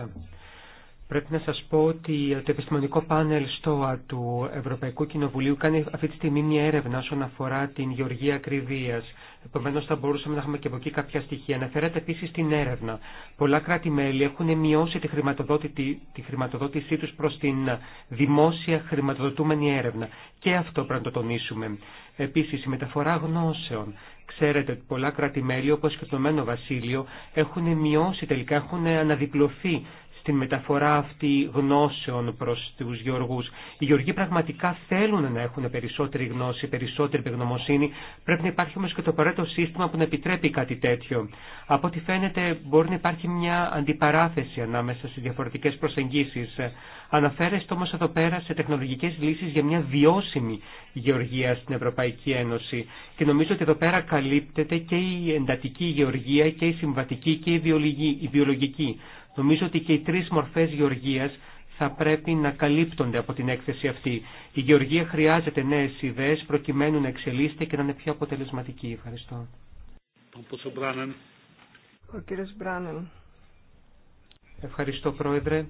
Πρέπει να σας πω ότι το επιστημονικό πάνελ ΣΤΟΑ του Ευρωπαϊκού Κοινοβουλίου κάνει αυτή τη στιγμή μια έρευνα όσον αφορά την γεωργία ακριβίας. Επομένω θα μπορούσαμε να έχουμε και από εκεί κάποια στοιχεία. Αναφέρατε επίση την έρευνα. Πολλά κράτη-μέλη έχουν μειώσει τη, τη χρηματοδότησή του προ την δημόσια χρηματοδοτούμενη έρευνα. Και αυτό πρέπει να το τονίσουμε. Επίση, η μεταφορά γνώσεων. Ξέρετε ότι πολλά κράτη-μέλη όπω και το Μένο Βασίλειο έχουν μειώσει τελικά, έχουν αναδιπλωθεί ...την μεταφορά αυτή γνώσεων προς τους γεωργούς. Οι γεωργοί πραγματικά θέλουν να έχουν περισσότερη γνώση, περισσότερη επιγνωμοσύνη. Πρέπει να υπάρχει όμως και το απαραίτητο σύστημα που να επιτρέπει κάτι τέτοιο. Από ό,τι φαίνεται μπορεί να υπάρχει μια αντιπαράθεση ανάμεσα στις διαφορετικές προσεγγίσεις. Αναφέρεστε όμως εδώ πέρα σε τεχνολογικές λύσεις για μια βιώσιμη γεωργία στην Ευρωπαϊκή Ένωση. Και νομίζω ότι εδώ πέρα καλύπτεται και η εντατική γεωργία και η συμβατική και η βιολογική. Νομίζω ότι και οι τρεις μορφές γεωργίας θα πρέπει να καλύπτονται από την έκθεση αυτή. Η γεωργία χρειάζεται νέες ιδέες προκειμένου να εξελίσσεται και να είναι πιο αποτελεσματική. Ευχαριστώ. Ο Μπράνεν. Ευχαριστώ Πρόεδρε.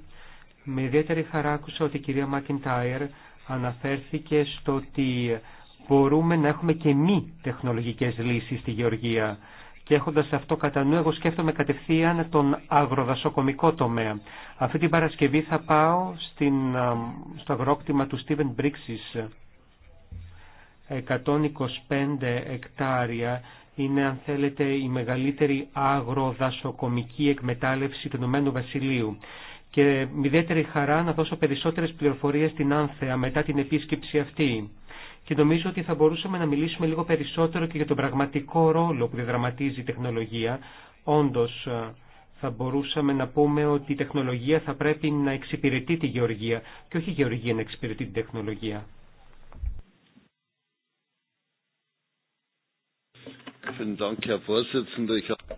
Με ιδιαίτερη χαρά άκουσα ότι η κυρία Μακιντάιρ αναφέρθηκε στο ότι μπορούμε να έχουμε και μη τεχνολογικές λύσεις στη γεωργία. Και έχοντας αυτό κατά νου, εγώ σκέφτομαι κατευθείαν τον αγροδασοκομικό τομέα. Αυτή την Παρασκευή θα πάω στην, στο αγρόκτημα του Στίβεν Μπρίξης. 125 εκτάρια είναι αν θέλετε η μεγαλύτερη αγροδασοκομική εκμετάλλευση του Ηνωμένου Βασιλείου. Και με ιδιαίτερη χαρά να δώσω περισσότερες πληροφορίες στην Άνθεα μετά την επίσκεψη αυτή και νομίζω ότι θα μπορούσαμε να μιλήσουμε λίγο περισσότερο και για τον πραγματικό ρόλο που διαδραματίζει η τεχνολογία. Όντως, ε, θα μπορούσαμε να πούμε ότι η τεχνολογία θα πρέπει να εξυπηρετεί τη γεωργία και όχι η γεωργία να εξυπηρετεί την τεχνολογία.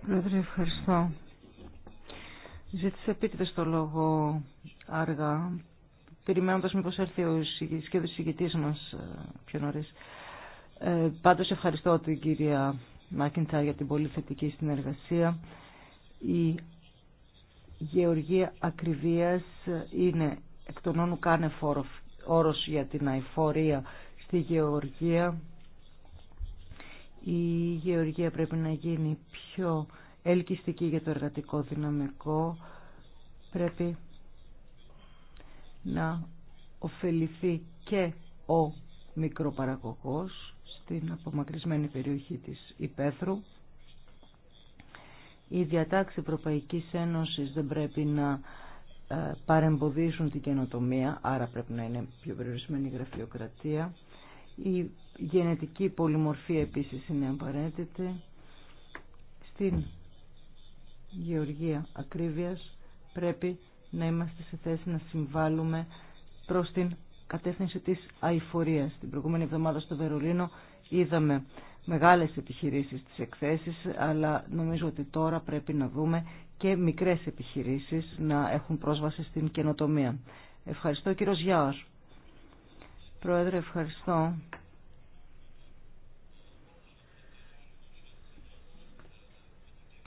Πρόεδρε, ευχαριστώ. Ζήτησε επίτηδες το λόγο άργα περιμένοντας μήπως έρθει ο σχέδιος συγκητής μας ε, πιο νωρίς. Ε, πάντως ευχαριστώ την κυρία Μάκιντσα για την πολύ θετική συνεργασία. Η γεωργία ακριβίας είναι εκ των όνου κάνε φόρο, όρος για την αηφορία στη γεωργία. Η γεωργία πρέπει να γίνει πιο ελκυστική για το εργατικό δυναμικό. Πρέπει να ωφεληθεί και ο μικροπαραγωγός στην απομακρυσμένη περιοχή της Υπέθρου. Η διατάξει Ευρωπαϊκής Ένωσης δεν πρέπει να ε, παρεμποδίσουν την καινοτομία, άρα πρέπει να είναι πιο περιορισμένη η γραφειοκρατία. Η γενετική πολυμορφία επίσης είναι απαραίτητη. Στην γεωργία ακρίβειας πρέπει να είμαστε σε θέση να συμβάλλουμε προς την κατεύθυνση της αηφορίας. Την προηγούμενη εβδομάδα στο Βερολίνο είδαμε μεγάλες επιχειρήσεις στις εκθέσεις, αλλά νομίζω ότι τώρα πρέπει να δούμε και μικρές επιχειρήσεις να έχουν πρόσβαση στην καινοτομία. Ευχαριστώ κύριο Γιάουρ. Πρόεδρε, ευχαριστώ.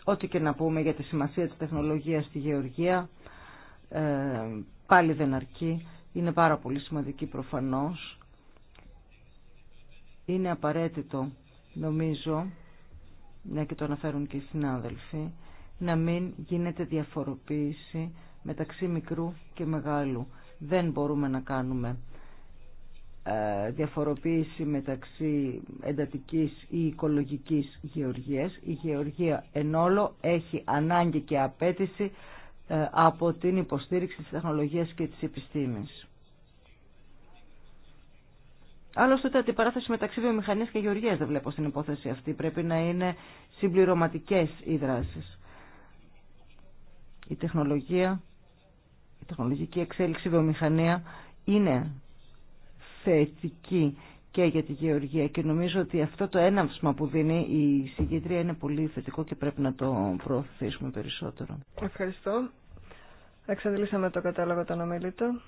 Ό,τι και να πούμε για τη σημασία της τεχνολογίας στη γεωργία, ε, πάλι δεν αρκεί. Είναι πάρα πολύ σημαντική προφανώς. Είναι απαραίτητο, νομίζω, να και το αναφέρουν και οι συνάδελφοι, να μην γίνεται διαφοροποίηση μεταξύ μικρού και μεγάλου. Δεν μπορούμε να κάνουμε ε, διαφοροποίηση μεταξύ εντατικής ή οικολογικής γεωργίας. Η γεωργία εν όλο έχει ανάγκη και απέτηση ε, από την υποστήριξη της τεχνολογίας και της επιστήμης. Άλλωστε, την παράθεση μεταξύ βιομηχανία και γεωργίας δεν βλέπω στην υπόθεση αυτή. Πρέπει να είναι συμπληρωματικές οι δράσει. Η τεχνολογία, η τεχνολογική εξέλιξη βιομηχανία είναι θετική και για τη γεωργία και νομίζω ότι αυτό το έναυσμα που δίνει η συγκεντρία είναι πολύ θετικό και πρέπει να το προωθήσουμε περισσότερο. Ευχαριστώ. Εξαντλήσαμε το κατάλογο των ομιλητών.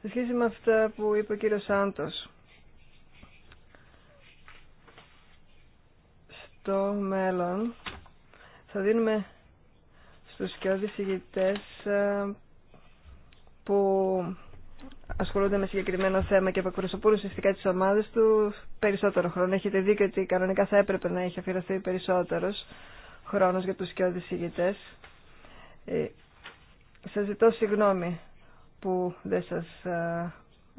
Σε σχέση με αυτά που είπε ο κύριος Σάντος, στο μέλλον θα δίνουμε στους και ε, που ασχολούνται με συγκεκριμένο θέμα και που ουσιαστικά τις ομάδες του περισσότερο χρόνο. Έχετε δίκιο ότι κανονικά θα έπρεπε να έχει αφιερωθεί περισσότερος χρόνος για τους και ε, σας ζητώ συγγνώμη που δεν σας ε,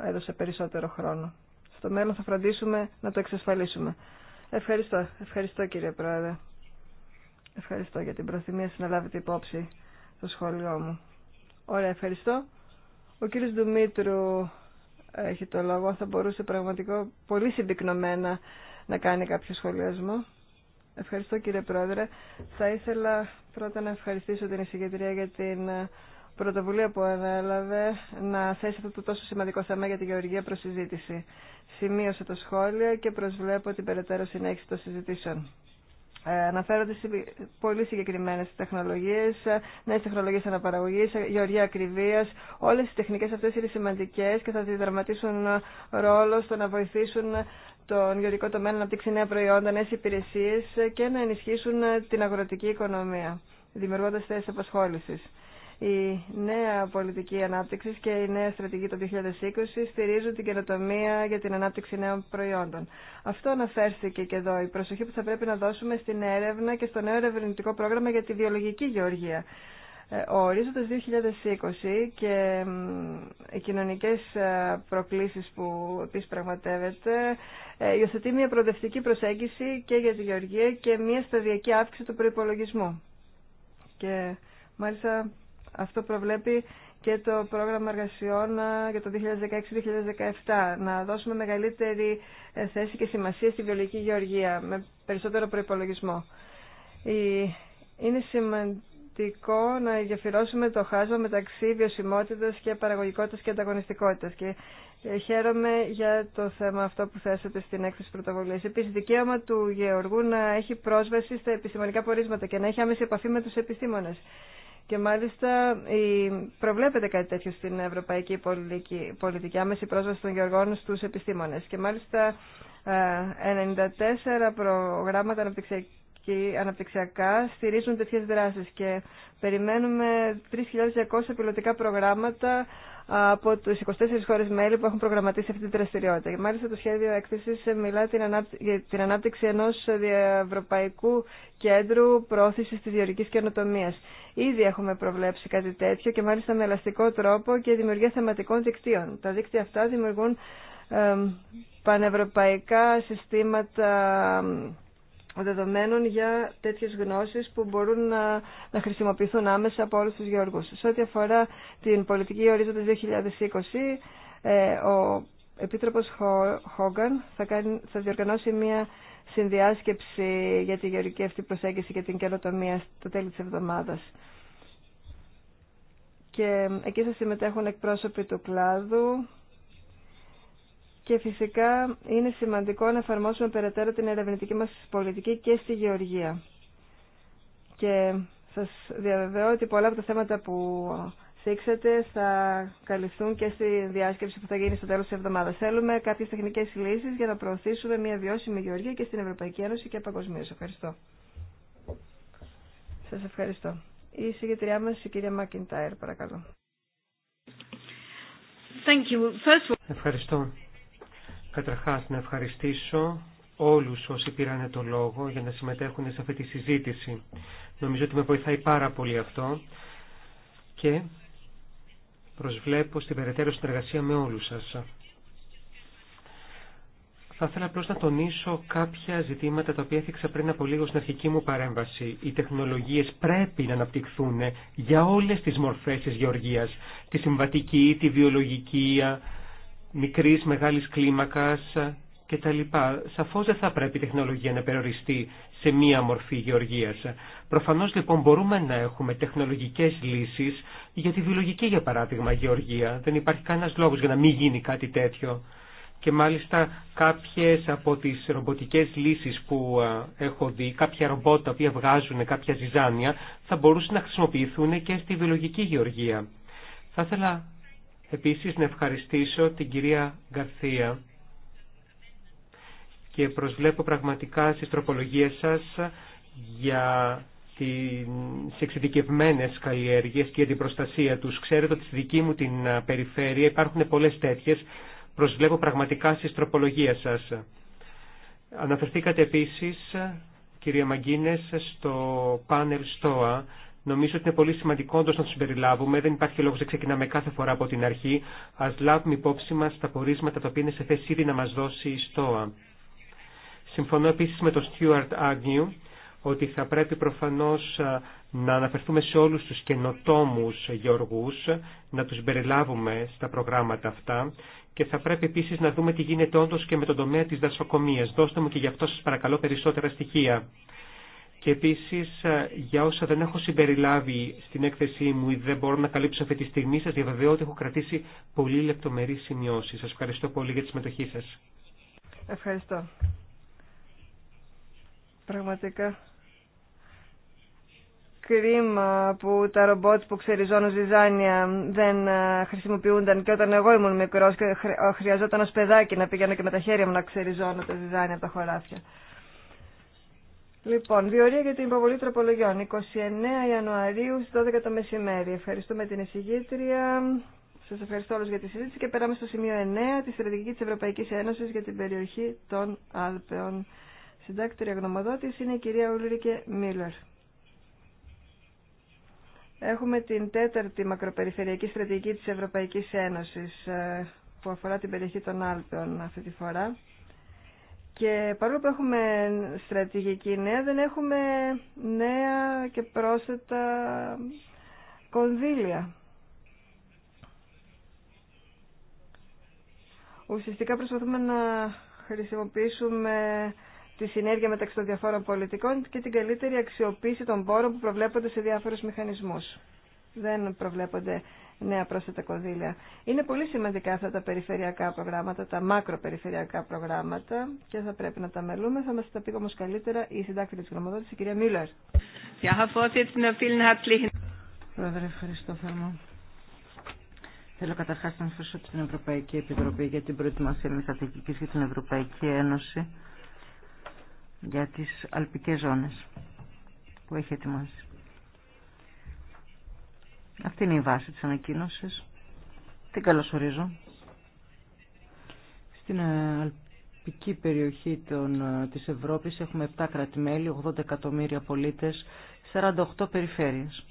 έδωσε περισσότερο χρόνο. Στο μέλλον θα φροντίσουμε να το εξασφαλίσουμε. Ευχαριστώ. Ευχαριστώ κύριε Πρόεδρε. Ευχαριστώ για την προθυμία να λάβετε υπόψη το σχόλιο μου. Ωραία, ευχαριστώ. Ο κύριος Δημήτρου έχει το λόγο. Θα μπορούσε πραγματικό πολύ συμπυκνωμένα να κάνει κάποιο σχολιασμό. Ευχαριστώ κύριε Πρόεδρε. Θα ήθελα πρώτα να ευχαριστήσω την εισηγητρία για την ε, πρωτοβουλία που ανέλαβε να θέσει αυτό το τόσο σημαντικό θέμα για τη γεωργία προς συζήτηση. Σημείωσε το σχόλιο και προσβλέπω την περαιτέρω συνέχιση των συζητήσεων. Ε, αναφέρονται σε πολύ συγκεκριμένε τεχνολογίε, ε, νέε τεχνολογίε αναπαραγωγή, ε, γεωργία ακριβία. Όλε οι τεχνικέ αυτέ είναι σημαντικέ και θα διδραματίσουν ρόλο στο να βοηθήσουν τον γεωργικό τομέα να αναπτύξει νέα προϊόντα, νέε υπηρεσίε και να ενισχύσουν την αγροτική οικονομία, δημιουργώντα θέσει απασχόληση. Η νέα πολιτική ανάπτυξη και η νέα στρατηγική το 2020 στηρίζουν την καινοτομία για την ανάπτυξη νέων προϊόντων. Αυτό αναφέρθηκε και εδώ. Η προσοχή που θα πρέπει να δώσουμε στην έρευνα και στο νέο ερευνητικό πρόγραμμα για τη βιολογική γεωργία. Ε, ο ορίζοντα 2020 και οι κοινωνικέ ε, προκλήσεις που επίση πραγματεύεται ε, υιοθετεί μια προοδευτική προσέγγιση και για τη γεωργία και μια σταδιακή αύξηση του προπολογισμού. Και μάλιστα αυτό προβλέπει και το πρόγραμμα εργασιών ε, για το 2016-2017. Να δώσουμε μεγαλύτερη ε, θέση και σημασία στη βιολογική γεωργία με περισσότερο προπολογισμό. Είναι σημαντικό να γεφυρώσουμε το χάσμα μεταξύ βιωσιμότητα και παραγωγικότητας και ανταγωνιστικότητα. Και ε, χαίρομαι για το θέμα αυτό που θέσατε στην έκθεση πρωτοβουλίας. Επίσης, δικαίωμα του Γεωργού να έχει πρόσβαση στα επιστημονικά πορίσματα και να έχει άμεση επαφή με τους επιστήμονε. Και μάλιστα προβλέπεται κάτι τέτοιο στην ευρωπαϊκή πολιτική, άμεση πρόσβαση των γεωργών στους επιστήμονες. Και μάλιστα 94 ε, προγράμματα αναπτυξιακά στηρίζουν τέτοιες δράσεις και περιμένουμε 3.200 πιλωτικά προγράμματα από τι 24 χώρε μέλη που έχουν προγραμματίσει αυτή τη δραστηριότητα. Και μάλιστα το σχέδιο έκθεση μιλά για την ανάπτυξη ενό ευρωπαϊκού κέντρου πρόθεση τη γεωργική καινοτομία. Ήδη έχουμε προβλέψει κάτι τέτοιο και μάλιστα με ελαστικό τρόπο και δημιουργία θεματικών δικτύων. Τα δίκτυα αυτά δημιουργούν πανευρωπαϊκά συστήματα δεδομένων για τέτοιες γνώσεις που μπορούν να, να χρησιμοποιηθούν άμεσα από όλους τους γεωργούς. Σε ό,τι αφορά την πολιτική ορίζοντα 2020, ε, ο Επίτροπος Χόγκαν θα, κάνει, διοργανώσει μια συνδιάσκεψη για τη γεωργική αυτή προσέγγιση και την καινοτομία στο τέλη της εβδομάδας. Και ε, εκεί θα συμμετέχουν εκπρόσωποι του κλάδου, και φυσικά είναι σημαντικό να εφαρμόσουμε περαιτέρω την ερευνητική μας πολιτική και στη γεωργία. Και σας διαβεβαιώ ότι πολλά από τα θέματα που σήξατε θα καλυφθούν και στη διάσκεψη που θα γίνει στο τέλος της εβδομάδας. Θέλουμε κάποιες τεχνικές λύσεις για να προωθήσουμε μια βιώσιμη γεωργία και στην Ευρωπαϊκή Ένωση και παγκοσμίω. Ευχαριστώ. Σας ευχαριστώ. Η συγκεκριά μας, η κυρία Μάκιντάιρ, παρακαλώ. Ευχαριστώ. Καταρχάς να ευχαριστήσω όλους όσοι πήραν το λόγο για να συμμετέχουν σε αυτή τη συζήτηση. Νομίζω ότι με βοηθάει πάρα πολύ αυτό και προσβλέπω στην περαιτέρω συνεργασία με όλους σας. Θα ήθελα απλώ να τονίσω κάποια ζητήματα τα οποία έθιξα πριν από λίγο στην αρχική μου παρέμβαση. Οι τεχνολογίε πρέπει να αναπτυχθούν για όλε τι μορφέ τη γεωργία. Τη συμβατική, τη βιολογική, μικρής, μεγάλης κλίμακας και τα λοιπά. Σαφώς δεν θα πρέπει η τεχνολογία να περιοριστεί σε μία μορφή γεωργίας. Προφανώς λοιπόν μπορούμε να έχουμε τεχνολογικές λύσεις για τη βιολογική για παράδειγμα γεωργία. Δεν υπάρχει κανένας λόγος για να μην γίνει κάτι τέτοιο. Και μάλιστα κάποιες από τις ρομποτικές λύσεις που έχω δει, κάποια ρομπότ τα οποία βγάζουν κάποια ζυζάνια, θα μπορούσαν να χρησιμοποιηθούν και στη βιολογική γεωργία. Θα ήθελα Επίσης να ευχαριστήσω την κυρία Γκαρθία και προσβλέπω πραγματικά στις τροπολογίες σας για τις εξειδικευμένες καλλιέργειες και για την προστασία τους. Ξέρετε ότι στη δική μου την περιφέρεια υπάρχουν πολλές τέτοιες. Προσβλέπω πραγματικά στις τροπολογίες σας. Αναφερθήκατε επίσης, κυρία Μαγκίνες, στο πάνελ ΣΤΟΑ Νομίζω ότι είναι πολύ σημαντικό όντω να του συμπεριλάβουμε. Δεν υπάρχει λόγο να ξεκινάμε κάθε φορά από την αρχή. Α λάβουμε υπόψη μα τα πορίσματα τα οποία είναι σε θέση ήδη να μα δώσει η ΣΤΟΑ. Συμφωνώ επίση με τον Στιουαρτ Agnew ότι θα πρέπει προφανώ να αναφερθούμε σε όλου του καινοτόμου γεωργούς, να του περιλάβουμε στα προγράμματα αυτά και θα πρέπει επίση να δούμε τι γίνεται όντω και με τον τομέα τη δασοκομεία. Δώστε μου και γι' αυτό σα παρακαλώ περισσότερα στοιχεία και επίσης ε, για όσα δεν έχω συμπεριλάβει στην έκθεσή μου ή δεν μπορώ να καλύψω αυτή τη στιγμή σας διαβεβαιώ ότι έχω κρατήσει πολύ λεπτομερείς σημειώσεις. Σας ευχαριστώ πολύ για τη συμμετοχή σας. Ευχαριστώ. Πραγματικά κρίμα που τα ρομπότ που ξεριζώνουν ζυζάνια δεν ε, χρησιμοποιούνταν και όταν εγώ ήμουν μικρός και ε, χρειαζόταν ως παιδάκι να πηγαίνω και με τα χέρια μου να ξεριζώνω τα ζυζάνια από τα χωράφια. Λοιπόν, διορία για την υποβολή τροπολογιών. 29 Ιανουαρίου στι 12 το μεσημέρι. Ευχαριστούμε την εισηγήτρια. Σα ευχαριστώ όλου για τη συζήτηση και περάμε στο σημείο 9, τη στρατηγική τη Ευρωπαϊκή Ένωση για την περιοχή των Άλπαιων. Συντάκτηρια γνωμοδότη είναι η κυρία Ουλρίκε Μίλλερ. Έχουμε την τέταρτη μακροπεριφερειακή στρατηγική της Ευρωπαϊκής Ένωσης ε, που αφορά την περιοχή των Άλπαιων αυτή τη φορά και παρόλο που έχουμε στρατηγική νέα, δεν έχουμε νέα και πρόσθετα κονδύλια. Ουσιαστικά προσπαθούμε να χρησιμοποιήσουμε τη συνέργεια μεταξύ των διαφόρων πολιτικών και την καλύτερη αξιοποίηση των πόρων που προβλέπονται σε διάφορους μηχανισμούς. Δεν προβλέπονται νέα πρόσθετα κονδύλια. Είναι πολύ σημαντικά αυτά τα περιφερειακά προγράμματα, τα μακροπεριφερειακά προγράμματα και θα πρέπει να τα μελούμε. Θα μας τα πει όμως καλύτερα η συντάκτη της γνωμοδότησης, η κυρία Μίλλερ. Πρόεδρε, ευχαριστώ θερμά. Θέλω καταρχάς να ευχαριστώ την Ευρωπαϊκή Επιτροπή για την προετοιμασία μη στρατηγικής και την Ευρωπαϊκή Ένωση για τις αλπικές ζώνες που έχει ετοιμάσει. Αυτή είναι η βάση της ανακοίνωσης. Την καλωσορίζω. Στην ε, αλπική περιοχή των, ε, της Ευρώπης έχουμε 7 κρατημέλη, 80 εκατομμύρια πολίτες, 48 περιφέρειες.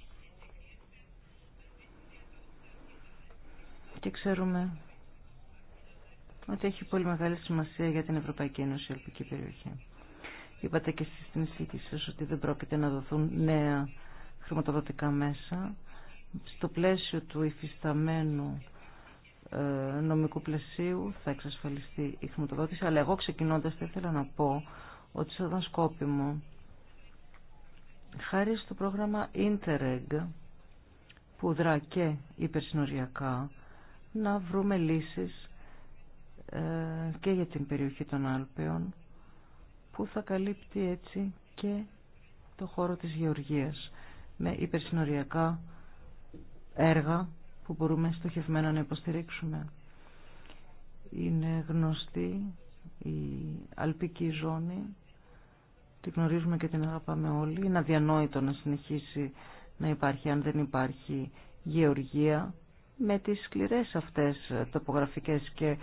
Και ξέρουμε ότι έχει πολύ μεγάλη σημασία για την Ευρωπαϊκή Ένωση η αλπική περιοχή. Είπατε και εσείς στην εισήγηση ότι δεν πρόκειται να δοθούν νέα χρηματοδοτικά μέσα στο πλαίσιο του υφισταμένου ε, νομικού πλαισίου θα εξασφαλιστεί η χρηματοδότηση, αλλά εγώ ξεκινώντας θα ήθελα να πω ότι σε ένα σκόπιμο, χάρη στο πρόγραμμα Interreg, που δρά και υπερσυνοριακά, να βρούμε λύσεις ε, και για την περιοχή των Άλπαιων, που θα καλύπτει έτσι και το χώρο της γεωργίας, με υπερσυνοριακά έργα που μπορούμε στοχευμένα να υποστηρίξουμε. Είναι γνωστή η αλπική ζώνη, την γνωρίζουμε και την αγαπάμε όλοι. Είναι αδιανόητο να συνεχίσει να υπάρχει αν δεν υπάρχει γεωργία με τις σκληρές αυτές τοπογραφικές και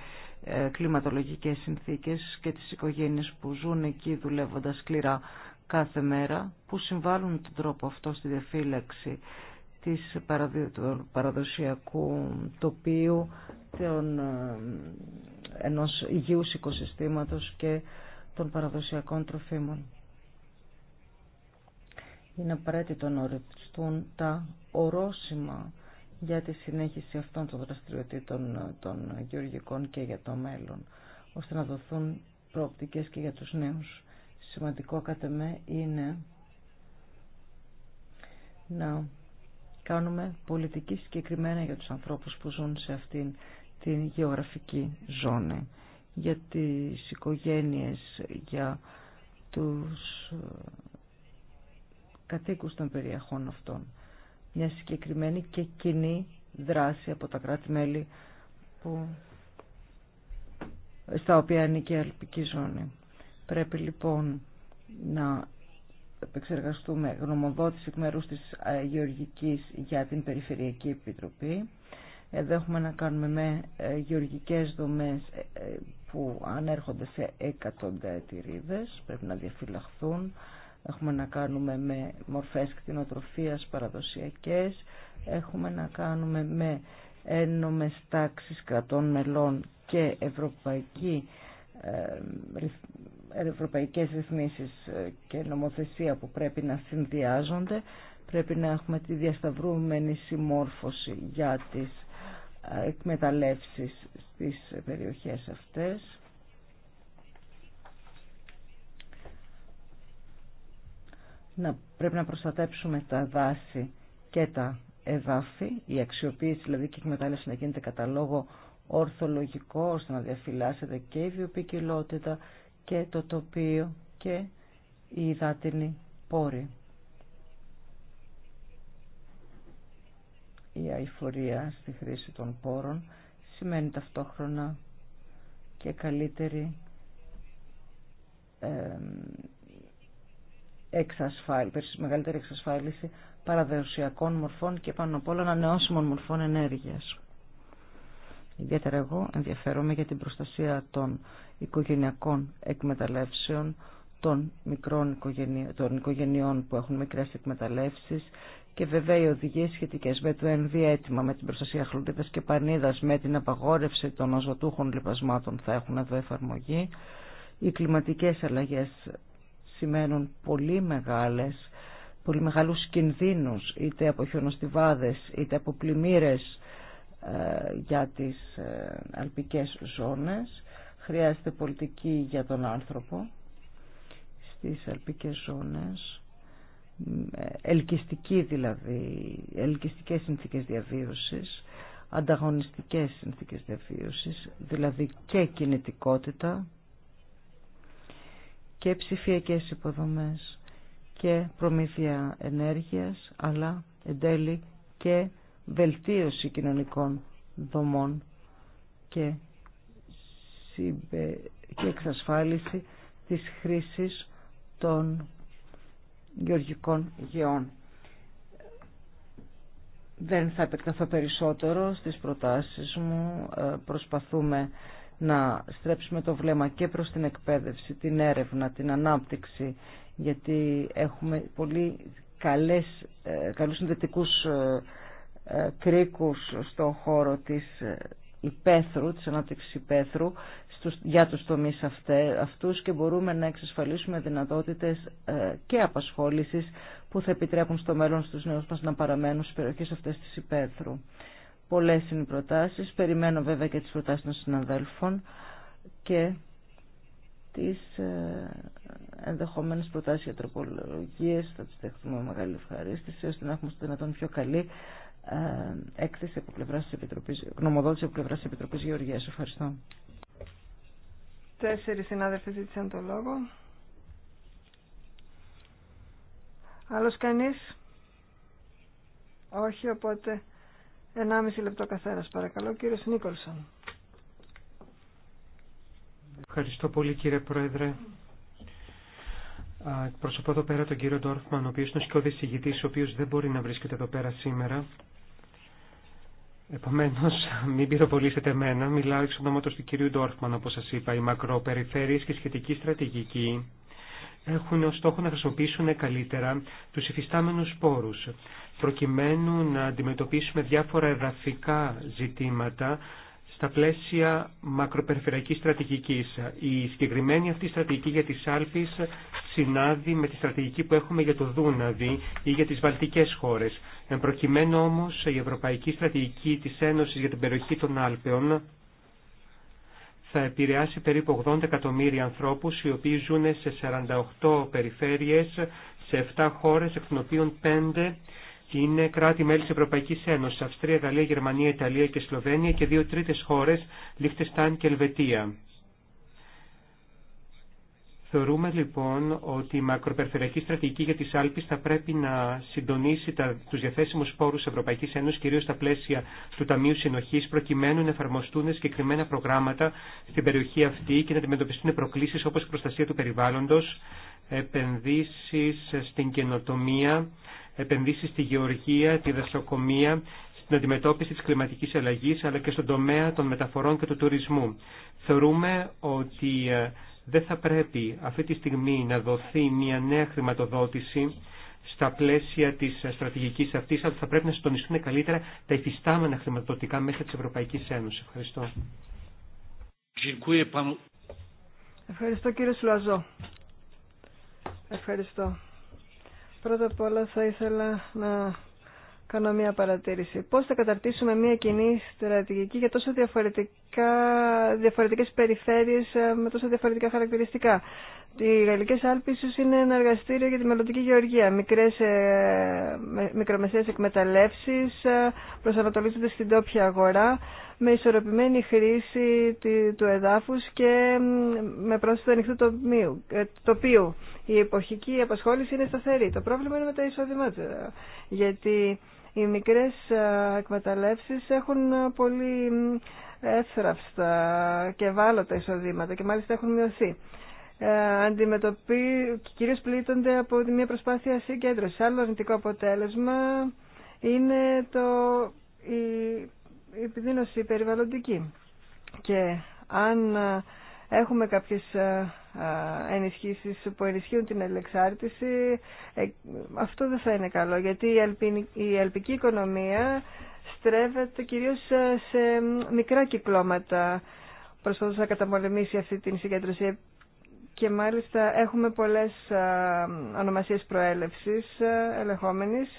ε, κλιματολογικές συνθήκες και τις οικογένειες που ζουν εκεί δουλεύοντας σκληρά κάθε μέρα που συμβάλλουν τον τρόπο αυτό στη διαφύλαξη της παραδοσιακού τοπίου, των, ε, ενός υγιούς οικοσυστήματος και των παραδοσιακών τροφίμων. Είναι απαραίτητο να οριστούν τα ορόσημα για τη συνέχιση αυτών των δραστηριοτήτων ε, των γεωργικών και για το μέλλον, ώστε να δοθούν προοπτικές και για τους νέους. Σημαντικό κατά είναι να κάνουμε πολιτική συγκεκριμένα για τους ανθρώπους που ζουν σε αυτήν την γεωγραφική ζώνη, για τις οικογένειες, για τους ε, κατοίκους των περιεχών αυτών. Μια συγκεκριμένη και κοινή δράση από τα κράτη-μέλη που... στα οποία και η αλπική ζώνη. Πρέπει λοιπόν να επεξεργαστούμε γνωμοδότηση εκ μέρους της Γεωργικής για την Περιφερειακή Επιτροπή. Εδώ έχουμε να κάνουμε με ε, γεωργικές δομές ε, ε, που ανέρχονται σε ετηρίδε, πρέπει να διαφυλαχθούν. Έχουμε να κάνουμε με μορφές κτηνοτροφίας παραδοσιακές. Έχουμε να κάνουμε με ένομες τάξεις κρατών μελών και ευρωπαϊκή ευρωπαϊκές ρυθμίσεις ε, και νομοθεσία που πρέπει να συνδυάζονται. Πρέπει να έχουμε τη διασταυρούμενη συμμόρφωση για τις ε, εκμεταλλεύσεις στις περιοχές αυτές. Να, πρέπει να προστατέψουμε τα δάση και τα εδάφη, η αξιοποίηση δηλαδή και η εκμετάλλευση να γίνεται κατά λόγο ορθολογικό ώστε να διαφυλάσσεται και η βιοποικιλότητα και το τοπίο και η υδάτινοι πόρη. Η αηφορία στη χρήση των πόρων σημαίνει ταυτόχρονα και καλύτερη εξασφάλιση, μεγαλύτερη εξασφάλιση παραδοσιακών μορφών και πάνω απ' όλα ανανεώσιμων μορφών ενέργειας. Ιδιαίτερα εγώ ενδιαφέρομαι για την προστασία των οικογενειακών εκμεταλλεύσεων, των μικρών οικογενειών, των οικογενειών που έχουν μικρές εκμεταλλεύσεις και βέβαια οι οδηγίες σχετικές με το ενδιέτημα, με την προστασία χλωρίδας και πανίδας, με την απαγόρευση των αζωτούχων λοιπασμάτων θα έχουν εδώ εφαρμογή. Οι κλιματικές αλλαγές σημαίνουν πολύ μεγάλες πολύ μεγάλους κινδύνους είτε από χιονοστιβάδες είτε από πλημμύρες ε, για τις ε, αλπικές ζώνες. Χρειάζεται πολιτική για τον άνθρωπο στις αλπικές ζώνες. Ε, ελκυστική δηλαδή, ελκυστικές συνθήκες διαβίωσης, ανταγωνιστικές συνθήκες διαβίωσης, δηλαδή και κινητικότητα και ψηφιακές υποδομές και προμήθεια ενέργειας, αλλά εν τέλει και βελτίωση κοινωνικών δομών και, και εξασφάλιση της χρήσης των γεωργικών γεών. Δεν θα επεκταθώ περισσότερο στις προτάσεις μου. Ε, προσπαθούμε να στρέψουμε το βλέμμα και προς την εκπαίδευση, την έρευνα, την ανάπτυξη, γιατί έχουμε πολύ καλές, ε, καλούς συνδετικούς ε, ε, κρίκους στο χώρο της ε, υπαίθρου, της ανάπτυξης υπαίθρου στους, για τους τομείς αυτέ, αυτούς και μπορούμε να εξασφαλίσουμε δυνατότητες ε, και απασχόλησης που θα επιτρέπουν στο μέλλον στους νέους μας να παραμένουν στις περιοχές αυτές της υπαίθρου. Πολλές είναι οι προτάσεις, περιμένω βέβαια και τις προτάσεις των συναδέλφων και τις ενδεχόμενες προτάσεις για τροπολογίες, θα τις δεχτούμε με μεγάλη ευχαρίστηση, ώστε να έχουμε στο δυνατόν πιο καλή ε, έκθεση από πλευρά τη Επιτροπής, γνωμοδότηση από πλευρά τη επιτροπή Γεωργίας. Ευχαριστώ. Τέσσερις συνάδελφοι ζήτησαν το λόγο. Άλλος κανείς? Όχι, οπότε 1,5 λεπτό καθένα. παρακαλώ. Κύριος Νίκολσον. Ευχαριστώ πολύ κύριε Πρόεδρε. Εκπροσωπώ εδώ πέρα τον κύριο Ντόρφμαν, ο οποίο είναι ο σκιώδη ο οποίο δεν μπορεί να βρίσκεται εδώ πέρα σήμερα. Επομένω, μην πυροβολήσετε εμένα. Μιλάω εξ ονόματο του κυρίου Ντόρφμαν, όπω σα είπα. Οι μακροπεριφέρειε και σχετική στρατηγική έχουν ως στόχο να χρησιμοποιήσουν καλύτερα τους υφιστάμενους σπόρους, προκειμένου να αντιμετωπίσουμε διάφορα εδαφικά ζητήματα στα πλαίσια μακροπεριφερειακής στρατηγικής. Η συγκεκριμένη αυτή στρατηγική για τις Άλπεις συνάδει με τη στρατηγική που έχουμε για το Δούναβι ή για τις Βαλτικές χώρες. Εν προκειμένου όμως η Ευρωπαϊκή Στρατηγική της Ένωσης για την περιοχή των Άλπαιων θα επηρεάσει περίπου 80 εκατομμύρια ανθρώπους οι οποίοι ζουν σε 48 περιφέρειες, σε 7 χώρες εκ των οποίων 5 και είναι κράτη-μέλη της Ευρωπαϊκής Ένωσης, Αυστρία, Γαλλία, Γερμανία, Ιταλία και Σλοβένια και δύο τρίτες χώρες, Λιχτεστάν και Ελβετία. Θεωρούμε λοιπόν ότι η μακροπεριφερειακή στρατηγική για τις Άλπεις θα πρέπει να συντονίσει τα, τους διαθέσιμους πόρους Ευρωπαϊκής Ένωσης, κυρίως στα πλαίσια του Ταμείου Συνοχής, προκειμένου να εφαρμοστούν συγκεκριμένα προγράμματα στην περιοχή αυτή και να αντιμετωπιστούν προκλήσεις όπως προστασία του περιβάλλοντος, επενδύσεις στην καινοτομία, επενδύσεις στη γεωργία, τη δασοκομεία, στην αντιμετώπιση της κλιματικής αλλαγής, αλλά και στον τομέα των μεταφορών και του τουρισμού. Θεωρούμε ότι ε, δεν θα πρέπει αυτή τη στιγμή να δοθεί μια νέα χρηματοδότηση στα πλαίσια τη στρατηγική αυτή, αλλά θα πρέπει να συντονιστούν καλύτερα τα υφιστάμενα χρηματοδοτικά μέσα τη Ευρωπαϊκή Ένωση. Ευχαριστώ. Ευχαριστώ κύριε Σουλαζό. Ευχαριστώ. Πρώτα απ' όλα θα ήθελα να κάνω μια παρατήρηση. Πώς θα καταρτήσουμε μια κοινή στρατηγική για τόσο διαφορετικά, διαφορετικές περιφέρειες ε, με τόσο διαφορετικά χαρακτηριστικά. Οι Γαλλικές Άλπεις ίσως είναι ένα εργαστήριο για τη μελλοντική γεωργία. Μικρές, ε, μικρομεσαίες εκμεταλλεύσεις ε, προσανατολίζονται στην τόπια αγορά με ισορροπημένη χρήση του εδάφους και με πρόσθετο ανοιχτού ε, τοπίου. Η εποχική απασχόληση είναι σταθερή. Το πρόβλημα είναι με τα εισοδημάτια, γιατί οι μικρές ε, εκμεταλλεύσεις έχουν ε, πολύ έθραυστα και ευάλωτα εισοδήματα και μάλιστα έχουν μειωθεί. Ε, κυρίως πλήττονται από μια προσπάθεια συγκέντρωση. Άλλο αρνητικό αποτέλεσμα είναι το, η επιδείνωση περιβαλλοντική. Και αν ε, έχουμε κάποιες ε, ε, ενισχύσεις που ενισχύουν την ελεξάρτηση, αυτό δεν θα είναι καλό, γιατί η αλπική οικονομία στρέφεται κυρίως σε μικρά κυκλώματα προσπαθούσε να καταπολεμήσει αυτή την συγκέντρωση και μάλιστα έχουμε πολλές α, ονομασίες προέλευσης ελεγχόμενης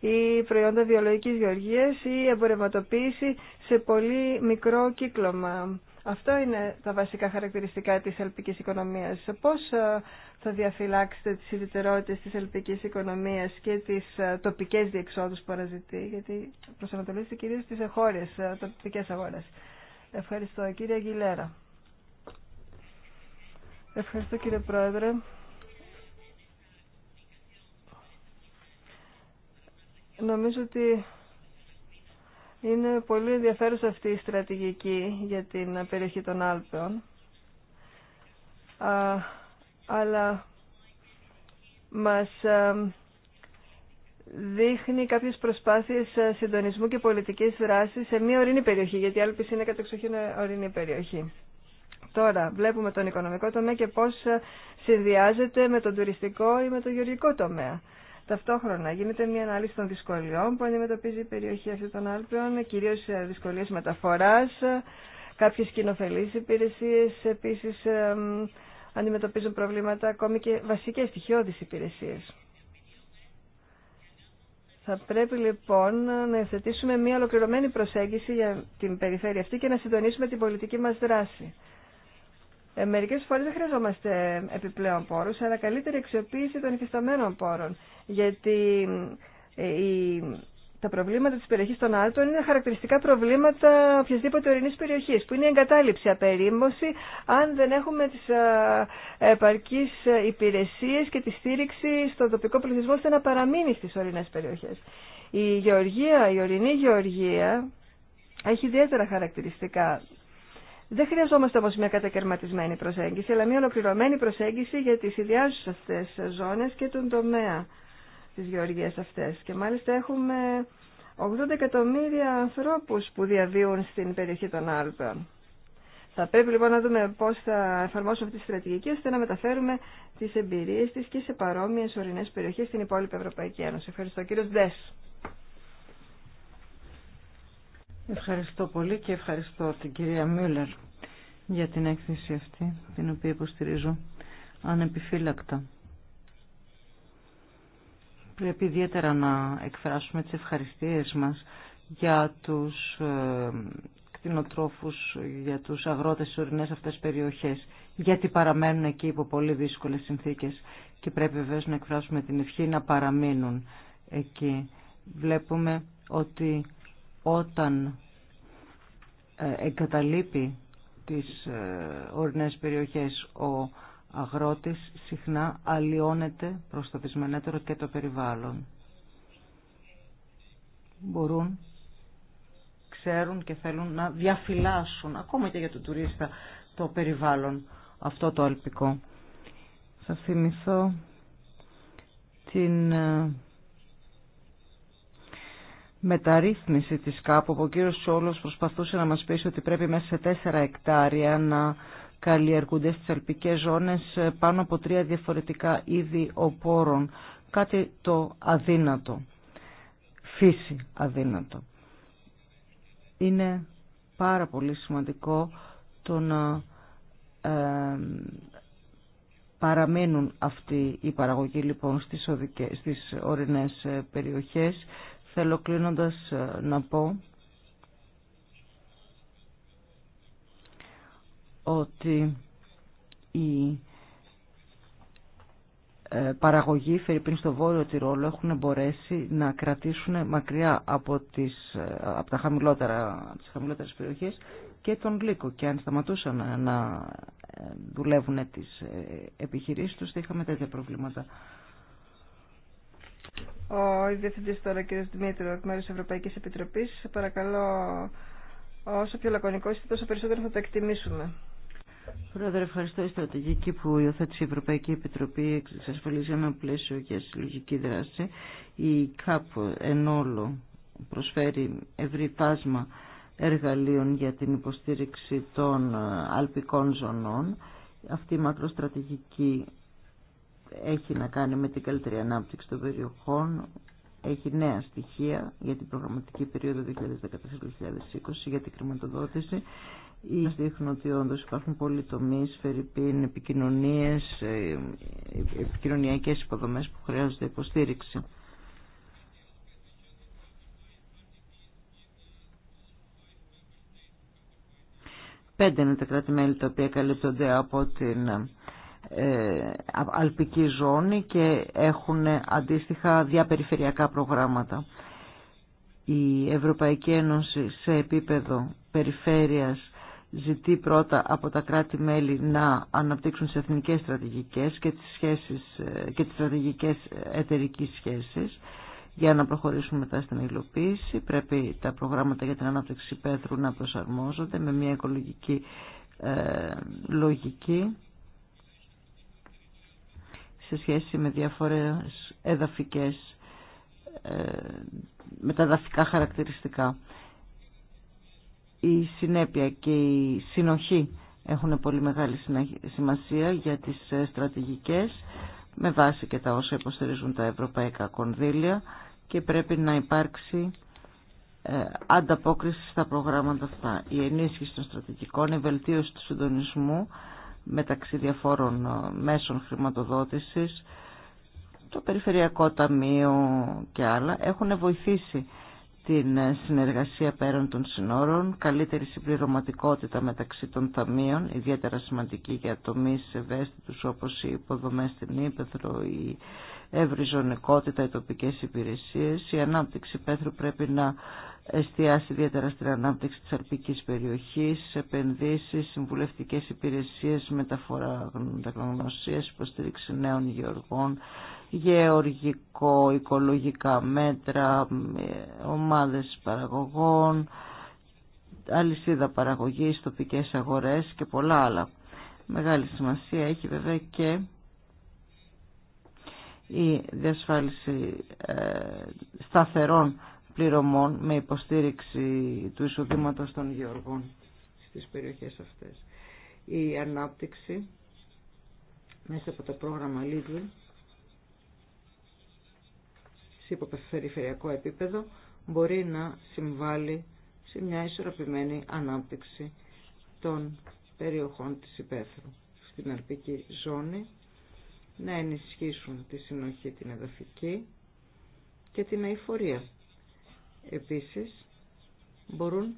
ή προϊόντα βιολογικής γεωργίας ή εμπορευματοποίηση σε πολύ μικρό κύκλωμα. Αυτό είναι τα βασικά χαρακτηριστικά της ελπικής οικονομίας. Πώς θα διαφυλάξετε τις ιδιαιτερότητες της ελπικής οικονομίας και τις τοπικές διεξόδους που αναζητεί, γιατί προσανατολίζεται κυρίως στις εγχώριες τοπικές αγορές. Ευχαριστώ. Κύριε Αγγιλέρα. Ευχαριστώ κύριε Πρόεδρε. Νομίζω ότι είναι πολύ ενδιαφέρουσα αυτή η στρατηγική για την περιοχή των Άλπαιων. αλλά μας ε, δείχνει κάποιες προσπάθειες ε, συντονισμού και πολιτικής δράσης σε μια ορεινή περιοχή, γιατί η Άλπης είναι κατεξοχήν ορεινή περιοχή. Τώρα βλέπουμε τον οικονομικό τομέα και πώς ε, συνδυάζεται με τον τουριστικό ή με τον γεωργικό τομέα. Ταυτόχρονα γίνεται μια ανάλυση των δυσκολιών που αντιμετωπίζει η περιοχή αυτή των Άλπαιων, κυρίως ε, δυσκολίες μεταφοράς, ε, κάποιες κοινοφελείς υπηρεσίες, επίσης αντιμετωπίζουν προβλήματα ακόμη και βασικές στοιχειώδεις υπηρεσίες. Θα πρέπει λοιπόν να ευθετήσουμε μια ολοκληρωμένη προσέγγιση για την περιφέρεια αυτή και να συντονίσουμε την πολιτική μας δράση. Ε, Μερικέ φορέ δεν χρειαζόμαστε επιπλέον πόρου, αλλά καλύτερη αξιοποίηση των υφισταμένων πόρων. Γιατί ε, τα προβλήματα τη περιοχή των Άλτων είναι χαρακτηριστικά προβλήματα οποιασδήποτε ορεινή περιοχή, που είναι η εγκατάλειψη, απερίμωση, αν δεν έχουμε τι ε, επαρκείς υπηρεσίε και τη στήριξη στον τοπικό πληθυσμό, ώστε να παραμείνει στι ορεινέ περιοχέ. Η γεωργία, η ορεινή γεωργία, έχει ιδιαίτερα χαρακτηριστικά δεν χρειαζόμαστε όμω μια κατακαιρματισμένη προσέγγιση, αλλά μια ολοκληρωμένη προσέγγιση για τι ιδιάζουσε αυτέ ζώνε και τον τομέα τη γεωργία αυτέ. Και μάλιστα έχουμε 80 εκατομμύρια ανθρώπου που διαβίουν στην περιοχή των Άλπων. Θα πρέπει λοιπόν να δούμε πώ θα εφαρμόσουμε αυτή τη στρατηγική ώστε να μεταφέρουμε τι εμπειρίε τη και σε παρόμοιε ορεινέ περιοχέ στην υπόλοιπη Ευρωπαϊκή Ένωση. Ευχαριστώ. Κύριο Ντέ. Ευχαριστώ πολύ και ευχαριστώ την κυρία Μίλλερ για την έκθεση αυτή, την οποία υποστηρίζω ανεπιφύλακτα. Πρέπει ιδιαίτερα να εκφράσουμε τις ευχαριστίες μας για τους ε, κτηνοτρόφους, για τους αγρότες στις ορεινές αυτές περιοχές, γιατί παραμένουν εκεί υπό πολύ δύσκολες συνθήκες και πρέπει βέβαια να εκφράσουμε την ευχή να παραμείνουν εκεί. Βλέπουμε ότι όταν ε, εγκαταλείπει τις ε, ορεινές περιοχές ο αγρότης συχνά αλλοιώνεται προς το δυσμενέτερο και το περιβάλλον. Μπορούν, ξέρουν και θέλουν να διαφυλάσσουν ακόμα και για τον τουρίστα το περιβάλλον αυτό το αλπικό. Θα θυμηθώ την ε, μεταρρύθμιση της ΚΑΠ, όπου ο κύριος Σόλος προσπαθούσε να μας πείσει ότι πρέπει μέσα σε τέσσερα εκτάρια να καλλιεργούνται στις αλπικές ζώνες πάνω από τρία διαφορετικά είδη οπόρων. Κάτι το αδύνατο. Φύση αδύνατο. Είναι πάρα πολύ σημαντικό το να ε, παραμένουν αυτοί οι παραγωγοί λοιπόν στις, οδικές, στις ορεινές ε, περιοχές Θέλω κλείνοντας ε, να πω ότι η ε, παραγωγή Φερρυπίν στο Βόρειο Τυρόλο έχουν μπορέσει να κρατήσουν μακριά από τις, ε, από τα χαμηλότερα, τις χαμηλότερες περιοχές και τον λύκο. Και αν σταματούσαν να δουλεύουν τις επιχειρήσεις τους, θα είχαμε τέτοια προβλήματα. Ο Διευθυντής τώρα, κ. Δημήτρη, εκ τη Ευρωπαϊκή Ευρωπαϊκής Επιτροπής. Παρακαλώ, όσο πιο λακωνικό είστε, τόσο περισσότερο θα το εκτιμήσουμε. Πρόεδρε, ευχαριστώ. Η στρατηγική που υιοθέτησε η Ευρωπαϊκή Επιτροπή εξασφαλίζει ένα πλαίσιο για συλλογική δράση. Η ΚΑΠ εν όλο προσφέρει ευρύ φάσμα εργαλείων για την υποστήριξη των ε, αλπικών ζωνών. Αυτή η μακροστρατηγική έχει να κάνει με την καλύτερη ανάπτυξη των περιοχών, έχει νέα στοιχεία για την προγραμματική περίοδο 2014-2020 για την κρηματοδότηση. Ή δείχνουν ότι όντως υπάρχουν πολλοί τομείς, φερρυπίν, επικοινωνίες, ε, επικοινωνιακές υποδομές που χρειάζονται υποστήριξη. Πέντε είναι τα κράτη-μέλη τα οποία καλύπτονται από την ε, αλπική ζώνη και έχουν αντίστοιχα διαπεριφερειακά προγράμματα. Η Ευρωπαϊκή Ένωση σε επίπεδο περιφέρειας ζητεί πρώτα από τα κράτη-μέλη να αναπτύξουν τις εθνικές στρατηγικές και τις, σχέσεις, ε, και τις στρατηγικές εταιρικές σχέσεις για να προχωρήσουν μετά στην υλοποίηση. Πρέπει τα προγράμματα για την ανάπτυξη πέθρου να προσαρμόζονται με μια οικολογική ε, λογική σε σχέση με διαφορές εδαφικές, ε, με τα χαρακτηριστικά. Η συνέπεια και η συνοχή έχουν πολύ μεγάλη σημασία για τις ε, στρατηγικές με βάση και τα όσα υποστηρίζουν τα ευρωπαϊκά κονδύλια και πρέπει να υπάρξει ε, ανταπόκριση στα προγράμματα αυτά. Η ενίσχυση των στρατηγικών, η βελτίωση του συντονισμού μεταξύ διαφόρων ε, μέσων χρηματοδότησης, το Περιφερειακό Ταμείο και άλλα έχουν βοηθήσει την ε, συνεργασία πέραν των συνόρων, καλύτερη συμπληρωματικότητα μεταξύ των ταμείων, ιδιαίτερα σημαντική για τομείς ευαίσθητους όπως οι υποδομές στην Ήπεθρο, η ευρυζωνικότητα, οι τοπικές υπηρεσίες. Η ανάπτυξη Πέθρου πρέπει να εστιάσει ιδιαίτερα στην ανάπτυξη της αρπικής περιοχής, επενδύσεις, συμβουλευτικές υπηρεσίες, μεταφορά μεταγνωσίας, υποστήριξη νέων γεωργών, γεωργικό, οικολογικά μέτρα, ομάδες παραγωγών, αλυσίδα παραγωγής, τοπικές αγορές και πολλά άλλα. Μεγάλη σημασία έχει βέβαια και η διασφάλιση ε, σταθερών πληρωμών με υποστήριξη του εισοδήματος των γεωργών στις περιοχές αυτές. Η ανάπτυξη μέσα από το πρόγραμμα Lidl σε υποπεριφερειακό επίπεδο μπορεί να συμβάλλει σε μια ισορροπημένη ανάπτυξη των περιοχών της υπαίθρου στην αρπική ζώνη να ενισχύσουν τη συνοχή την εδαφική και την αηφορία Επίσης, μπορούν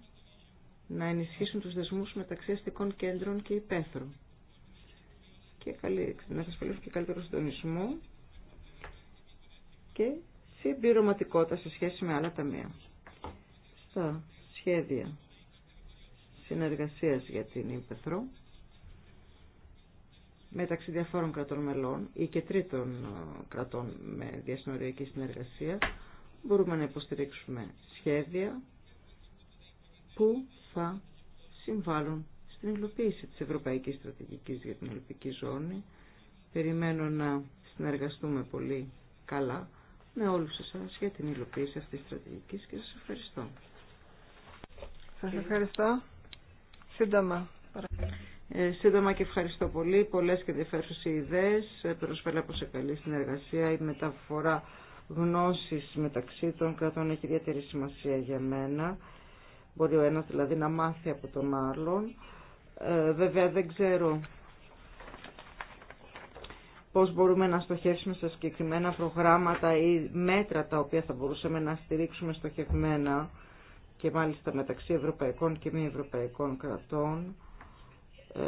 να ενισχύσουν τους δεσμούς μεταξύ αστικών κέντρων και υπαίθρων και να εξασφαλίσουν και καλύτερο συντονισμό και συμπληρωματικότητα σε σχέση με άλλα ταμεία. Στα σχέδια συνεργασίας για την υπαίθρο μεταξύ διαφόρων κρατών μελών ή και τρίτων ε, κρατών με διασυνοριακή συνεργασία μπορούμε να υποστηρίξουμε σχέδια που θα συμβάλλουν στην υλοποίηση της Ευρωπαϊκής Στρατηγικής για την Ολυμπική Ζώνη. Περιμένω να συνεργαστούμε πολύ καλά με όλους εσάς για την υλοποίηση αυτής της στρατηγικής και σας ευχαριστώ. Σας ευχαριστώ. Σύντομα. Ε, σύντομα και ευχαριστώ πολύ. Πολλές και ενδιαφέρουσες ιδέες. Προσφέρω από σε καλή συνεργασία η μεταφορά γνώσεις μεταξύ των κρατών έχει ιδιαίτερη σημασία για μένα. Μπορεί ο ένας δηλαδή να μάθει από τον άλλον. Ε, βέβαια δεν ξέρω πώς μπορούμε να στοχεύσουμε σε συγκεκριμένα προγράμματα ή μέτρα τα οποία θα μπορούσαμε να στηρίξουμε στοχευμένα και μάλιστα μεταξύ ευρωπαϊκών και μη ευρωπαϊκών κρατών ε,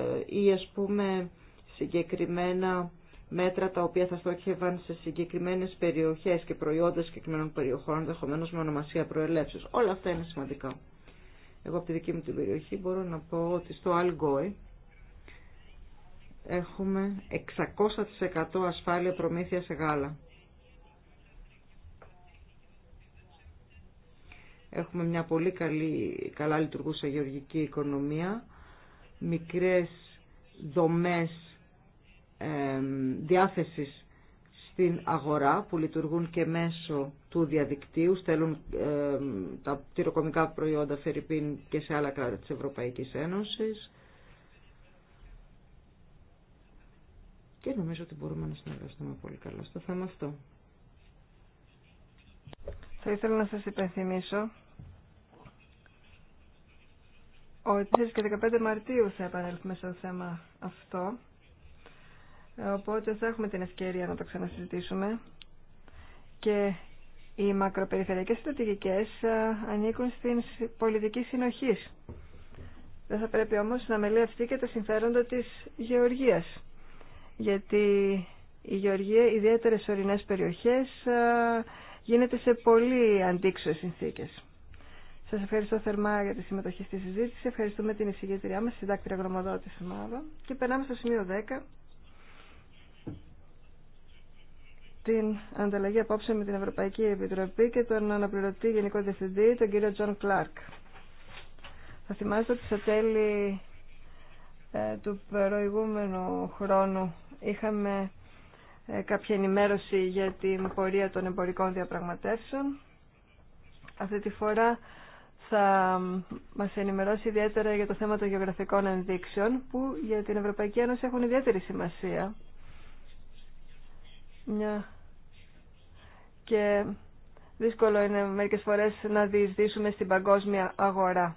ή ας πούμε συγκεκριμένα μέτρα τα οποία θα στόχευαν σε συγκεκριμένε περιοχέ και προϊόντα συγκεκριμένων περιοχών, ενδεχομένω με ονομασία προελεύσεως. Όλα αυτά είναι σημαντικά. Εγώ από τη δική μου την περιοχή μπορώ να πω ότι στο Αλγκόι έχουμε 600% ασφάλεια προμήθεια σε γάλα. Έχουμε μια πολύ καλή, καλά λειτουργούσα γεωργική οικονομία, μικρές δομές διάθεσης στην αγορά που λειτουργούν και μέσω του διαδικτύου, στέλνουν τα τυροκομικά προϊόντα Φερρυπίν και σε άλλα κράτη της Ευρωπαϊκής Ένωσης. Και νομίζω ότι μπορούμε να συνεργαστούμε πολύ καλά στο θέμα αυτό. Θα ήθελα να σας υπενθυμίσω ότι στις και 15 Μαρτίου θα επανέλθουμε στο θέμα αυτό Οπότε θα έχουμε την ευκαιρία να το ξανασυζητήσουμε. Και οι μακροπεριφερειακές στρατηγικές ε, ανήκουν στην πολιτική συνοχή. Δεν θα πρέπει όμως να αυτή και τα συμφέροντα της γεωργίας. Γιατί η γεωργία, ιδιαίτερες ορεινές περιοχές, ε, γίνεται σε πολύ αντίξωες συνθήκες. Σας ευχαριστώ θερμά για τη συμμετοχή στη συζήτηση. Ευχαριστούμε την εισηγήτριά μας, συντάκτρια γνωμοδότηση ομάδα, Και περνάμε στο σημείο 10. Στην ανταλλαγή απόψε με την Ευρωπαϊκή Επιτροπή και τον αναπληρωτή Γενικό Διευθυντή, τον κύριο Τζον Κλάρκ. Θα θυμάστε ότι στα τέλη ε, του προηγούμενου χρόνου είχαμε ε, κάποια ενημέρωση για την πορεία των εμπορικών διαπραγματεύσεων. Αυτή τη φορά θα μας ενημερώσει ιδιαίτερα για το θέμα των γεωγραφικών ενδείξεων που για την Ευρωπαϊκή Ένωση έχουν ιδιαίτερη σημασία. Μια και δύσκολο είναι μερικές φορές να διεισδύσουμε στην παγκόσμια αγορά.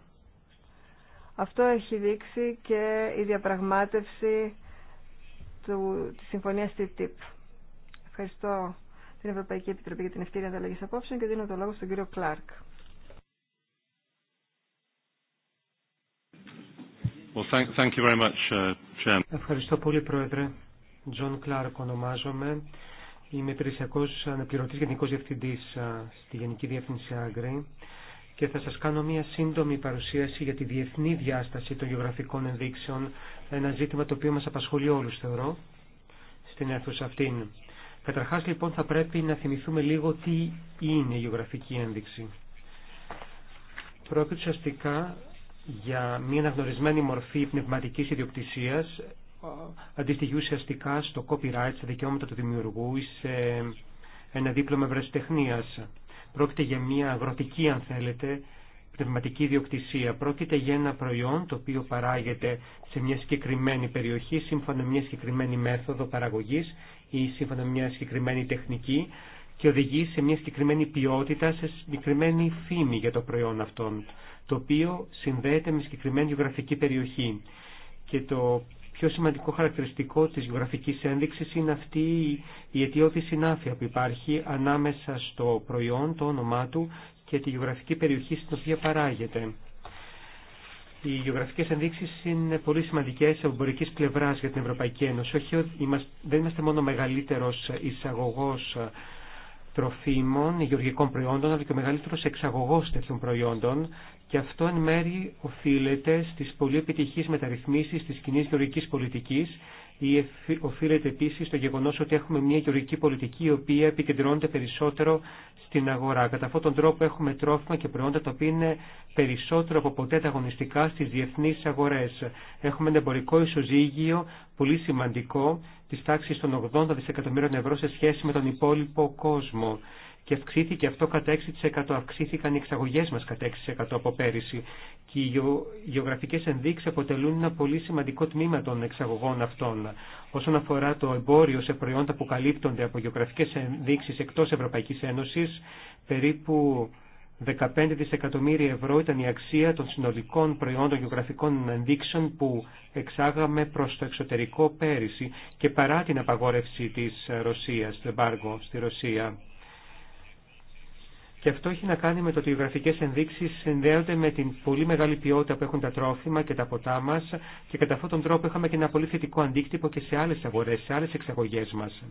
Αυτό έχει δείξει και η διαπραγμάτευση του, της συμφωνίας TTIP. Ευχαριστώ την Ευρωπαϊκή Επιτροπή για την ευκαιρία ανταλλαγή απόψεων και δίνω το λόγο στον κύριο Κλάρκ. Well, thank, you very much, uh, Ευχαριστώ πολύ, Πρόεδρε. Τζον Κλάρκ ονομάζομαι. Είμαι υπηρεσιακό αναπληρωτή Γενικό Διευθυντή στη Γενική Διεύθυνση Άγκρη και θα σα κάνω μία σύντομη παρουσίαση για τη διεθνή διάσταση των γεωγραφικών ενδείξεων, ένα ζήτημα το οποίο μα απασχολεί όλου, θεωρώ, στην αίθουσα αυτήν. Καταρχά, λοιπόν, θα πρέπει να θυμηθούμε λίγο τι είναι η γεωγραφική ένδειξη. Πρόκειται ουσιαστικά για μια αναγνωρισμένη μορφή πνευματική ιδιοκτησία αντιστοιχεί ουσιαστικά στο copyright, στα δικαιώματα του δημιουργού ή σε ένα δίπλωμα ευρεσιτεχνία. Πρόκειται για μια αγροτική, αν θέλετε, πνευματική διοκτησία. Πρόκειται για ένα προϊόν το οποίο παράγεται σε μια συγκεκριμένη περιοχή σύμφωνα με μια συγκεκριμένη μέθοδο παραγωγή ή σύμφωνα με μια συγκεκριμένη τεχνική και οδηγεί σε μια συγκεκριμένη ποιότητα, σε συγκεκριμένη φήμη για το προϊόν αυτόν, το οποίο συνδέεται με συγκεκριμένη γεωγραφική περιοχή. Και το πιο σημαντικό χαρακτηριστικό της γεωγραφικής ένδειξης είναι αυτή η αιτιώδη συνάφεια που υπάρχει ανάμεσα στο προϊόν, το όνομά του και τη γεωγραφική περιοχή στην οποία παράγεται. Οι γεωγραφικές ενδείξεις είναι πολύ σημαντικές από εμπορικής για την Ευρωπαϊκή Ένωση. Όχι, δεν είμαστε μόνο μεγαλύτερος εισαγωγός τροφίμων, γεωργικών προϊόντων, αλλά και ο μεγαλύτερος εξαγωγός τέτοιων προϊόντων και αυτό εν μέρη οφείλεται στις πολύ επιτυχείς μεταρρυθμίσεις της κοινή γεωργικής πολιτικής ή οφείλεται επίσης στο γεγονός ότι έχουμε μια γεωργική πολιτική η οποία επικεντρώνεται περισσότερο στην αγορά. Κατά αυτόν τον τρόπο έχουμε τρόφιμα και προϊόντα τα οποία είναι περισσότερο από ποτέ τα αγωνιστικά στις διεθνείς αγορές. Έχουμε ένα εμπορικό ισοζύγιο πολύ σημαντικό της τάξης των 80 δισεκατομμύρων ευρώ σε σχέση με τον υπόλοιπο κόσμο και αυξήθηκε αυτό κατά 6%. Αυξήθηκαν οι εξαγωγές μας κατά 6% από πέρυσι και οι γεωγραφικές ενδείξεις αποτελούν ένα πολύ σημαντικό τμήμα των εξαγωγών αυτών. Όσον αφορά το εμπόριο σε προϊόντα που καλύπτονται από γεωγραφικές ενδείξεις εκτός Ευρωπαϊκής Ένωσης, περίπου 15 δισεκατομμύρια ευρώ ήταν η αξία των συνολικών προϊόντων γεωγραφικών ενδείξεων που εξάγαμε προς το εξωτερικό πέρυσι και παρά την απαγόρευση της Ρωσίας, το εμπάργο στη Ρωσία. Και αυτό έχει να κάνει με το ότι οι γραφικές ενδείξεις συνδέονται με την πολύ μεγάλη ποιότητα που έχουν τα τρόφιμα και τα ποτά μας και κατά αυτόν τον τρόπο είχαμε και ένα πολύ θετικό αντίκτυπο και σε άλλες αγορές, σε άλλες εξαγωγές μας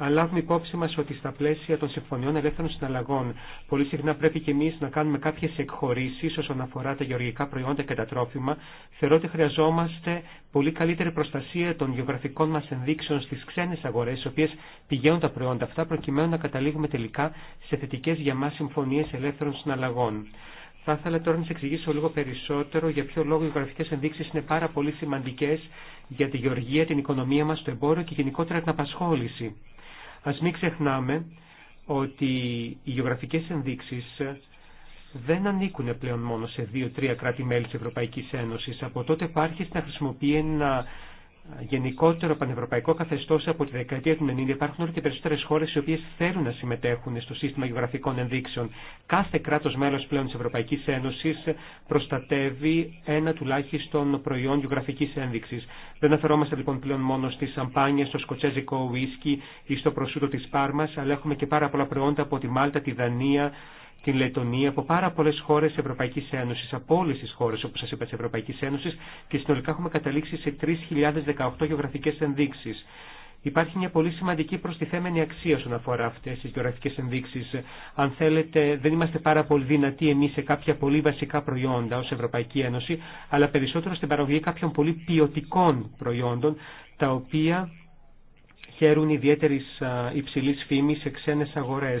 αλλά λάβουμε υπόψη μα ότι στα πλαίσια των συμφωνιών ελεύθερων συναλλαγών πολύ συχνά πρέπει και εμεί να κάνουμε κάποιε εκχωρήσει όσον αφορά τα γεωργικά προϊόντα και τα τρόφιμα. Θεωρώ ότι χρειαζόμαστε πολύ καλύτερη προστασία των γεωγραφικών μα ενδείξεων στι ξένε αγορέ, στι οποίε πηγαίνουν τα προϊόντα αυτά, προκειμένου να καταλήγουμε τελικά σε θετικέ για μα συμφωνίε ελεύθερων συναλλαγών. Θα ήθελα τώρα να σα εξηγήσω λίγο περισσότερο για ποιο λόγο οι γεωγραφικέ ενδείξει είναι πάρα πολύ σημαντικέ για τη γεωργία, την οικονομία μα, το εμπόριο και γενικότερα την απασχόληση. Ας μην ξεχνάμε ότι οι γεωγραφικές ενδείξεις δεν ανήκουν πλέον μόνο σε δύο-τρία κράτη-μέλη της Ευρωπαϊκής Ένωσης. Από τότε υπάρχει να χρησιμοποιεί ένα γενικότερο πανευρωπαϊκό καθεστώ από τη δεκαετία του 90 υπάρχουν όλο και περισσότερε χώρε οι οποίε θέλουν να συμμετέχουν στο σύστημα γεωγραφικών ενδείξεων. Κάθε κράτο μέλο πλέον τη Ευρωπαϊκή Ένωση προστατεύει ένα τουλάχιστον προϊόν γεωγραφική ένδειξη. Δεν αφαιρόμαστε λοιπόν πλέον μόνο στι σαμπάνιε, στο σκοτσέζικο ουίσκι ή στο προσούτο τη Πάρμα, αλλά έχουμε και πάρα πολλά προϊόντα από τη Μάλτα, τη Δανία, την Λετωνία, από πάρα πολλέ χώρε τη Ευρωπαϊκή Ένωση, από όλε τι χώρε, όπω σα είπα, τη Ευρωπαϊκή Ένωση και συνολικά έχουμε καταλήξει σε 3.018 γεωγραφικέ ενδείξει. Υπάρχει μια πολύ σημαντική προστιθέμενη αξία όσον αφορά αυτέ τι γεωγραφικέ ενδείξει. Αν θέλετε, δεν είμαστε πάρα πολύ δυνατοί εμεί σε κάποια πολύ βασικά προϊόντα ω Ευρωπαϊκή Ένωση, αλλά περισσότερο στην παραγωγή κάποιων πολύ ποιοτικών προϊόντων, τα οποία χαίρουν ιδιαίτερη υψηλή φήμη σε ξένε αγορέ.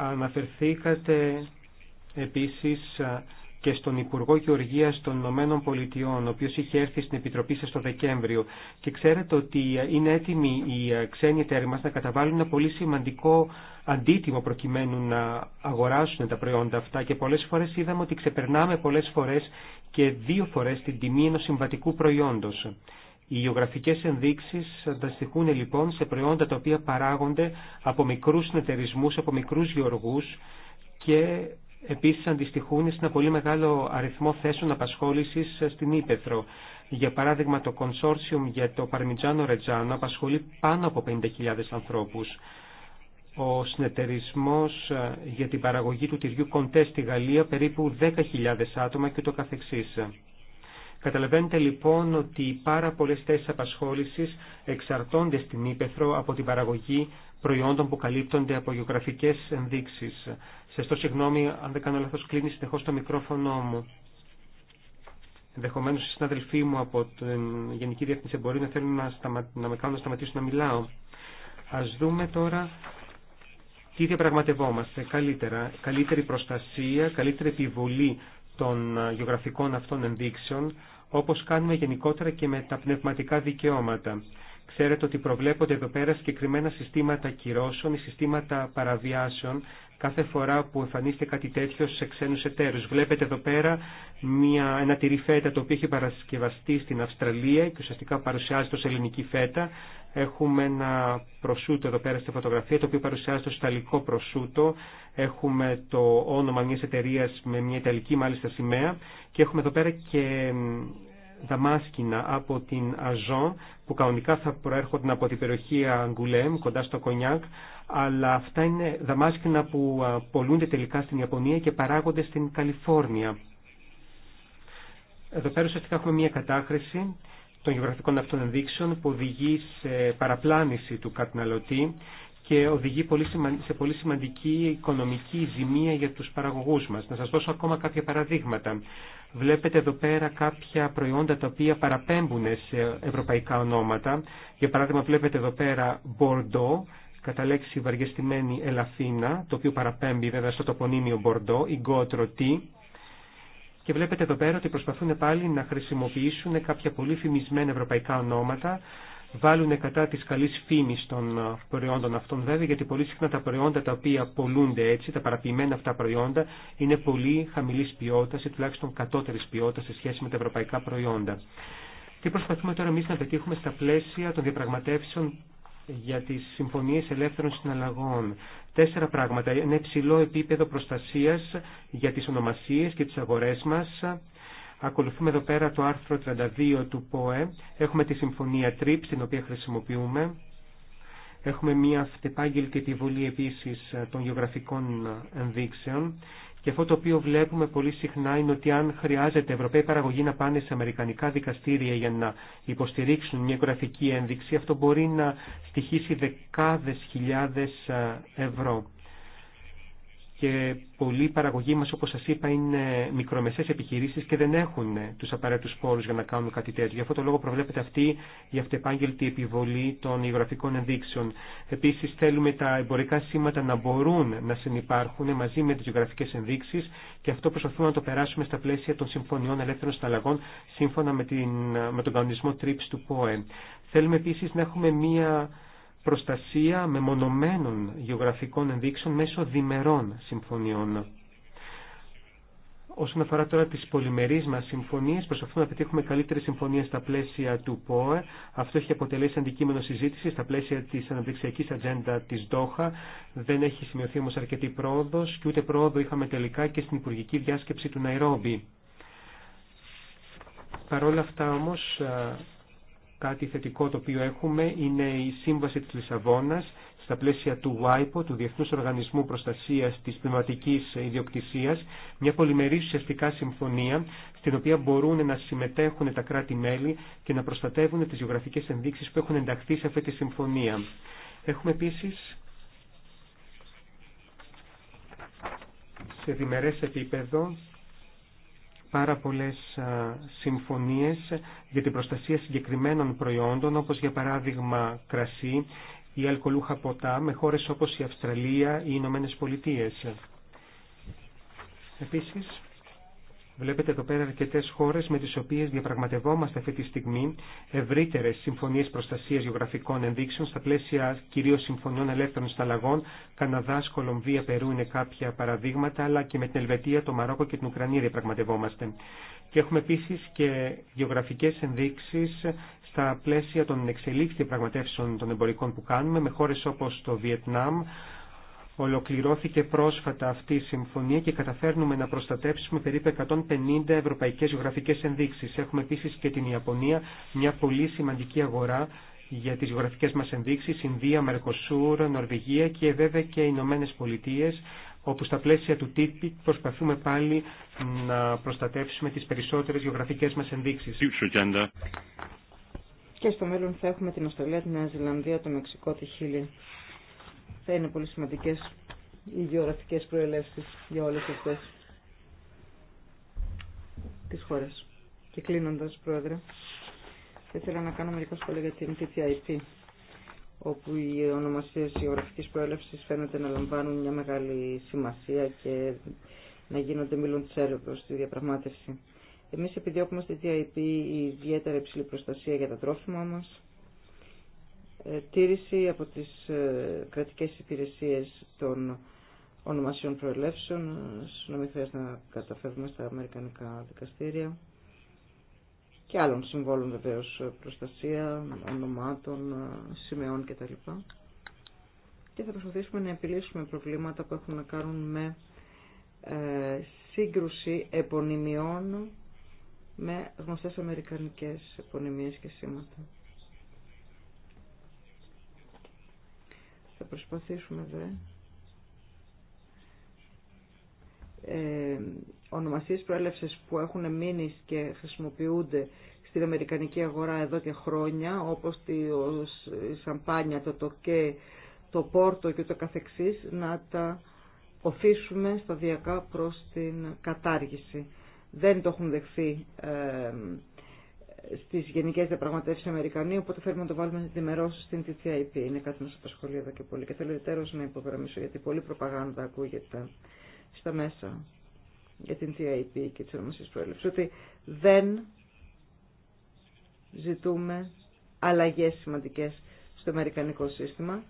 Αναφερθήκατε επίσης και στον Υπουργό Γεωργίας των Ηνωμένων Πολιτειών, ο οποίος είχε έρθει στην Επιτροπή σας το Δεκέμβριο. Και ξέρετε ότι είναι έτοιμοι οι ξένοι εταίροι μας να καταβάλουν ένα πολύ σημαντικό αντίτιμο προκειμένου να αγοράσουν τα προϊόντα αυτά και πολλές φορές είδαμε ότι ξεπερνάμε πολλές φορές και δύο φορές την τιμή ενός συμβατικού προϊόντος. Οι γεωγραφικέ ενδείξει ανταστοιχούν λοιπόν σε προϊόντα τα οποία παράγονται από μικρού συνεταιρισμού από μικρού γεωργού και επίση αντιστοιχούν σε ένα πολύ μεγάλο αριθμό θέσεων απασχόληση στην Ήπεθρο. Για παράδειγμα το κονσόρσιουμ για το Παρμιτζάνο Ρετζάνο απασχολεί πάνω από 50.000 ανθρώπου. Ο συνεταιρισμό ε, για την παραγωγή του τυριού κοντέ στη Γαλλία περίπου 10.000 άτομα και το καθεξής. Καταλαβαίνετε λοιπόν ότι πάρα πολλέ θέσει απασχόληση εξαρτώνται στην Ήπεθρο από την παραγωγή προϊόντων που καλύπτονται από γεωγραφικέ ενδείξει. Σε στο συγγνώμη, αν δεν κάνω λάθο, κλείνει συνεχώ το μικρόφωνο μου. Ενδεχομένω οι συναδελφοί μου από την Γενική Διεύθυνση Εμπορίου να θέλουν να, σταμα... να με κάνουν να σταματήσουν να μιλάω. Α δούμε τώρα τι διαπραγματευόμαστε. Καλύτερα, καλύτερη προστασία, καλύτερη επιβολή των ε, γεωγραφικών αυτών ενδείξεων, όπως κάνουμε γενικότερα και με τα πνευματικά δικαιώματα. Ξέρετε ότι προβλέπονται εδώ πέρα συγκεκριμένα συστήματα κυρώσεων ή συστήματα παραβιάσεων κάθε φορά που εμφανίζεται κάτι τέτοιο σε ξένους εταίρους. Βλέπετε εδώ πέρα μια, ένα τυρί φέτα το οποίο έχει παρασκευαστεί στην Αυστραλία και ουσιαστικά παρουσιάζεται ως ελληνική φέτα. Έχουμε ένα προσούτο εδώ πέρα στη φωτογραφία το οποίο παρουσιάζεται ως ιταλικό προσούτο. Έχουμε το όνομα μιας εταιρείας με μια ιταλική μάλιστα σημαία και έχουμε εδώ πέρα και δαμάσκηνα από την Αζό που κανονικά θα προέρχονταν από την περιοχή Αγκουλέμ κοντά στο Κονιάκ αλλά αυτά είναι δαμάσκηνα που πολλούνται τελικά στην Ιαπωνία και παράγονται στην Καλιφόρνια. Εδώ πέρα ουσιαστικά έχουμε μια κατάχρηση των γεωγραφικών αυτών ενδείξεων που οδηγεί σε παραπλάνηση του καταναλωτή και οδηγεί σε πολύ σημαντική οικονομική ζημία για τους παραγωγούς μας. Να σας δώσω ακόμα κάποια παραδείγματα. Βλέπετε εδώ πέρα κάποια προϊόντα τα οποία παραπέμπουν σε ευρωπαϊκά ονόματα. Για παράδειγμα βλέπετε εδώ πέρα Μπορντό, κατά λέξη βαριεστημένη ελαφίνα, το οποίο παραπέμπει βέβαια στο τοπονίμιο Μπορντό, η Γκότροτή. Και βλέπετε εδώ πέρα ότι προσπαθούν πάλι να χρησιμοποιήσουν κάποια πολύ φημισμένα ευρωπαϊκά ονόματα βάλουν κατά της καλής φήμης των ε, προϊόντων αυτών βέβαια γιατί πολύ συχνά τα προϊόντα τα οποία πολλούνται έτσι, τα παραποιημένα αυτά προϊόντα είναι πολύ χαμηλής ποιότητας ή τουλάχιστον κατώτερης ποιότητα σε σχέση με τα ευρωπαϊκά προϊόντα. Τι προσπαθούμε τώρα εμείς να πετύχουμε στα πλαίσια των διαπραγματεύσεων για τις συμφωνίες ελεύθερων συναλλαγών. Τέσσερα πράγματα. Ένα υψηλό επίπεδο προστασίας για τις ονομασίε και τις αγορές μας, Ακολουθούμε εδώ πέρα το άρθρο 32 του ΠΟΕ. Έχουμε τη συμφωνία TRIPS, την οποία χρησιμοποιούμε. Έχουμε μια τη βολή επίσης ε, των γεωγραφικών ε, ενδείξεων. Και αυτό το οποίο βλέπουμε πολύ συχνά είναι ότι αν χρειάζεται Ευρωπαϊκή Παραγωγή να πάνε σε Αμερικανικά δικαστήρια για να υποστηρίξουν μια γραφική ένδειξη, αυτό μπορεί να στοιχήσει δεκάδες χιλιάδες ε, ευρώ και πολλοί παραγωγοί μας, όπως σας είπα, είναι μικρομεσαίες επιχειρήσεις και δεν έχουν τους απαραίτητους πόρους για να κάνουν κάτι τέτοιο. Γι' αυτό το λόγο προβλέπεται αυτή η αυτεπάγγελτη επιβολή των υγραφικών ενδείξεων. Επίσης θέλουμε τα εμπορικά σήματα να μπορούν να συνεπάρχουν μαζί με τις γεωγραφικές ενδείξεις και αυτό προσπαθούμε να το περάσουμε στα πλαίσια των Συμφωνιών Ελεύθερων Συναλλαγών σύμφωνα με, την, με τον κανονισμό TRIPS του ΠΟΕ. Θέλουμε επίσης να έχουμε μία προστασία μεμονωμένων γεωγραφικών ενδείξεων μέσω διμερών συμφωνιών. Όσον αφορά τώρα τις πολυμερείς μας συμφωνίες, προσπαθούμε να πετύχουμε καλύτερες συμφωνίες στα πλαίσια του ΠΟΕ. Αυτό έχει αποτελέσει αντικείμενο συζήτηση στα πλαίσια της αναπτυξιακής ατζέντα της ΔΟΧΑ. Δεν έχει σημειωθεί όμως αρκετή πρόοδος και ούτε πρόοδο είχαμε τελικά και στην Υπουργική Διάσκεψη του Ναϊρόμπι. Παρ' όλα αυτά όμως Κάτι θετικό το οποίο έχουμε είναι η Σύμβαση της Λισαβόνας στα πλαίσια του WIPO, του Διεθνούς Οργανισμού Προστασίας της Πνευματικής Ιδιοκτησίας, μια πολυμερής ουσιαστικά συμφωνία, στην οποία μπορούν να συμμετέχουν τα κράτη-μέλη και να προστατεύουν τις γεωγραφικές ενδείξεις που έχουν ενταχθεί σε αυτή τη συμφωνία. Έχουμε επίσης σε διμερές επίπεδο πάρα πολλές συμφωνίες για την προστασία συγκεκριμένων προϊόντων, όπως για παράδειγμα κρασί ή αλκοολούχα ποτά, με χώρες όπως η Αυστραλία ή οι Ηνωμένε Πολιτείες. Επίσης, Βλέπετε εδώ πέρα αρκετέ χώρε με τι οποίε διαπραγματευόμαστε αυτή τη στιγμή ευρύτερε συμφωνίε προστασία γεωγραφικών ενδείξεων στα πλαίσια κυρίω συμφωνιών ελεύθερων συναλλαγών. Καναδά, Κολομβία, Περού είναι κάποια παραδείγματα, αλλά και με την Ελβετία, το Μαρόκο και την Ουκρανία διαπραγματευόμαστε. Και έχουμε επίση και γεωγραφικέ ενδείξει στα πλαίσια των εξελίξεων διαπραγματεύσεων των εμπορικών που κάνουμε με χώρε όπω το Βιετνάμ, Ολοκληρώθηκε πρόσφατα αυτή η συμφωνία και καταφέρνουμε να προστατεύσουμε περίπου 150 Ευρωπαϊκέ γεωγραφικέ ενδείξει. Έχουμε επίση και την Ιαπωνία, μια πολύ σημαντική αγορά για τι γεωγραφικέ μα ενδείξει. Ινδία, Μερκοσούρ, Νορβηγία και βέβαια και οι Ηνωμένε Πολιτείε, όπου στα πλαίσια του TTIP προσπαθούμε πάλι να προστατεύσουμε τι περισσότερε γεωγραφικέ μα ενδείξει. Και στο μέλλον θα έχουμε την Αυστραλία, την Νέα Ζηλανδία, το Μεξικό, τη Χίλη θα είναι πολύ σημαντικές οι γεωγραφικές προελεύσεις για όλες αυτές τις χώρες. Και κλείνοντας, Πρόεδρε, θα ήθελα να κάνω μερικά σχόλια για την TTIP, όπου οι ονομασίες γεωγραφικής προέλευσης φαίνεται να λαμβάνουν μια μεγάλη σημασία και να γίνονται μήλων της έρευνας στη διαπραγμάτευση. Εμείς επιδιώκουμε στη TTIP ιδιαίτερα υψηλή προστασία για τα τρόφιμα μας, ε, τήρηση από τις ε, κρατικές υπηρεσίες των ονομασιών προελεύσεων, χρειάζεται να καταφεύγουμε στα Αμερικανικά δικαστήρια και άλλων συμβόλων βεβαίω ε, προστασία, ονομάτων, σημεών κτλ. Και θα προσπαθήσουμε να επιλύσουμε προβλήματα που έχουν να κάνουν με σύγκρουση επωνυμιών με γνωστές αμερικανικές επωνυμίες και σήματα. προσπαθήσουμε δε. Ε, ονομασίες προέλευσης που έχουν μείνει και χρησιμοποιούνται στην Αμερικανική αγορά εδώ και χρόνια, όπως τη σαμπάνια, το τοκέ, το πόρτο και το καθεξής, να τα οφήσουμε σταδιακά προς την κατάργηση. Δεν το έχουν δεχθεί ε, στις γενικές διαπραγματεύσεις Αμερικανίου, οπότε θέλουμε να το βάλουμε διμερώς στην TTIP. Είναι κάτι μας απασχολεί εδώ και πολύ και θέλω εταίρως να υπογραμμίσω γιατί πολλή προπαγάνδα ακούγεται στα μέσα για την TIP και τις ονομασίες προέλευση, ότι δεν ζητούμε αλλαγές σημαντικές στο αμερικανικό σύστημα,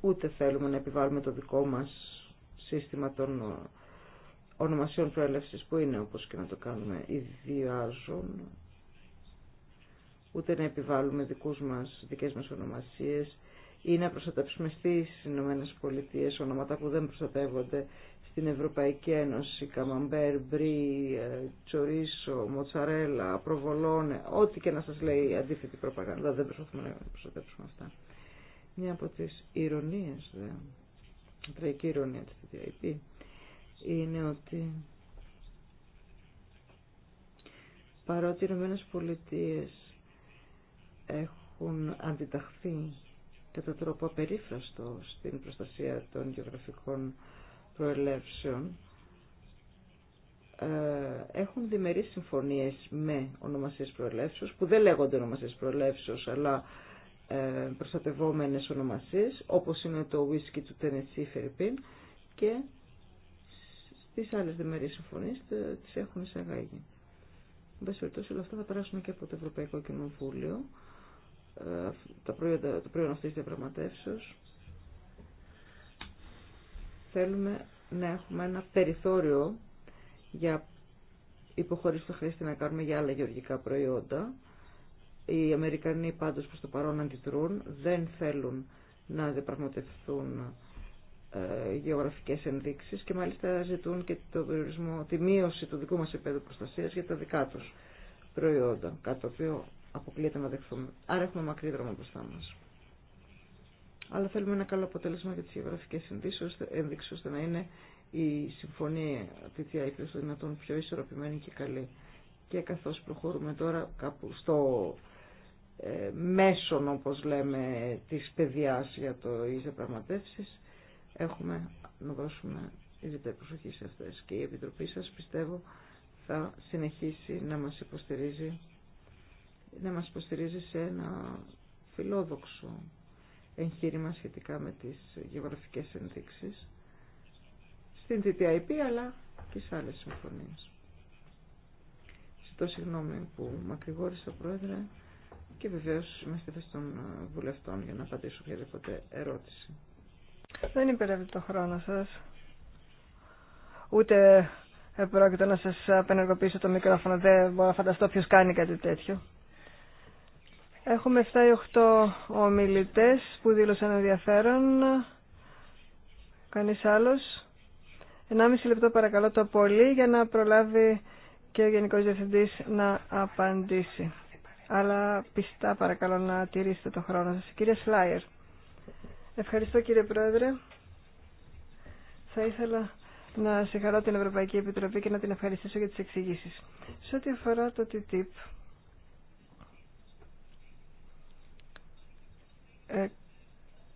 ούτε θέλουμε να επιβάλλουμε το δικό μας σύστημα των ονομασιών προέλευσης που είναι όπως και να το κάνουμε ιδιάζουν ούτε να επιβάλλουμε δικούς μας, δικές μας ονομασίες ή να προστατεύσουμε στις Ηνωμένες Πολιτείες ονόματα που δεν προστατεύονται στην Ευρωπαϊκή Ένωση, καμαμπέρ, μπρι, ε, τσορίσο, μοτσαρέλα, προβολόνε, ό,τι και να σας λέει η αντίθετη προπαγάνδα, δεν προσπαθούμε να προστατεύσουμε αυτά. Μια από τις ηρωνίες, δε, τραϊκή ηρωνία της TTIP, είναι ότι παρότι οι Ηνωμένες Πολιτείες έχουν αντιταχθεί κατά τρόπο απερίφραστο στην προστασία των γεωγραφικών προελεύσεων ε, έχουν διμερεί συμφωνίες με ονομασίες προελεύσεως που δεν λέγονται ονομασίες προελεύσεως αλλά ε, προστατευόμενες ονομασίες όπως είναι το whisky του Tennessee Φερρυπίν και στις άλλες διμερείς συμφωνίες ε, τις έχουν εισαγάγει. Εν πάση όλα αυτά θα περάσουν και από το Ευρωπαϊκό Κοινοβούλιο τα προϊόντα, το προϊόν αυτής της διαπραγματεύσεως θέλουμε να έχουμε ένα περιθώριο για υποχωρήσει το χρήστη να κάνουμε για άλλα γεωργικά προϊόντα. Οι Αμερικανοί πάντως προς το παρόν αντιδρούν, δεν θέλουν να διαπραγματευθούν ε, γεωγραφικές ενδείξεις και μάλιστα ζητούν και το περιορισμό, τη μείωση του δικού μας επίπεδου προστασίας για τα δικά τους προϊόντα, κάτι το οποίο αποκλείεται να δεχθούμε. Άρα έχουμε μακρύ δρόμο μπροστά μα. Αλλά θέλουμε ένα καλό αποτέλεσμα για τι γεωγραφικέ ενδείξεις, ώστε να είναι η συμφωνία τη στο δυνατόν πιο ισορροπημένη και καλή. Και καθώ προχωρούμε τώρα κάπου στο ε, μέσον, όπως λέμε, τη παιδιά για το διαπραγματεύσει, έχουμε να δώσουμε ιδιαίτερη προσοχή σε αυτέ. Και η Επιτροπή σα πιστεύω, θα συνεχίσει να μας υποστηρίζει να μας υποστηρίζει σε ένα φιλόδοξο εγχείρημα σχετικά με τις γεωγραφικές ενδείξεις στην TTIP αλλά και σε άλλες συμφωνίες. Ζητώ συγγνώμη που μακρηγόρησα πρόεδρε και βεβαίως είμαι στη θέση των βουλευτών για να απαντήσω οποιαδήποτε ερώτηση. Δεν υπερεύει το χρόνο σας. Ούτε πρόκειται να σας απενεργοποιήσω το μικρόφωνο. Δεν μπορώ να φανταστώ ποιος κάνει κάτι τέτοιο. Έχουμε 7 ή 8 ομιλητές που δήλωσαν ενδιαφέρον. Κανείς άλλος. 1,5 λεπτό παρακαλώ το πολύ για να προλάβει και ο Γενικός Διευθυντής να απαντήσει. Αλλά πιστά παρακαλώ να τηρήσετε το χρόνο σας. Κύριε Σλάιερ. Ευχαριστώ κύριε Πρόεδρε. Θα ήθελα να συγχαρώ την Ευρωπαϊκή Επιτροπή και να την ευχαριστήσω για τις εξηγήσεις. Σε ό,τι αφορά το TTIP, Ε,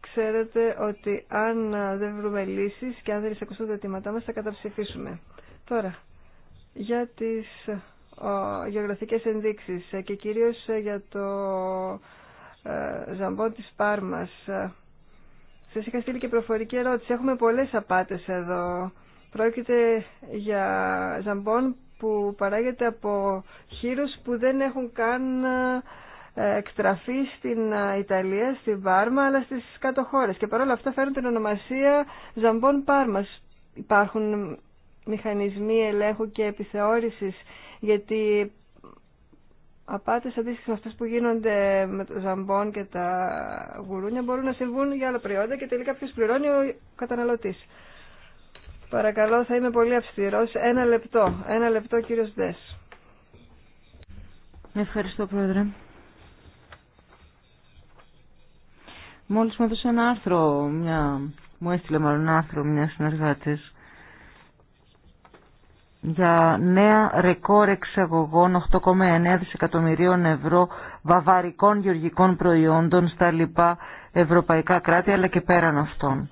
ξέρετε ότι αν δεν βρούμε λύσεις και αν δεν εισακουστούν τα αιτήματά μας θα καταψηφίσουμε. Τώρα, για τις γεωγραφικές ενδείξεις ε, και κυρίως ε, για το ζαμπό της Πάρμας. Σας είχα στείλει και προφορική ερώτηση. Έχουμε πολλές απάτες εδώ. Πρόκειται για ζαμπόν που παράγεται από χείρους που δεν έχουν καν ε, εκτραφεί στην ε, Ιταλία, στην Πάρμα, αλλά στις κάτω χώρες. Και παρόλα αυτά φέρνουν την ονομασία Ζαμπόν Πάρμας. Υπάρχουν μηχανισμοί ελέγχου και επιθεώρησης, γιατί απάτες αντίστοιχε με αυτές που γίνονται με το ζαμπόν και τα γουρούνια μπορούν να συμβούν για άλλα προϊόντα και τελικά ποιος πληρώνει ο καταναλωτής. Παρακαλώ, θα είμαι πολύ αυστηρός. Ένα λεπτό. Ένα λεπτό, κύριος Δες. Ευχαριστώ, Πρόεδρε. Μόλις μου έδωσε ένα άρθρο, μια... μου έστειλε μάλλον ένα άρθρο μια συνεργάτης για νέα ρεκόρ εξαγωγών 8,9 δισεκατομμυρίων ευρώ βαβαρικών γεωργικών προϊόντων στα λοιπά ευρωπαϊκά κράτη αλλά και πέραν αυτών.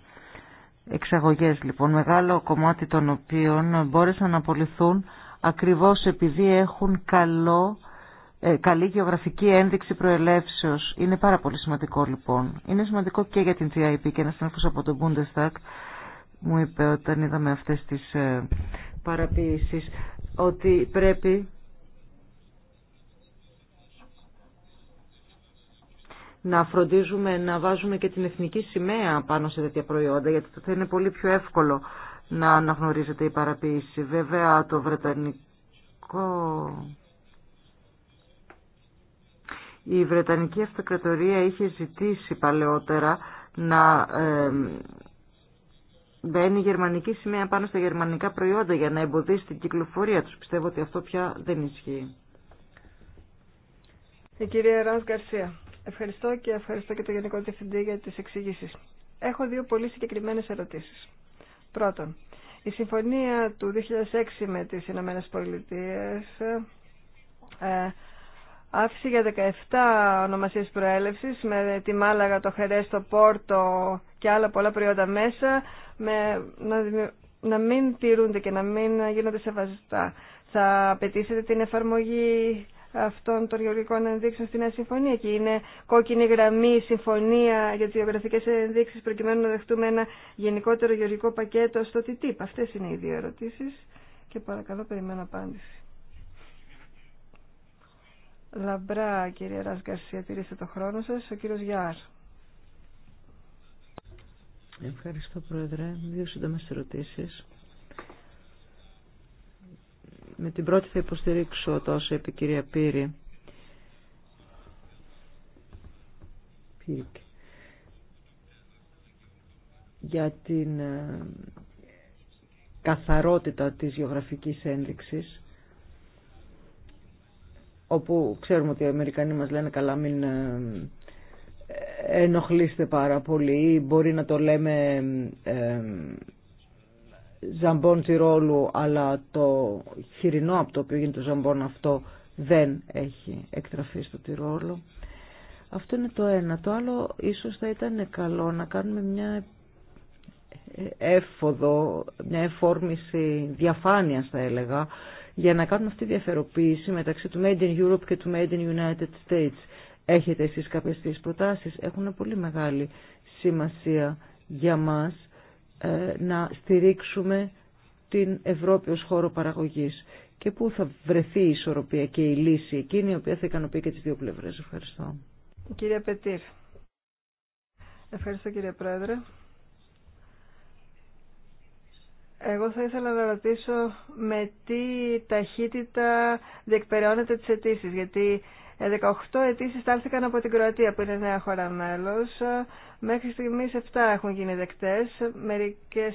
Εξαγωγές λοιπόν, μεγάλο κομμάτι των οποίων μπόρεσαν να απολυθούν ακριβώς επειδή έχουν καλό ε, καλή γεωγραφική ένδειξη προελεύσεως. Είναι πάρα πολύ σημαντικό λοιπόν. Είναι σημαντικό και για την TIP και ένα συνάδελφος από τον Bundestag μου είπε όταν είδαμε αυτές τις ε, παραποίησεις ότι πρέπει να φροντίζουμε να βάζουμε και την εθνική σημαία πάνω σε τέτοια προϊόντα γιατί θα είναι πολύ πιο εύκολο να αναγνωρίζεται η παραποίηση. Βέβαια το βρετανικό η Βρετανική Αυτοκρατορία είχε ζητήσει παλαιότερα να μπαίνει η γερμανική σημαία πάνω στα γερμανικά προϊόντα για να εμποδίσει την κυκλοφορία τους. Πιστεύω ότι αυτό πια δεν ισχύει. Η κυρία Ράς Γκαρσία. Ευχαριστώ και ευχαριστώ και το Γενικό Διευθυντή για τις εξηγήσεις. Έχω δύο πολύ συγκεκριμένες ερωτήσεις. Πρώτον, η συμφωνία του 2006 με τις Ηνωμένες Πολιτείες ε, άφησε για 17 ονομασίες προέλευσης με τη Μάλαγα, το Χερές, το Πόρτο και άλλα πολλά προϊόντα μέσα με, να, μην τηρούνται και να μην γίνονται σεβαστά. Θα απαιτήσετε την εφαρμογή αυτών των γεωργικών ενδείξεων στην Νέα Συμφωνία και είναι κόκκινη γραμμή συμφωνία για τις γεωγραφικές ενδείξεις προκειμένου να δεχτούμε ένα γενικότερο γεωργικό πακέτο στο TTIP. Αυτές είναι οι δύο ερωτήσεις και παρακαλώ περιμένω απάντηση. Λαμπρά, κύριε Ράσγκαρσία, τηρήστε το χρόνο σας. Ο κύριος Γιάρ. Ευχαριστώ, Πρόεδρε. Δύο σύντομες ερωτήσει. Με την πρώτη θα υποστηρίξω τόσο επί κυρία Πύρη. Για την ε, καθαρότητα της γεωγραφικής ένδειξης όπου ξέρουμε ότι οι Αμερικανοί μας λένε καλά μην ε, ε, ενοχλείστε πάρα πολύ, μπορεί να το λέμε ε, ζαμπόν τυρόλου, αλλά το χοιρινό από το οποίο γίνεται το ζαμπόν αυτό δεν έχει εκτραφεί στο τυρόλο. Αυτό είναι το ένα. Το άλλο ίσως θα ήταν καλό να κάνουμε μια ε, έφοδο, μια εφόρμηση διαφάνειας θα έλεγα, για να κάνουν αυτή τη διαφεροποίηση μεταξύ του Made in Europe και του Made in United States. Έχετε εσείς κάποιες τις προτάσεις, έχουν πολύ μεγάλη σημασία για μας ε, να στηρίξουμε την Ευρώπη ως χώρο παραγωγής και πού θα βρεθεί η ισορροπία και η λύση εκείνη η οποία θα ικανοποιεί και τις δύο πλευρές. Ευχαριστώ. Κύριε Πετήρ. Ευχαριστώ κύριε Πρόεδρε. Εγώ θα ήθελα να ρωτήσω με τι ταχύτητα διεκπεραιώνεται τις αιτήσει, γιατί 18 αιτήσει στάλθηκαν από την Κροατία που είναι νέα χώρα μέλος. Μέχρι στιγμής 7 έχουν γίνει δεκτές. Μερικές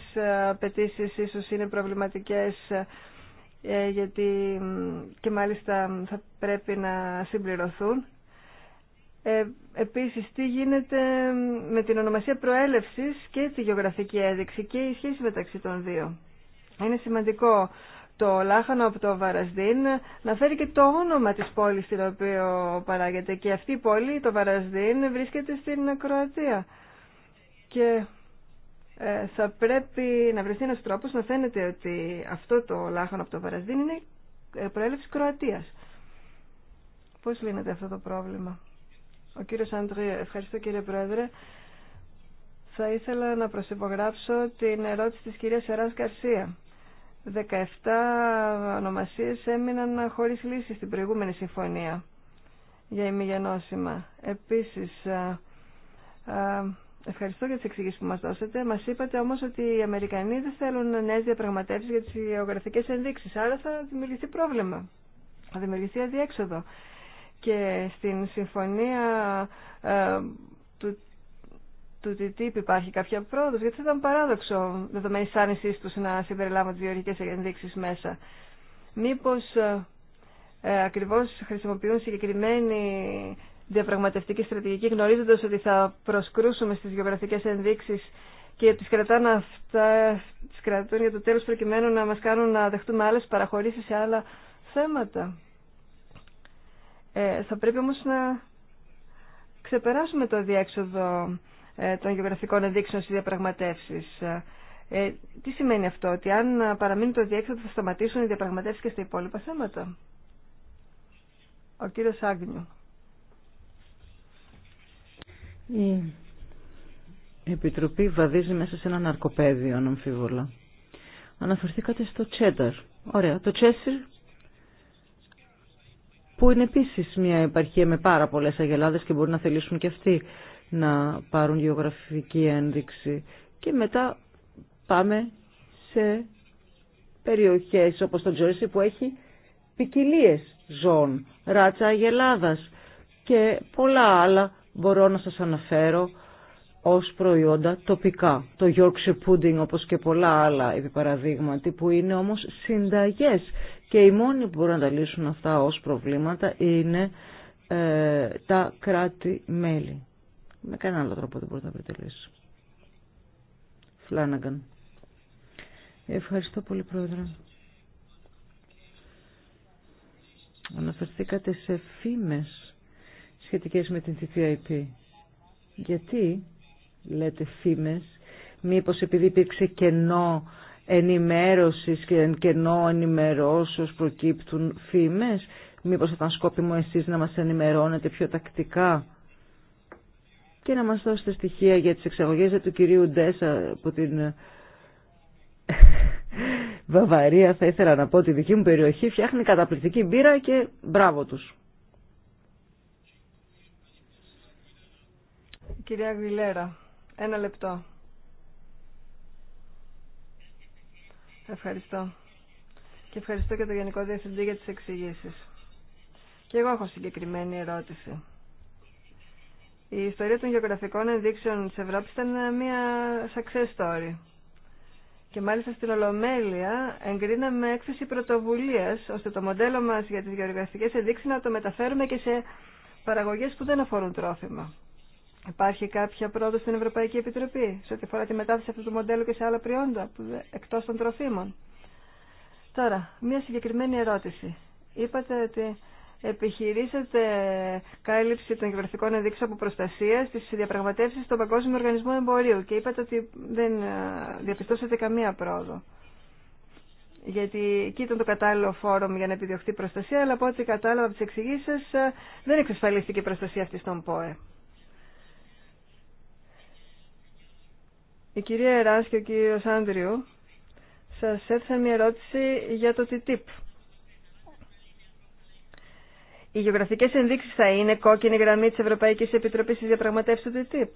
απαιτήσει ίσως είναι προβληματικές ε, γιατί και μάλιστα θα πρέπει να συμπληρωθούν. Ε, επίσης, τι γίνεται με την ονομασία προέλευσης και τη γεωγραφική έδειξη και η σχέση μεταξύ των δύο. Είναι σημαντικό το λάχανο από το Βαρασδίν να φέρει και το όνομα της πόλης στην οποία παράγεται. Και αυτή η πόλη, το Βαρασδίν, βρίσκεται στην Κροατία. Και ε, θα πρέπει να βρεθεί ένας τρόπος να φαίνεται ότι αυτό το λάχανο από το Βαρασδίν είναι ε, προέλευση Κροατίας. Πώς λύνεται αυτό το πρόβλημα. Ο κύριος Αντρία, ευχαριστώ κύριε Πρόεδρε. Θα ήθελα να προσυπογράψω την ερώτηση της κυρίας Σεράς Καρσία. 17 ονομασίες έμειναν χωρίς λύση στην προηγούμενη συμφωνία για ημιγενώσιμα. Επίσης, ευχαριστώ για τις εξηγήσεις που μας δώσατε. Μας είπατε όμως ότι οι Αμερικανοί δεν θέλουν νέες διαπραγματεύσεις για τις γεωγραφικές ενδείξεις, άρα θα δημιουργηθεί πρόβλημα, θα δημιουργηθεί αδιέξοδο και στην συμφωνία ε, του, του TTIP υπάρχει κάποια πρόοδος, γιατί θα ήταν παράδοξο δεδομένης άνησής τους να συμπεριλάβουν τις γεωργικές ενδείξεις μέσα. Μήπως ε, ε, ακριβώς χρησιμοποιούν συγκεκριμένη διαπραγματευτική στρατηγική γνωρίζοντας ότι θα προσκρούσουμε στις γεωγραφικές ενδείξεις και τις κρατάνε αυτά, τις κρατούν για το τέλος προκειμένου να μας κάνουν να δεχτούμε άλλες παραχωρήσεις σε άλλα θέματα. Ε, θα πρέπει όμως να ξεπεράσουμε το διέξοδο ε, των γεωγραφικών ενδείξεων στις διαπραγματεύσεις. Ε, τι σημαίνει αυτό, ότι αν παραμείνει το διέξοδο θα σταματήσουν οι διαπραγματεύσεις και στα υπόλοιπα θέματα. Ο κύριος Άγνιου. Η Επιτροπή βαδίζει μέσα σε ένα ναρκοπέδιο, αμφίβολα. Αναφερθήκατε στο Τσένταρ. Ωραία. Το Τσέσιρ που είναι επίση μια επαρχία με πάρα πολλέ αγελάδε και μπορεί να θελήσουν και αυτοί να πάρουν γεωγραφική ένδειξη. Και μετά πάμε σε περιοχές όπως το Τζόρισι που έχει ποικιλίε ζώων, ράτσα αγελάδα και πολλά άλλα μπορώ να σας αναφέρω ως προϊόντα τοπικά. Το Yorkshire Pudding όπως και πολλά άλλα επί που είναι όμως συνταγές και οι μόνοι που μπορούν να τα λύσουν αυτά ως προβλήματα είναι ε, τα κράτη-μέλη. Με κανένα άλλο τρόπο δεν μπορείτε να βρείτε λύση. Φλάναγκαν. Ευχαριστώ πολύ Πρόεδρε. Αναφερθήκατε σε φήμες σχετικές με την TTIP. Γιατί λέτε φήμες, μήπως επειδή υπήρξε κενό ενημέρωσης και εν κενό ενημερώσεως προκύπτουν φήμες. Μήπως θα ήταν σκόπιμο εσείς να μας ενημερώνετε πιο τακτικά και να μας δώσετε στοιχεία για τις εξαγωγές του κυρίου Ντέσα από την Βαβαρία θα ήθελα να πω ότι η δική μου περιοχή φτιάχνει καταπληκτική μπύρα και μπράβο τους. Κυρία Αγγιλέρα, ένα λεπτό. Ευχαριστώ. Και ευχαριστώ και το Γενικό Διευθυντή για τις εξηγήσει. Και εγώ έχω συγκεκριμένη ερώτηση. Η ιστορία των γεωγραφικών ενδείξεων της Ευρώπης ήταν μια success story. Και μάλιστα στην Ολομέλεια εγκρίναμε έκθεση πρωτοβουλίας, ώστε το μοντέλο μας για τις γεωγραφικές ενδείξεις να το μεταφέρουμε και σε παραγωγές που δεν αφορούν τρόφιμα. Υπάρχει κάποια πρόοδο στην Ευρωπαϊκή Επιτροπή σε ό,τι αφορά τη μετάθεση αυτού του μοντέλου και σε άλλα προϊόντα εκτό των τροφίμων. Τώρα, μία συγκεκριμένη ερώτηση. Είπατε ότι επιχειρήσατε κάλυψη των κυβερνητικών ενδείξεων από προστασία στι διαπραγματεύσει στον Παγκόσμιο Οργανισμό Εμπορίου και είπατε ότι δεν ε, διαπιστώσατε καμία πρόοδο. Γιατί εκεί ήταν το κατάλληλο φόρουμ για να επιδιωχθεί προστασία, αλλά από ό,τι κατάλαβα από τι εξηγήσει ε, δεν εξασφαλίστηκε η προστασία αυτή στον ΠΟΕ. Η κυρία Εράς και ο κύριος Άντριου σας έθεσαν μια ερώτηση για το TTIP. Οι γεωγραφικές ενδείξεις θα είναι κόκκινη γραμμή της Ευρωπαϊκής Επιτροπής της Διαπραγματεύσης του TTIP.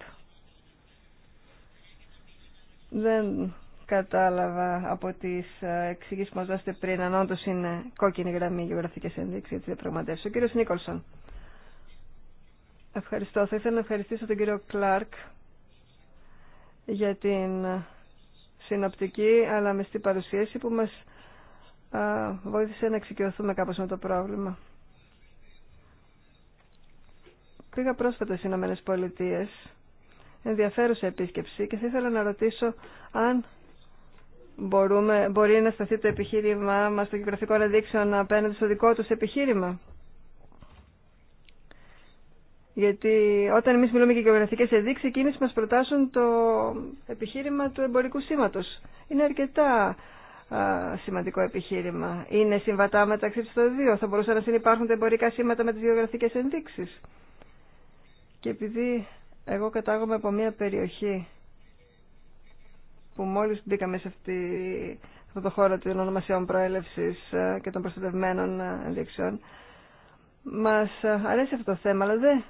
Δεν κατάλαβα από τις εξηγήσεις που μας δώσετε πριν αν όντως είναι κόκκινη γραμμή οι γεωγραφικές ενδείξεις της διαπραγματεύσης. Ο κύριος Νίκολσον. Ευχαριστώ. Θα ήθελα να ευχαριστήσω τον κύριο Κλάρκ για την συνοπτική αλλά μεστή παρουσίαση που μας βοήθησε να εξοικειωθούμε κάπως με το πρόβλημα. Πήγα πρόσφατα στι Ηνωμένε Πολιτείε, ενδιαφέρουσα επίσκεψη και θα ήθελα να ρωτήσω αν μπορούμε, μπορεί να σταθεί το επιχείρημά μας στο γεωγραφικό αναδείξεων απέναντι στο δικό τους επιχείρημα. Γιατί όταν εμεί μιλούμε για γεωγραφικέ ενδείξει, εκείνε μα προτάσουν το επιχείρημα του εμπορικού σήματο. Είναι αρκετά α, σημαντικό επιχείρημα. Είναι συμβατά μεταξύ του δύο. Θα μπορούσαν να συνεπάρχουν τα εμπορικά σήματα με τι γεωγραφικέ ενδείξει. Και επειδή εγώ κατάγομαι από μια περιοχή που μόλι μπήκαμε σε αυτή, αυτό το χώρο των ονομασιών προέλευση και των προστατευμένων ενδείξεων, μας αρέσει αυτό το θέμα, αλλά δεν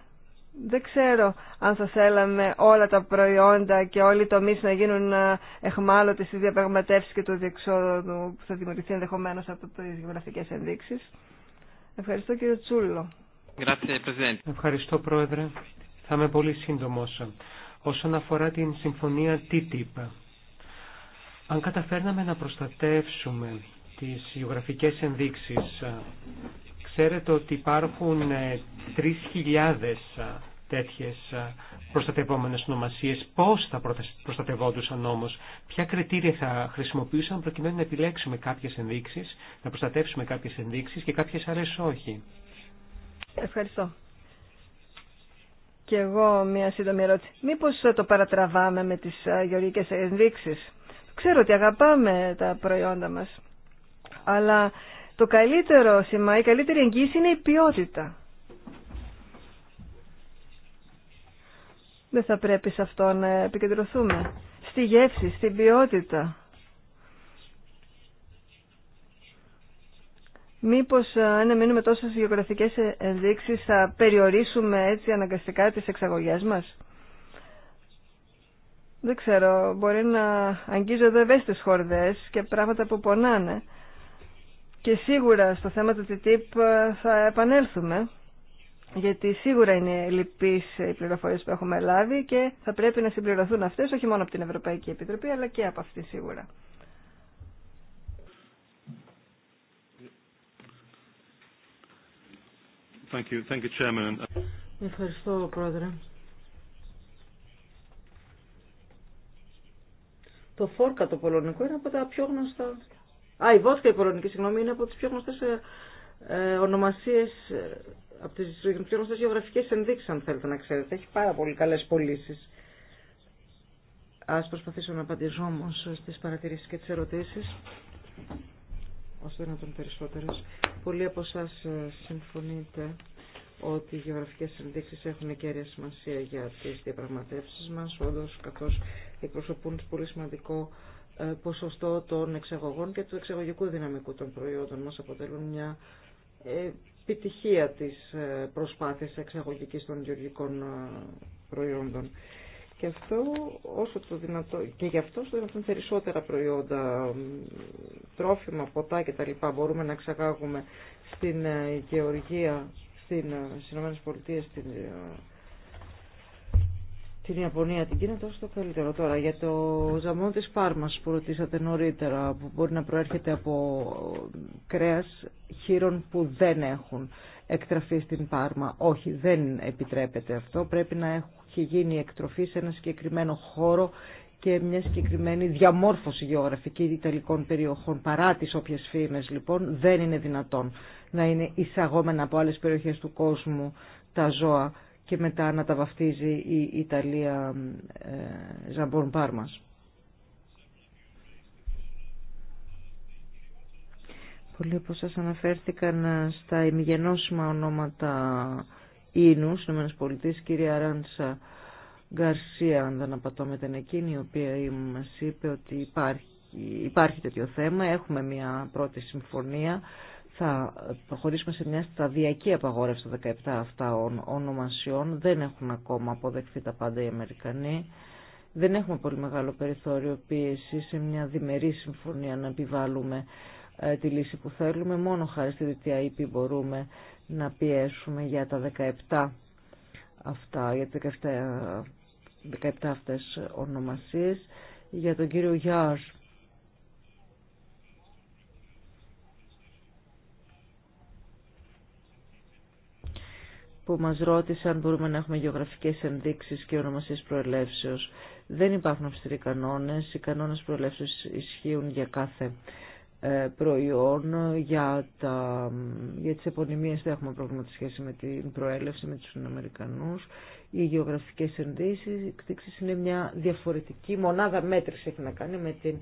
δεν ξέρω αν θα θέλαμε όλα τα προϊόντα και όλοι οι τομεί να γίνουν ε, εχμάλωτοι στι διαπραγματεύσει και το διεξόδου που θα δημιουργηθεί ενδεχομένω από τι γεωγραφικέ ενδείξει. Ευχαριστώ κύριο Τσούλο. Ευχαριστώ πρόεδρε. Θα είμαι πολύ σύντομο. Όσον αφορά την συμφωνία TTIP, αν καταφέρναμε να προστατεύσουμε τις γεωγραφικές ενδείξεις ξέρετε ότι υπάρχουν 3.000 ε, τέτοιες προστατευόμενες ονομασίε, πώς θα προστατευόντουσαν όμω, ποια κριτήρια θα χρησιμοποιούσαν προκειμένου να επιλέξουμε κάποιες ενδείξεις, να προστατεύσουμε κάποιες ενδείξεις και κάποιες άλλε όχι. Ευχαριστώ. Και εγώ μία σύντομη ερώτηση. Μήπως το παρατραβάμε με τις γεωργικές ενδείξεις. Ξέρω ότι αγαπάμε τα προϊόντα μα. αλλά το καλύτερο σημάδι, η καλύτερη εγγύηση είναι η ποιότητα. Δεν θα πρέπει σε αυτό να επικεντρωθούμε. Στη γεύση, στην ποιότητα. Μήπως αν μείνουμε τόσο στις γεωγραφικές ενδείξεις θα περιορίσουμε έτσι αναγκαστικά τις εξαγωγές μας. Δεν ξέρω, μπορεί να αγγίζω εδώ ευαίσθητες χορδές και πράγματα που πονάνε. Και σίγουρα στο θέμα του TTIP θα επανέλθουμε γιατί σίγουρα είναι λυπείς οι πληροφορίες που έχουμε λάβει και θα πρέπει να συμπληρωθούν αυτές όχι μόνο από την Ευρωπαϊκή Επιτροπή αλλά και από αυτή σίγουρα. Thank you. Thank you, Chairman. Ευχαριστώ, Πρόεδρε. Το φόρκα το πολωνικό είναι από τα πιο γνωστά. Α, η βότκα η πολωνική, συγγνώμη, είναι από τις πιο γνωστές ε, ε, ονομασίες ε, από τις πιο γνωστές γεωγραφικές ενδείξεις αν θέλετε να ξέρετε. Έχει πάρα πολύ καλές πωλήσει. Ας προσπαθήσω να απαντήσω όμω στις παρατηρήσεις και τις ερωτήσεις ώστε να τον περισσότερες. Πολλοί από εσά ε, συμφωνείτε ότι οι γεωγραφικές ενδείξεις έχουν κέρια σημασία για τις διαπραγματεύσεις μας, όντως καθώς εκπροσωπούν πολύ σημαντικό ε, ποσοστό των εξαγωγών και του εξαγωγικού δυναμικού των προϊόντων μας αποτελούν μια επιτυχία της ε, προσπάθειας εξαγωγικής των γεωργικών ε, προϊόντων. Και αυτό όσο το δυνατό, και γι' αυτό όσο δυνατόν περισσότερα προϊόντα, τρόφιμα, ποτά κτλ. μπορούμε να εξαγάγουμε στην ε, Γεωργία, στην, στις ΗΠΑ, στην την Ιαπωνία, την Κίνα, τόσο το καλύτερο. Τώρα για το ζαμό της Πάρμας που ρωτήσατε νωρίτερα, που μπορεί να προέρχεται από ε, κρέας χείρων που δεν έχουν εκτραφεί στην Πάρμα. Όχι, δεν επιτρέπεται αυτό. Πρέπει να έχει γίνει εκτροφή σε ένα συγκεκριμένο χώρο και μια συγκεκριμένη διαμόρφωση γεωγραφική ιταλικών περιοχών. Παρά τις όποιες φήμες λοιπόν δεν είναι δυνατόν να είναι εισαγόμενα από άλλες περιοχές του κόσμου τα ζώα και μετά να τα βαφτίζει η Ιταλία ε, Ζαμπον Πάρμας. Πολλοί από σας αναφέρθηκαν ε, στα ημιγενώσιμα ονόματα Ίνους, Πολιτείς, κυρία Ράντσα Γκαρσία, αν δεν την εκείνη, η οποία μας είπε ότι υπάρχει, υπάρχει τέτοιο θέμα, έχουμε μια πρώτη συμφωνία θα προχωρήσουμε σε μια σταδιακή απαγόρευση των 17 αυτά ονομασιών. Δεν έχουν ακόμα αποδεχθεί τα πάντα οι Αμερικανοί. Δεν έχουμε πολύ μεγάλο περιθώριο πίεση σε μια διμερή συμφωνία να επιβάλλουμε ε, τη λύση που θέλουμε. Μόνο χάρη στη DTIP μπορούμε να πιέσουμε για τα 17 αυτά, για τα 17, αυτές ονομασίες. Για τον κύριο Γιάρς. που μας αν μπορούμε να έχουμε γεωγραφικές ενδείξεις και ονομασίες προελεύσεως. Δεν υπάρχουν αυστηροί κανόνες. Οι κανόνες προελεύσεως ισχύουν για κάθε ε, προϊόν, για, τα, για τις επωνυμίες δεν έχουμε πρόβλημα τη σχέση με την προέλευση με τους Αμερικανούς. Οι γεωγραφικές ενδείξεις είναι μια διαφορετική μονάδα μέτρηση έχει να κάνει με την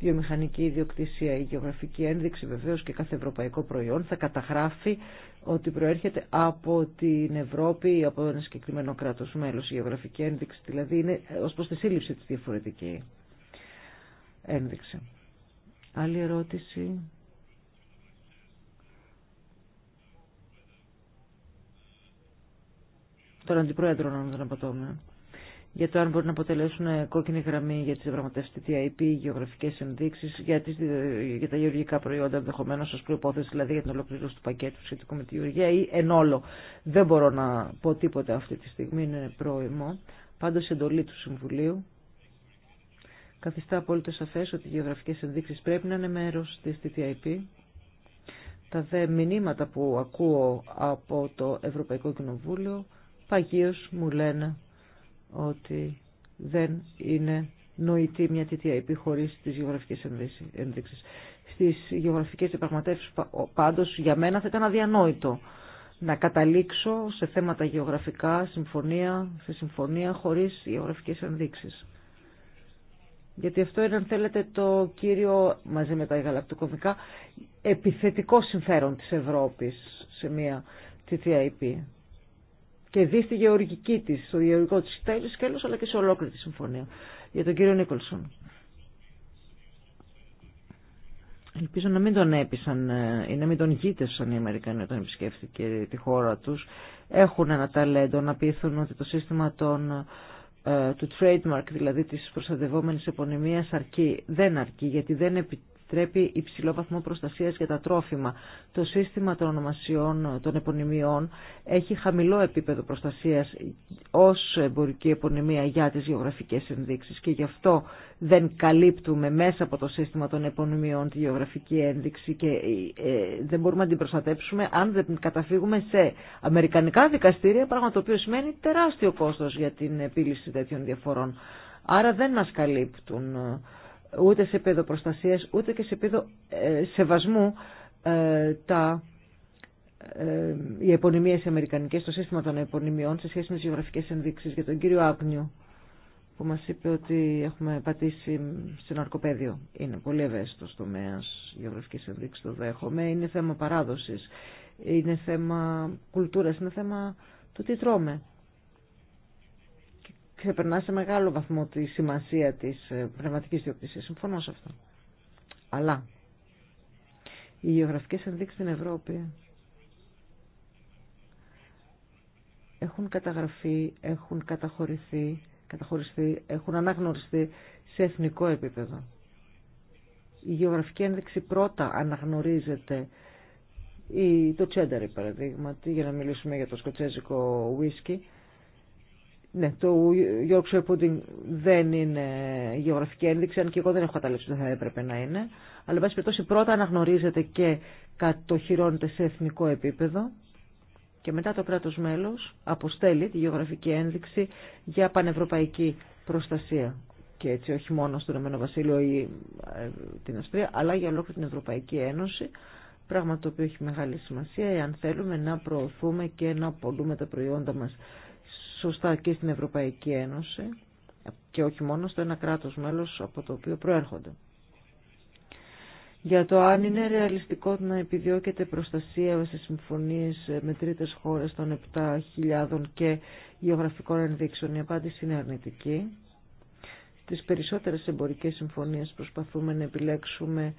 βιομηχανική ιδιοκτησία. Η γεωγραφική ένδειξη βεβαίως και κάθε ευρωπαϊκό προϊόν θα καταγράφει ότι προέρχεται από την Ευρώπη ή από ένα συγκεκριμένο κράτος μέλος. Η γεωγραφική ένδειξη δηλαδή είναι ως προς τη σύλληψη της διαφορετική ένδειξη. Άλλη ερώτηση. Τον αντιπρόεδρο να μην τον απατώμε για το αν μπορεί να αποτελέσουν κόκκινη γραμμή για τις διαπραγματεύσεις TTIP, γεωγραφικές ενδείξεις, για, τις, για τα γεωργικά προϊόντα ενδεχομένω ως προϋπόθεση, δηλαδή για την ολοκλήρωση του πακέτου σχετικού με τη γεωργία ή εν όλο. Δεν μπορώ να πω τίποτα αυτή τη στιγμή, είναι πρόημο. Πάντως εντολή του Συμβουλίου καθιστά απόλυτα σαφές ότι οι γεωγραφικές ενδείξεις πρέπει να είναι μέρος της TTIP. Τα δε μηνύματα που ακούω από το Ευρωπαϊκό Κοινοβούλιο παγίως μου λένε ότι δεν είναι νοητή μια τέτοια επιχωρήση της γεωγραφικής ένδειξης. Στις γεωγραφικές διαπραγματεύσεις πάντως για μένα θα ήταν αδιανόητο να καταλήξω σε θέματα γεωγραφικά, συμφωνία, σε συμφωνία χωρίς γεωγραφικές ενδείξεις. Γιατί αυτό είναι, αν θέλετε, το κύριο, μαζί με τα γαλακτοκομικά, επιθετικό συμφέρον της Ευρώπης σε μια TTIP και δει στη γεωργική της, στο γεωργικό της σκέλος, αλλά και σε ολόκληρη τη συμφωνία. Για τον κύριο Νίκολσον. Ελπίζω να μην τον έπεισαν ε, ή να μην τον γίτεσαν οι Αμερικανοί όταν επισκέφθηκε τη χώρα τους. Έχουν ένα ταλέντο να πείθουν ότι το σύστημα των, ε, του trademark, δηλαδή της προστατευόμενης επωνυμίας, αρκεί. Δεν αρκεί γιατί δεν επιτρέπει επιτρέπει υψηλό βαθμό προστασίας για τα τρόφιμα. Το σύστημα των ονομασιών, των επωνυμιών, έχει χαμηλό επίπεδο προστασίας ως εμπορική επωνυμία για τις γεωγραφικές ενδείξεις και γι' αυτό δεν καλύπτουμε μέσα από το σύστημα των επωνυμιών τη γεωγραφική ένδειξη και ε, δεν μπορούμε να την προστατέψουμε αν δεν καταφύγουμε σε αμερικανικά δικαστήρια, πράγμα το οποίο σημαίνει τεράστιο κόστος για την επίλυση τέτοιων διαφορών. Άρα δεν μας καλύπτουν ε, ούτε σε επίπεδο προστασίας, ούτε και σε επίπεδο ε, σεβασμού ε, τα ε, οι επωνυμίες αμερικανικές, το σύστημα των επωνυμιών σε σχέση με τις γεωγραφικές ενδείξεις για τον κύριο Άγνιου που μας είπε ότι έχουμε πατήσει στην αρκοπέδιο. Είναι πολύ ευαίσθητος τομέας γεωγραφικής ενδείξης, το δέχομαι. Είναι θέμα παράδοσης, είναι θέμα κουλτούρας, είναι θέμα το τι τρώμε ξεπερνά σε μεγάλο βαθμό τη σημασία της ε, πνευματικής διοκτησίας. Συμφωνώ σε αυτό. Αλλά οι γεωγραφικές ενδείξεις στην Ευρώπη έχουν καταγραφεί, έχουν καταχωρηθεί, καταχωριστεί, έχουν αναγνωριστεί σε εθνικό επίπεδο. Η γεωγραφική ένδειξη πρώτα αναγνωρίζεται ή το τσένταρι παραδείγματι, για να μιλήσουμε για το σκοτσέζικο ουίσκι, ναι, το Yorkshire Pudding δεν είναι γεωγραφική ένδειξη, αν και εγώ δεν έχω καταλήξει ότι θα έπρεπε να είναι. Αλλά, εν πάση περιπτώσει, πρώτα αναγνωρίζεται και κατοχυρώνεται σε εθνικό επίπεδο και μετά το κράτος μέλος αποστέλει τη γεωγραφική ένδειξη για πανευρωπαϊκή προστασία. Και έτσι όχι μόνο στον Εμένο Βασίλειο ή ε, την Αυστρία, αλλά για ολόκληρη την Ευρωπαϊκή Ένωση, πράγμα το οποίο έχει μεγάλη σημασία εάν θέλουμε να προωθούμε και να πολλούμε τα προϊόντα μας σωστά και στην Ευρωπαϊκή Ένωση και όχι μόνο στο ένα κράτος μέλος από το οποίο προέρχονται. Για το αν είναι ρεαλιστικό να επιδιώκεται προστασία σε συμφωνίες με τρίτες χώρες των 7.000 και γεωγραφικών ενδείξεων, η απάντηση είναι αρνητική. Στις περισσότερες εμπορικές συμφωνίες προσπαθούμε να επιλέξουμε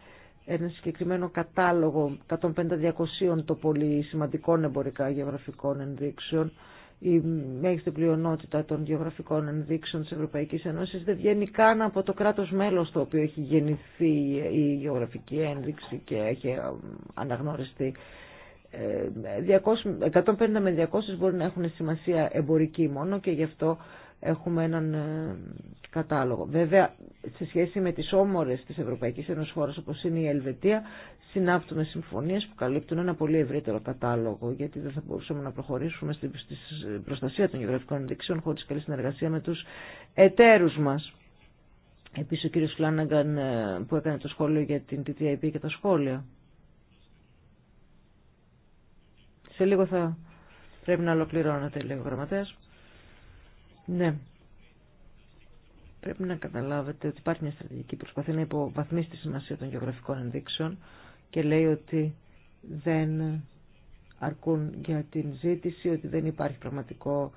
ένα συγκεκριμένο κατάλογο 150-200 το πολύ σημαντικών εμπορικά γεωγραφικών ενδείξεων η μέγιστη πλειονότητα των γεωγραφικών ενδείξεων της Ευρωπαϊκής Ένωσης δεν βγαίνει καν από το κράτος μέλος το οποίο έχει γεννηθεί η γεωγραφική ένδειξη και έχει ε, αναγνωριστεί. 150 ε, με 200 μπορεί να έχουν σημασία εμπορική μόνο και γι' αυτό έχουμε έναν ε, κατάλογο. Βέβαια, σε σχέση με τις όμορες της Ευρωπαϊκής Ένωσης χώρας όπως είναι η Ελβετία, συνάπτουμε συμφωνίες που καλύπτουν ένα πολύ ευρύτερο κατάλογο, γιατί δεν θα μπορούσαμε να προχωρήσουμε στην προστασία των γεωγραφικών ενδείξεων χωρίς καλή συνεργασία με τους εταίρους μας. Επίσης ο κύριος Φλάνναγκαν ε, που έκανε το σχόλιο για την TTIP και τα σχόλια. Σε λίγο θα πρέπει να ολοκληρώνετε λέει ο γραμματέας. Ναι, Πρέπει να καταλάβετε ότι υπάρχει μια στρατηγική προσπαθεί να υποβαθμίσει τη σημασία των γεωγραφικών ενδείξεων και λέει ότι δεν αρκούν για την ζήτηση, ότι δεν υπάρχει πραγματικό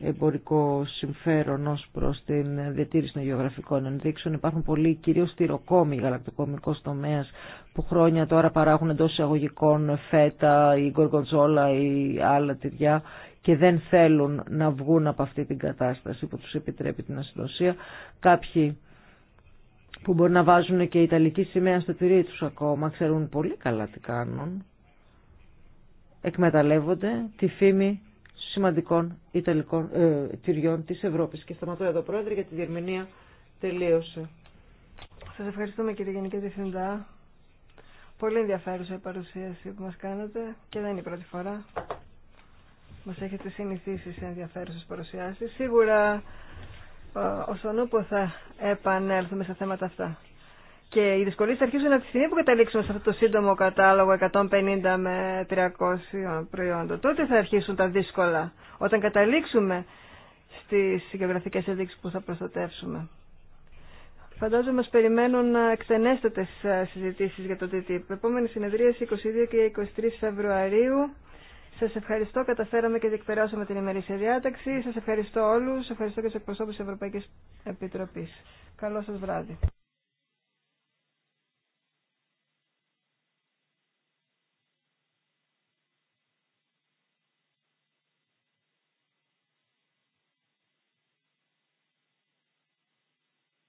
εμπορικό συμφέρον ως προς την διατήρηση των γεωγραφικών ενδείξεων. Υπάρχουν πολλοί κυρίως στυροκόμοι γαλακτοκομικός τομέας που χρόνια τώρα παράγουν εντό εισαγωγικών φέτα ή γκοργοντζόλα ή άλλα τυριά και δεν θέλουν να βγουν από αυτή την κατάσταση που τους επιτρέπει την ασυνοσία. Κάποιοι που μπορεί να βάζουν και η Ιταλική σημαία στο τυρί τους ακόμα, ξέρουν πολύ καλά τι κάνουν. Εκμεταλλεύονται τη φήμη σημαντικών Ιταλικών ε, τυριών της Ευρώπης. Και σταματώ εδώ, Πρόεδρε, γιατί η Γερμανία τελείωσε. Σας ευχαριστούμε κύριε Γενική Διευθυντά. Πολύ ενδιαφέρουσα η παρουσίαση που μας κάνατε και δεν είναι η πρώτη φορά. Μας έχετε συνηθίσει σε ενδιαφέρουσες παρουσιάσεις. Σίγουρα ε, ο Σονούπο θα επανέλθουμε στα θέματα αυτά. Και οι δυσκολίε θα αρχίσουν από τη στιγμή που καταλήξουμε σε αυτό το σύντομο κατάλογο 150 με 300 προϊόντων. Τότε θα αρχίσουν τα δύσκολα, όταν καταλήξουμε στις γεωγραφικές ενδείξεις που θα προστατεύσουμε. Φαντάζομαι μας περιμένουν εκτενέστατες ε, συζητήσεις για το TTIP. Επόμενη συνεδρία 22 και 23 Φεβρουαρίου. Σας ευχαριστώ. Καταφέραμε και διεκπεράσαμε την ημερήσια διάταξη. Σας ευχαριστώ όλους. Σας ευχαριστώ και του εκπροσώπους τη Ευρωπαϊκή Επιτροπή. Καλό σα βράδυ.